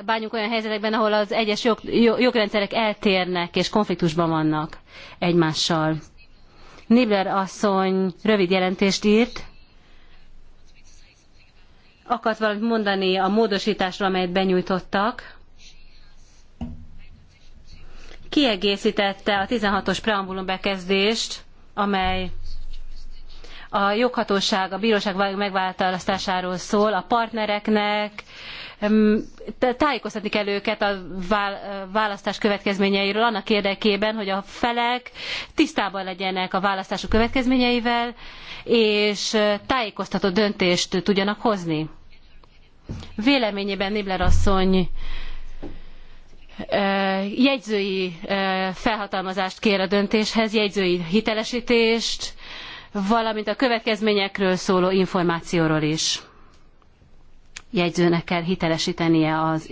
bánjunk olyan helyzetekben, ahol az egyes jog, jogrendszerek eltérnek és konfliktusban vannak egymással. Nibler asszony rövid jelentést írt, akart valamit mondani a módosításról, amelyet benyújtottak. Kiegészítette a 16-os preambulum bekezdést, amely a joghatóság a bíróság megválasztásáról szól, a partnereknek tájékoztatni kell őket a választás következményeiről annak érdekében, hogy a felek tisztában legyenek a választások következményeivel, és tájékoztató döntést tudjanak hozni. Véleményében Nibler asszony jegyzői felhatalmazást kér a döntéshez, jegyzői hitelesítést, valamint a következményekről szóló információról is jegyzőnek kell hitelesítenie az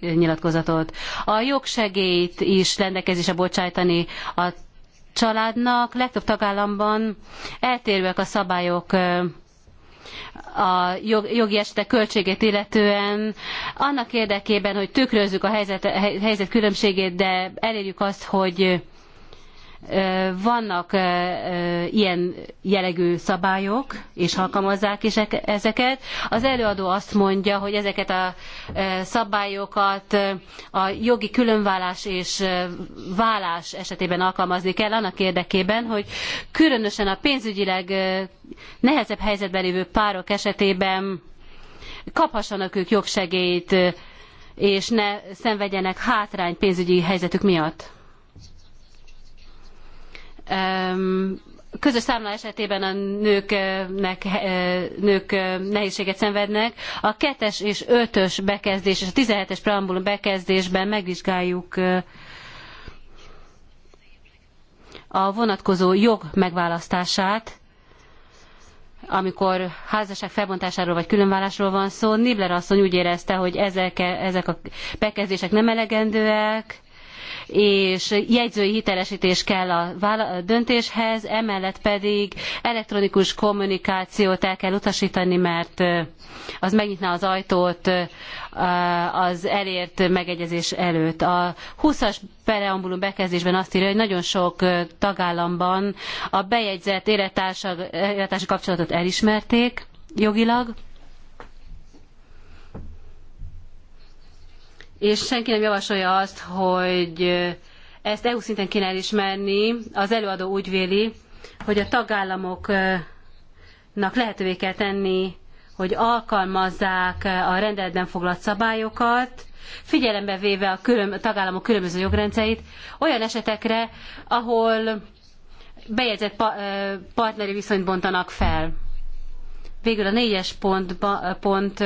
nyilatkozatot. A jogsegélyt is rendelkezésre bocsájtani a családnak. Legtöbb tagállamban eltérőek a szabályok a jogi esetek költségét illetően, annak érdekében, hogy tükrözzük a helyzet, helyzet különbségét, de elérjük azt, hogy vannak ilyen jellegű szabályok, és alkalmazzák is ezeket. Az előadó azt mondja, hogy ezeket a szabályokat a jogi különvállás és vállás esetében alkalmazni kell annak érdekében, hogy különösen a pénzügyileg nehezebb helyzetben lévő párok esetében kaphassanak ők jogsegélyt, és ne szenvedjenek hátrány pénzügyi helyzetük miatt közös számla esetében a nőknek, eh, nők eh, nehézséget szenvednek. A 2-es és ötös bekezdés és a 17-es preambulum bekezdésben megvizsgáljuk eh, a vonatkozó jog megválasztását, amikor házasság felbontásáról vagy különválásról van szó. Nibler asszony úgy érezte, hogy ezek, ezek a bekezdések nem elegendőek, és jegyzői hitelesítés kell a döntéshez, emellett pedig elektronikus kommunikációt el kell utasítani, mert az megnyitná az ajtót az elért megegyezés előtt. A 20-as preambulum bekezdésben azt írja, hogy nagyon sok tagállamban a bejegyzett élettársi kapcsolatot elismerték jogilag, és senki nem javasolja azt, hogy ezt EU szinten kéne elismerni. Az előadó úgy véli, hogy a tagállamoknak lehetővé kell tenni, hogy alkalmazzák a rendeletben foglalt szabályokat, figyelembe véve a, külön, a tagállamok különböző jogrendszereit, olyan esetekre, ahol bejegyzett pa, partneri viszonyt bontanak fel. Végül a négyes pont, pont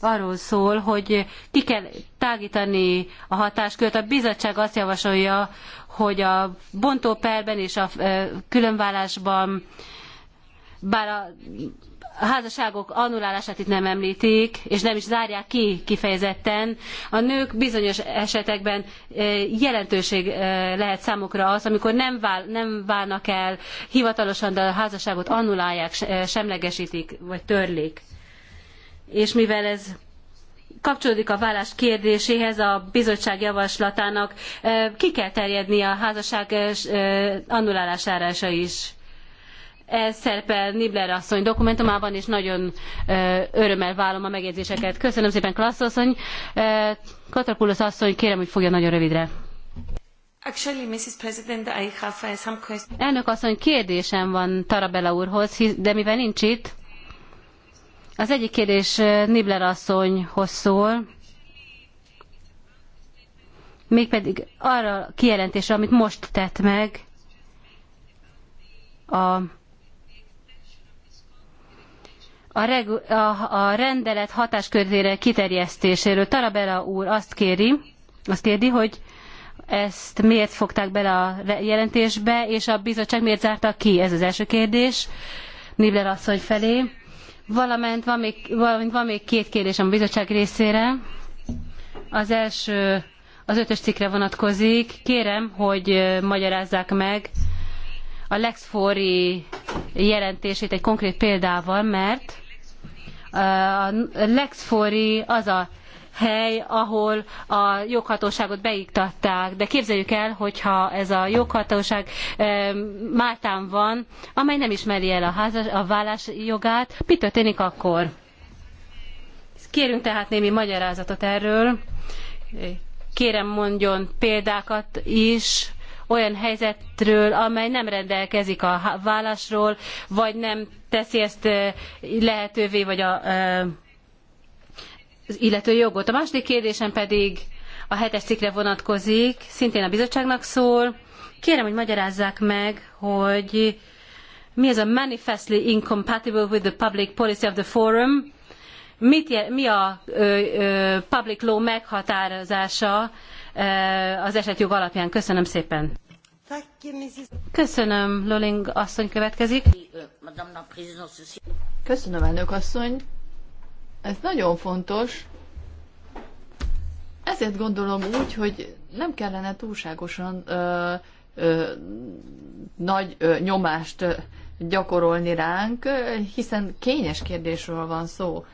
arról szól, hogy ki kell tágítani a hatáskört. A bizottság azt javasolja, hogy a bontóperben és a különvállásban, bár a házasságok annulálását itt nem említik, és nem is zárják ki kifejezetten, a nők bizonyos esetekben jelentőség lehet számukra az, amikor nem, vál, nem válnak el hivatalosan, de a házasságot annulálják, semlegesítik vagy törlik és mivel ez kapcsolódik a vállás kérdéséhez, a bizottság javaslatának ki kell terjedni a házasság annulálására is. Ez szerepel Nibler asszony dokumentumában, és nagyon örömmel vállom a megjegyzéseket. Köszönöm szépen, Klassz asszony. Katrapulos asszony, kérem, hogy fogja nagyon rövidre. Actually, Mrs. President, I have uh, some questions. Elnök asszony, kérdésem van Tarabella úrhoz, de mivel nincs itt, az egyik kérdés eh, Nibler asszonyhoz szól, mégpedig arra a kijelentésre, amit most tett meg a a, regu, a, a rendelet hatáskörére kiterjesztéséről. Tarabella úr azt kéri, azt kérdi, hogy ezt miért fogták bele a jelentésbe, és a bizottság miért zárta ki? Ez az első kérdés Nibler asszony felé. Valamint van még, valamint van még két kérdésem a bizottság részére. Az első az ötös cikkre vonatkozik. Kérem, hogy magyarázzák meg a Lexfori jelentését egy konkrét példával, mert a Lexfori az a hely, ahol a joghatóságot beiktatták. De képzeljük el, hogyha ez a joghatóság Máltán van, amely nem ismeri el a, házas, a vállás jogát, mi történik akkor? Kérünk tehát némi magyarázatot erről. Kérem mondjon példákat is olyan helyzetről, amely nem rendelkezik a vállásról, vagy nem teszi ezt eh, lehetővé, vagy a, a eh, illető jogot. A második kérdésem pedig a hetes cikkre vonatkozik, szintén a bizottságnak szól. Kérem, hogy magyarázzák meg, hogy mi ez a manifestly incompatible with the public policy of the forum, Mit, mi a ö, ö, public law meghatározása ö, az esetjog alapján. Köszönöm szépen. Köszönöm, Loling asszony következik. Köszönöm, elnök asszony. Ez nagyon fontos. Ezért gondolom úgy, hogy nem kellene túlságosan ö, ö, nagy ö, nyomást gyakorolni ránk, hiszen kényes kérdésről van szó.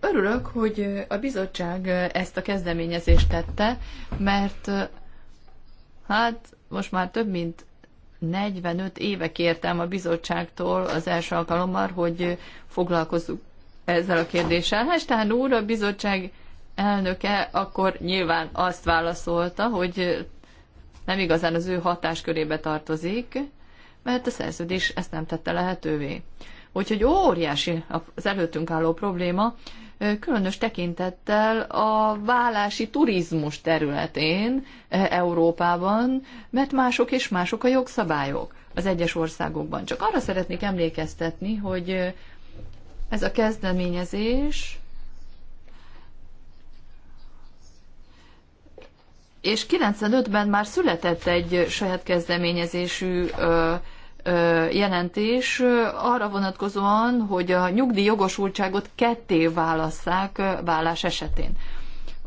Örülök, hogy a bizottság ezt a kezdeményezést tette, mert hát most már több mint 45 éve kértem a bizottságtól az első alkalommal, hogy foglalkozzunk ezzel a kérdéssel. Hestán úr, a bizottság elnöke akkor nyilván azt válaszolta, hogy nem igazán az ő hatáskörébe tartozik, mert a szerződés ezt nem tette lehetővé. Úgyhogy óriási az előttünk álló probléma, különös tekintettel a vállási turizmus területén Európában, mert mások és mások a jogszabályok az egyes országokban. Csak arra szeretnék emlékeztetni, hogy ez a kezdeményezés és 95-ben már született egy saját kezdeményezésű ö, ö, jelentés arra vonatkozóan, hogy a nyugdíj jogosultságot ketté válasszák vállás esetén.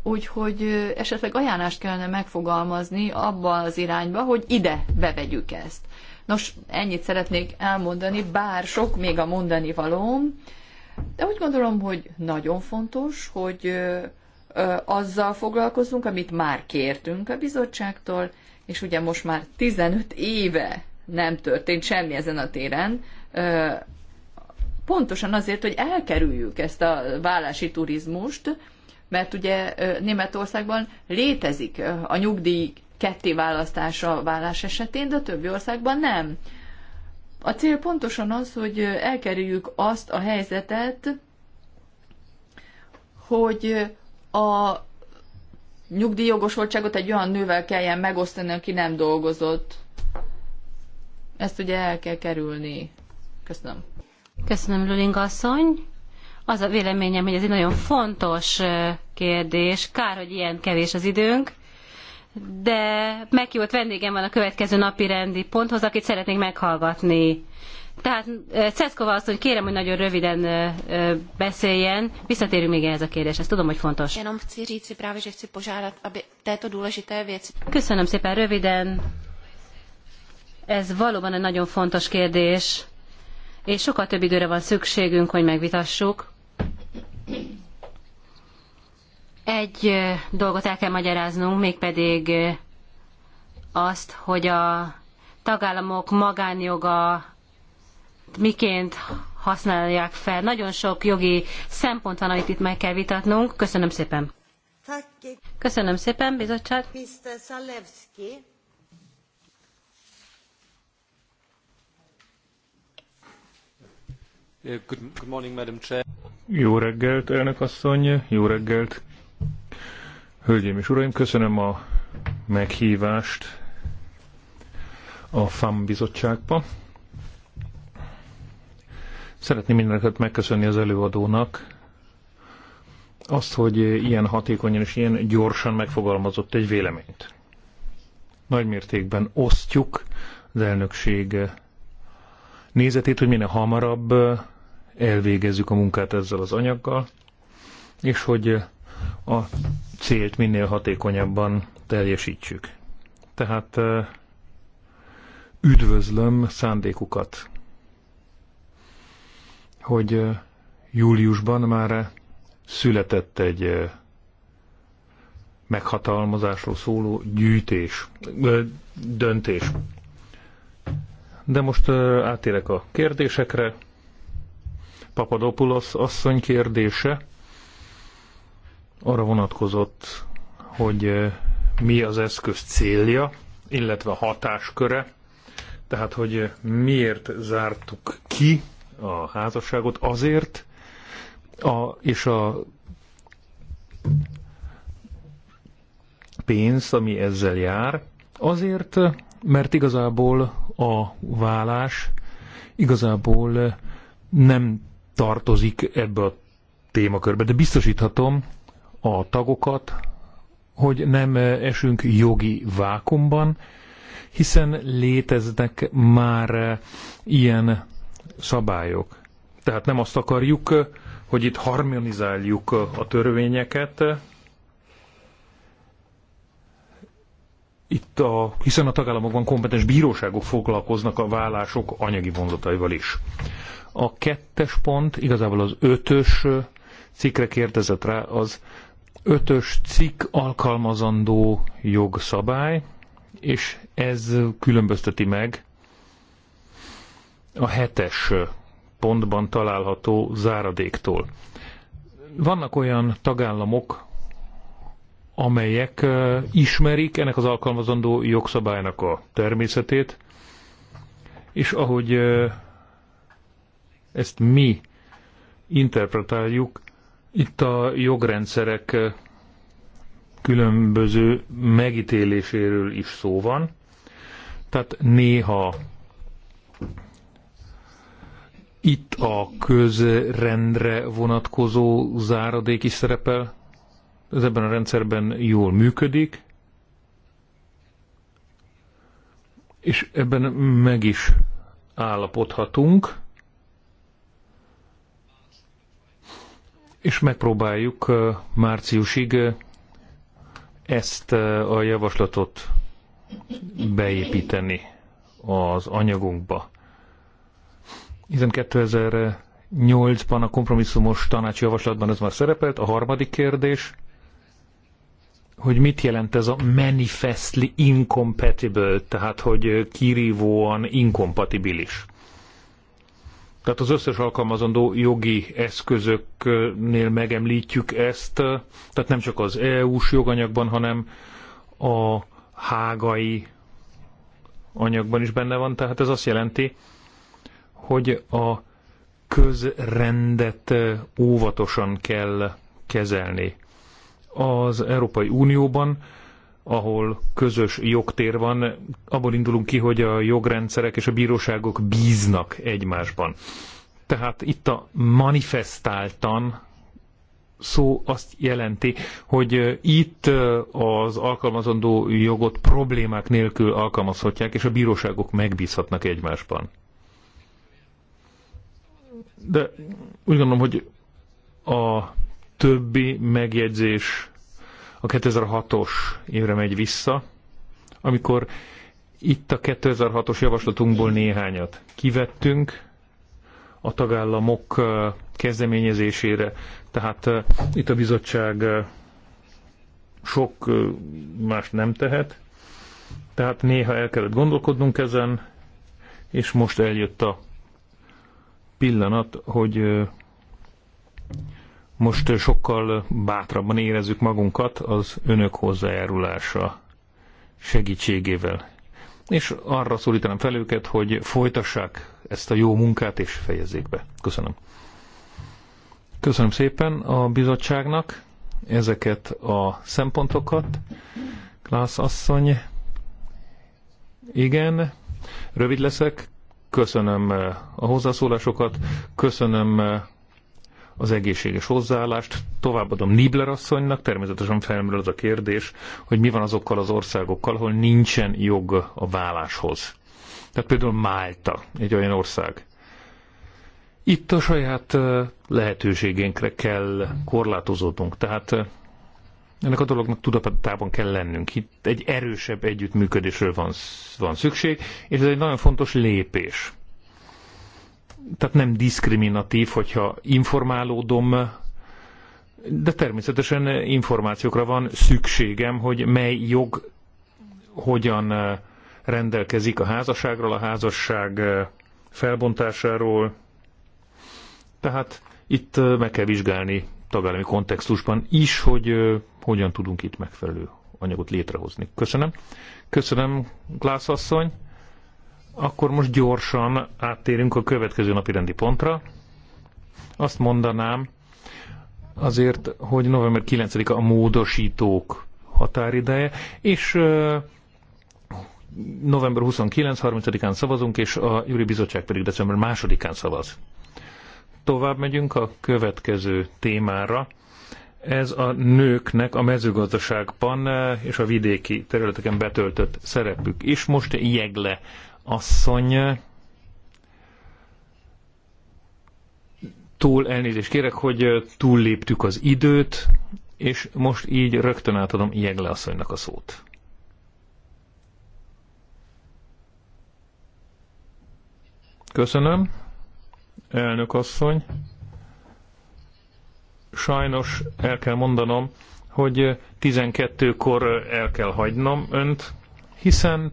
Úgyhogy esetleg ajánlást kellene megfogalmazni abba az irányba, hogy ide bevegyük ezt. Nos, ennyit szeretnék elmondani, bár sok még a mondani valóm, de úgy gondolom, hogy nagyon fontos, hogy azzal foglalkozunk, amit már kértünk a bizottságtól, és ugye most már 15 éve nem történt semmi ezen a téren, pontosan azért, hogy elkerüljük ezt a vállási turizmust, mert ugye Németországban létezik a nyugdíj kettéválasztása vállás esetén, de a többi országban nem. A cél pontosan az, hogy elkerüljük azt a helyzetet, hogy a nyugdíjjogosultságot egy olyan nővel kelljen megosztani, aki nem dolgozott. Ezt ugye el kell kerülni. Köszönöm. Köszönöm, Luling asszony. Az a véleményem, hogy ez egy nagyon fontos kérdés. Kár, hogy ilyen kevés az időnk de meghívott vendégem van a következő napi rendi ponthoz, akit szeretnék meghallgatni. Tehát Ceszkova azt, hogy kérem, hogy nagyon röviden beszéljen. Visszatérünk még ehhez a kérdéshez. Tudom, hogy fontos. Köszönöm szépen röviden. Ez valóban egy nagyon fontos kérdés, és sokkal több időre van szükségünk, hogy megvitassuk. Egy dolgot el kell magyaráznunk, mégpedig azt, hogy a tagállamok magánjoga miként használják fel. Nagyon sok jogi szempont van, amit itt meg kell vitatnunk. Köszönöm szépen. Köszönöm szépen, bizottság. Jó reggelt, elnök asszony, jó reggelt, Hölgyeim és Uraim, köszönöm a meghívást a FAM bizottságba. Szeretném mindeneket megköszönni az előadónak azt, hogy ilyen hatékonyan és ilyen gyorsan megfogalmazott egy véleményt. Nagy mértékben osztjuk az elnökség nézetét, hogy minél hamarabb elvégezzük a munkát ezzel az anyaggal, és hogy a célt minél hatékonyabban teljesítsük. Tehát üdvözlöm szándékukat, hogy júliusban már született egy meghatalmazásról szóló gyűjtés, döntés. De most átérek a kérdésekre. Papadopoulos asszony kérdése arra vonatkozott, hogy mi az eszköz célja, illetve a hatásköre, tehát hogy miért zártuk ki a házasságot azért, a, és a pénz, ami ezzel jár, azért, mert igazából a vállás igazából nem tartozik ebbe a témakörbe, de biztosíthatom, a tagokat, hogy nem esünk jogi vákumban, hiszen léteznek már ilyen szabályok. Tehát nem azt akarjuk, hogy itt harmonizáljuk a törvényeket, itt a, hiszen a tagállamokban kompetens bíróságok foglalkoznak a vállások anyagi vonzataival is. A kettes pont, igazából az ötös cikkre kérdezett rá, az ötös cikk alkalmazandó jogszabály, és ez különbözteti meg a hetes pontban található záradéktól. Vannak olyan tagállamok, amelyek eh, ismerik ennek az alkalmazandó jogszabálynak a természetét, és ahogy eh, ezt mi interpretáljuk, itt a jogrendszerek eh, különböző megítéléséről is szó van. Tehát néha itt a közrendre vonatkozó záradék is szerepel. Ez ebben a rendszerben jól működik. És ebben meg is állapodhatunk. és megpróbáljuk márciusig ezt a javaslatot beépíteni az anyagunkba. Hiszen 2008-ban a kompromisszumos javaslatban ez már szerepelt. A harmadik kérdés, hogy mit jelent ez a manifestly incompatible, tehát hogy kirívóan inkompatibilis. Tehát az összes alkalmazandó jogi eszközöknél megemlítjük ezt, tehát nem csak az EU-s joganyagban, hanem a hágai anyagban is benne van, tehát ez azt jelenti, hogy a közrendet óvatosan kell kezelni. Az Európai Unióban ahol közös jogtér van, abból indulunk ki, hogy a jogrendszerek és a bíróságok bíznak egymásban. Tehát itt a manifestáltan szó azt jelenti, hogy itt az alkalmazandó jogot problémák nélkül alkalmazhatják, és a bíróságok megbízhatnak egymásban. De úgy gondolom, hogy a többi megjegyzés a 2006-os évre megy vissza, amikor itt a 2006-os javaslatunkból néhányat kivettünk a tagállamok kezdeményezésére. Tehát itt a bizottság sok más nem tehet, tehát néha el kellett gondolkodnunk ezen, és most eljött a pillanat, hogy most sokkal bátrabban érezzük magunkat az önök hozzájárulása segítségével. És arra szólítanám fel őket, hogy folytassák ezt a jó munkát és fejezzék be. Köszönöm. Köszönöm szépen a bizottságnak ezeket a szempontokat. Klász asszony, igen, rövid leszek. Köszönöm a hozzászólásokat, köszönöm az egészséges hozzáállást. Továbbadom Nibler asszonynak, természetesen felmerül az a kérdés, hogy mi van azokkal az országokkal, ahol nincsen jog a válláshoz. Tehát például Málta, egy olyan ország. Itt a saját lehetőségénkre kell korlátozódnunk. Tehát ennek a dolognak tudatában kell lennünk. Itt egy erősebb együttműködésről van, van szükség, és ez egy nagyon fontos lépés tehát nem diszkriminatív, hogyha informálódom, de természetesen információkra van szükségem, hogy mely jog hogyan eh, rendelkezik a házasságról, a házasság eh, felbontásáról. Tehát itt eh, meg kell vizsgálni tagállami kontextusban is, hogy hogyan tudunk itt megfelelő anyagot létrehozni. Köszönöm. Köszönöm, Glász asszony. Akkor most gyorsan áttérünk a következő napi rendi pontra. Azt mondanám, azért, hogy november 9-a a módosítók határideje, és november 29-30-án szavazunk, és a Júri Bizottság pedig december 2-án szavaz. Tovább megyünk a következő témára. Ez a nőknek a mezőgazdaságban és a vidéki területeken betöltött szerepük. És most Jegle asszony túl elnézést kérek, hogy túlléptük az időt, és most így rögtön átadom Jegle asszonynak a szót. Köszönöm, elnök asszony. Sajnos el kell mondanom, hogy 12-kor el kell hagynom önt, hiszen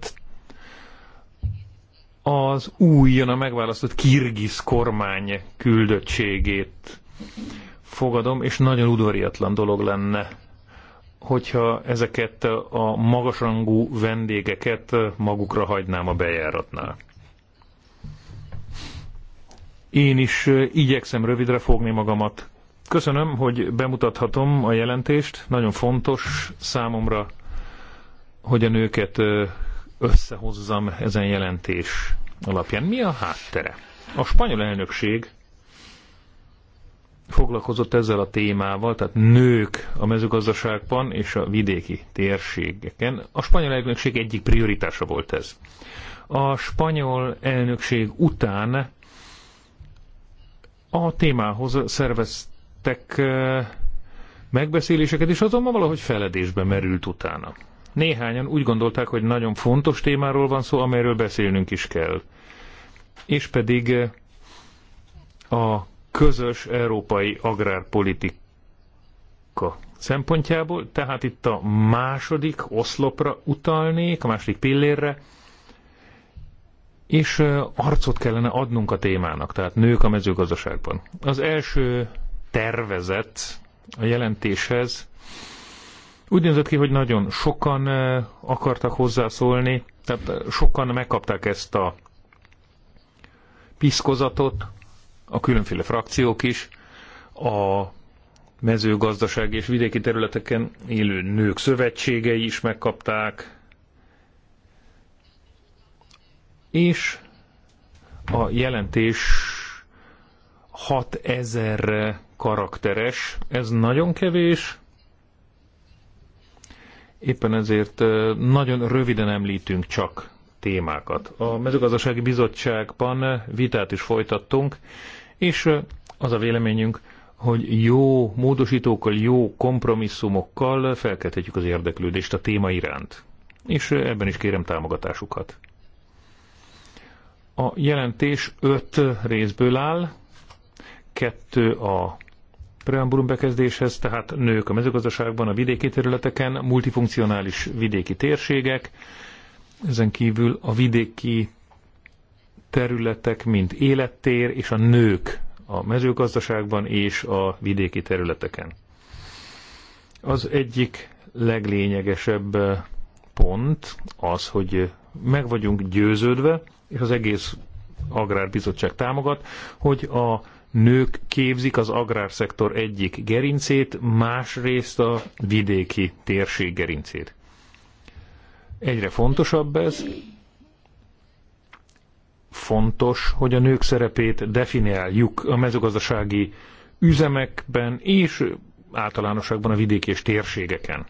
az a megválasztott kirgisz kormány küldöttségét fogadom, és nagyon udvariatlan dolog lenne, hogyha ezeket a magasrangú vendégeket magukra hagynám a bejáratnál. Én is igyekszem rövidre fogni magamat. Köszönöm, hogy bemutathatom a jelentést. Nagyon fontos számomra, hogy a nőket összehozzam ezen jelentés alapján. Mi a háttere? A spanyol elnökség foglalkozott ezzel a témával, tehát nők a mezőgazdaságban és a vidéki térségeken. A spanyol elnökség egyik prioritása volt ez. A spanyol elnökség után a témához szerveztek eh, megbeszéléseket, és azonban valahogy feledésbe merült utána. Néhányan úgy gondolták, hogy nagyon fontos témáról van szó, amelyről beszélnünk is kell. És pedig eh, a közös európai agrárpolitika szempontjából, tehát itt a második oszlopra utalnék, a második pillérre, és eh, arcot kellene adnunk a témának, tehát nők a mezőgazdaságban. Az első tervezet a jelentéshez úgy nézett ki, hogy nagyon sokan eh, akartak hozzászólni, tehát eh, sokan megkapták ezt a piszkozatot, a különféle frakciók is, a mezőgazdaság és vidéki területeken élő nők szövetségei is megkapták, és a jelentés 6000 karakteres, ez nagyon kevés, Éppen ezért nagyon röviden említünk csak témákat. A mezőgazdasági bizottságban vitát is folytattunk, és az a véleményünk, hogy jó módosítókkal, jó kompromisszumokkal felkelthetjük az érdeklődést a téma iránt. És ebben is kérem támogatásukat. A jelentés öt részből áll, kettő a preambulum bekezdéshez, tehát nők a mezőgazdaságban, a vidéki területeken, multifunkcionális vidéki térségek, ezen kívül a vidéki területek, mint élettér, és a nők a mezőgazdaságban és a vidéki területeken. Az egyik leglényegesebb pont az, hogy meg vagyunk győződve, és az egész Agrárbizottság támogat, hogy a nők képzik az agrárszektor egyik gerincét, másrészt a vidéki térség gerincét. Egyre fontosabb ez. Fontos, hogy a nők szerepét definiáljuk a mezőgazdasági üzemekben és általánosságban a vidéki és térségeken.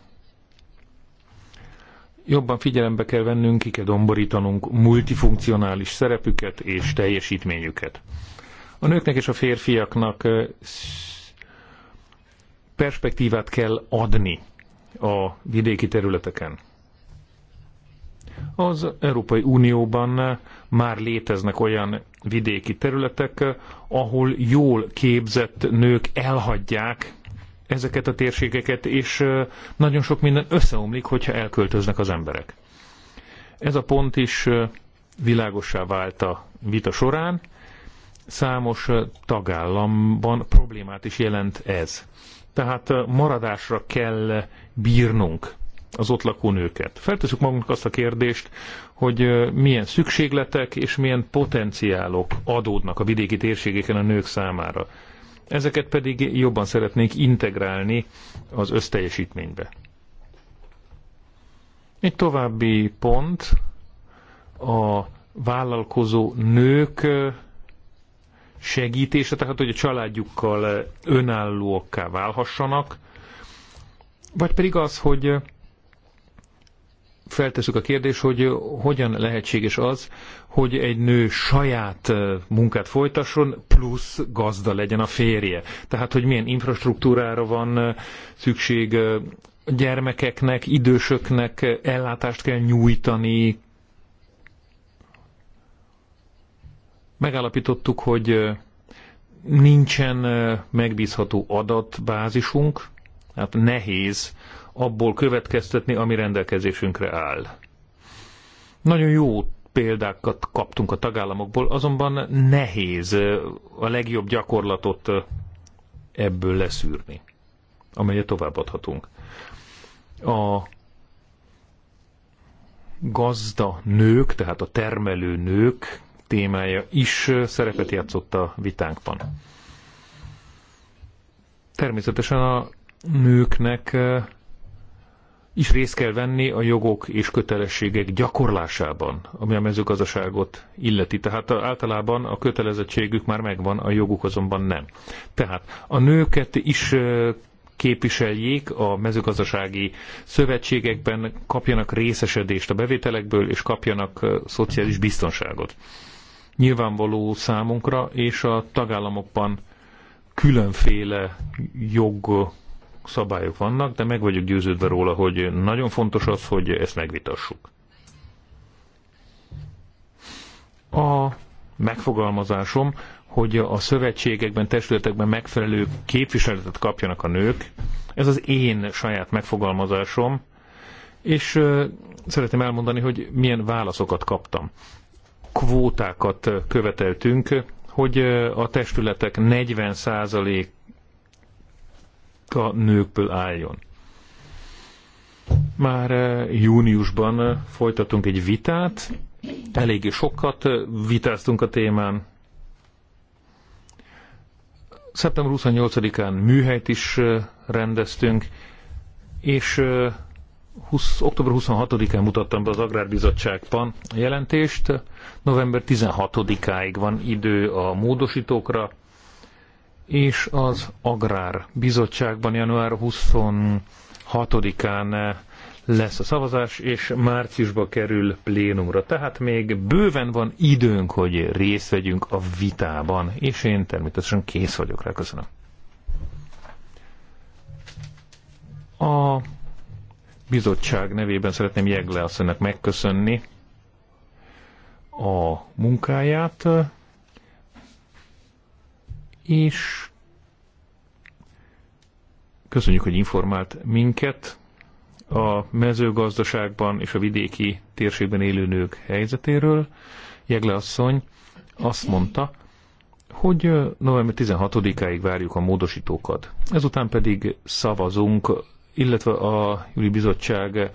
Jobban figyelembe kell vennünk, ki kell domborítanunk multifunkcionális szerepüket és teljesítményüket. A nőknek és a férfiaknak perspektívát kell adni a vidéki területeken. Az Európai Unióban már léteznek olyan vidéki területek, ahol jól képzett nők elhagyják ezeket a térségeket, és nagyon sok minden összeomlik, hogyha elköltöznek az emberek. Ez a pont is világosá vált a vita során, számos tagállamban problémát is jelent ez. Tehát maradásra kell bírnunk az ott lakó nőket. Feltesszük magunknak azt a kérdést, hogy milyen szükségletek és milyen potenciálok adódnak a vidéki térségeken a nők számára. Ezeket pedig jobban szeretnénk integrálni az összteljesítménybe. Egy további pont a vállalkozó nők segítése, tehát hogy a családjukkal önállóakká válhassanak, vagy pedig az, hogy feltesszük a kérdés, hogy hogyan lehetséges az, hogy egy nő saját munkát folytasson, plusz gazda legyen a férje. Tehát, hogy milyen infrastruktúrára van szükség gyermekeknek, idősöknek, ellátást kell nyújtani, megállapítottuk, hogy nincsen megbízható adatbázisunk, hát nehéz abból következtetni, ami rendelkezésünkre áll. Nagyon jó példákat kaptunk a tagállamokból, azonban nehéz a legjobb gyakorlatot ebből leszűrni, amelyet továbbadhatunk. A gazda nők, tehát a termelő nők témája is szerepet játszott a vitánkban. Természetesen a nőknek is részt kell venni a jogok és kötelességek gyakorlásában, ami a mezőgazdaságot illeti. Tehát általában a kötelezettségük már megvan, a joguk azonban nem. Tehát a nőket is képviseljék a mezőgazdasági szövetségekben, kapjanak részesedést a bevételekből, és kapjanak szociális biztonságot nyilvánvaló számunkra, és a tagállamokban különféle jog szabályok vannak, de meg vagyok győződve róla, hogy nagyon fontos az, hogy ezt megvitassuk. A megfogalmazásom, hogy a szövetségekben, testületekben megfelelő képviseletet kapjanak a nők, ez az én saját megfogalmazásom, és szeretném elmondani, hogy milyen válaszokat kaptam kvótákat követeltünk, hogy a testületek 40%-a nőkből álljon. Már júniusban folytatunk egy vitát, eléggé sokat vitáztunk a témán. Szeptember 28-án műhelyt is rendeztünk, és 20, október 26-án mutattam be az Agrárbizottságban a jelentést. November 16-áig van idő a módosítókra, és az Agrárbizottságban január 26-án lesz a szavazás, és márciusba kerül plénumra. Tehát még bőven van időnk, hogy részt vegyünk a vitában, és én természetesen kész vagyok rá. Köszönöm. A bizottság nevében szeretném Jegle asszonynak megköszönni a munkáját, és köszönjük, hogy informált minket a mezőgazdaságban és a vidéki térségben élő nők helyzetéről. Jegle asszony azt mondta, hogy november 16-áig várjuk a módosítókat. Ezután pedig szavazunk illetve a Júli Bizottság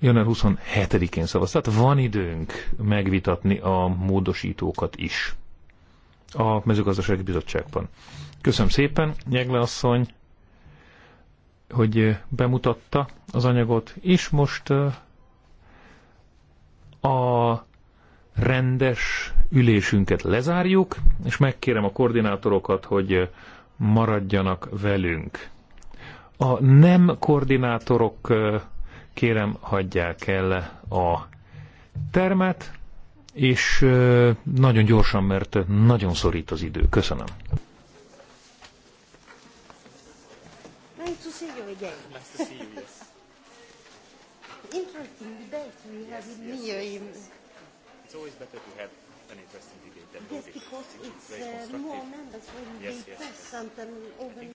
január 27-én szavaz. Tehát van időnk megvitatni a módosítókat is a mezőgazdasági bizottságban. Köszönöm szépen, Nyegle asszony, hogy bemutatta az anyagot, és most uh, a rendes ülésünket lezárjuk, és megkérem a koordinátorokat, hogy maradjanak velünk. A nem koordinátorok kérem hagyják el a termet, és nagyon gyorsan, mert nagyon szorít az idő. Köszönöm. yes, because it's, uh, more members when yes, they yes, press yes. something over. the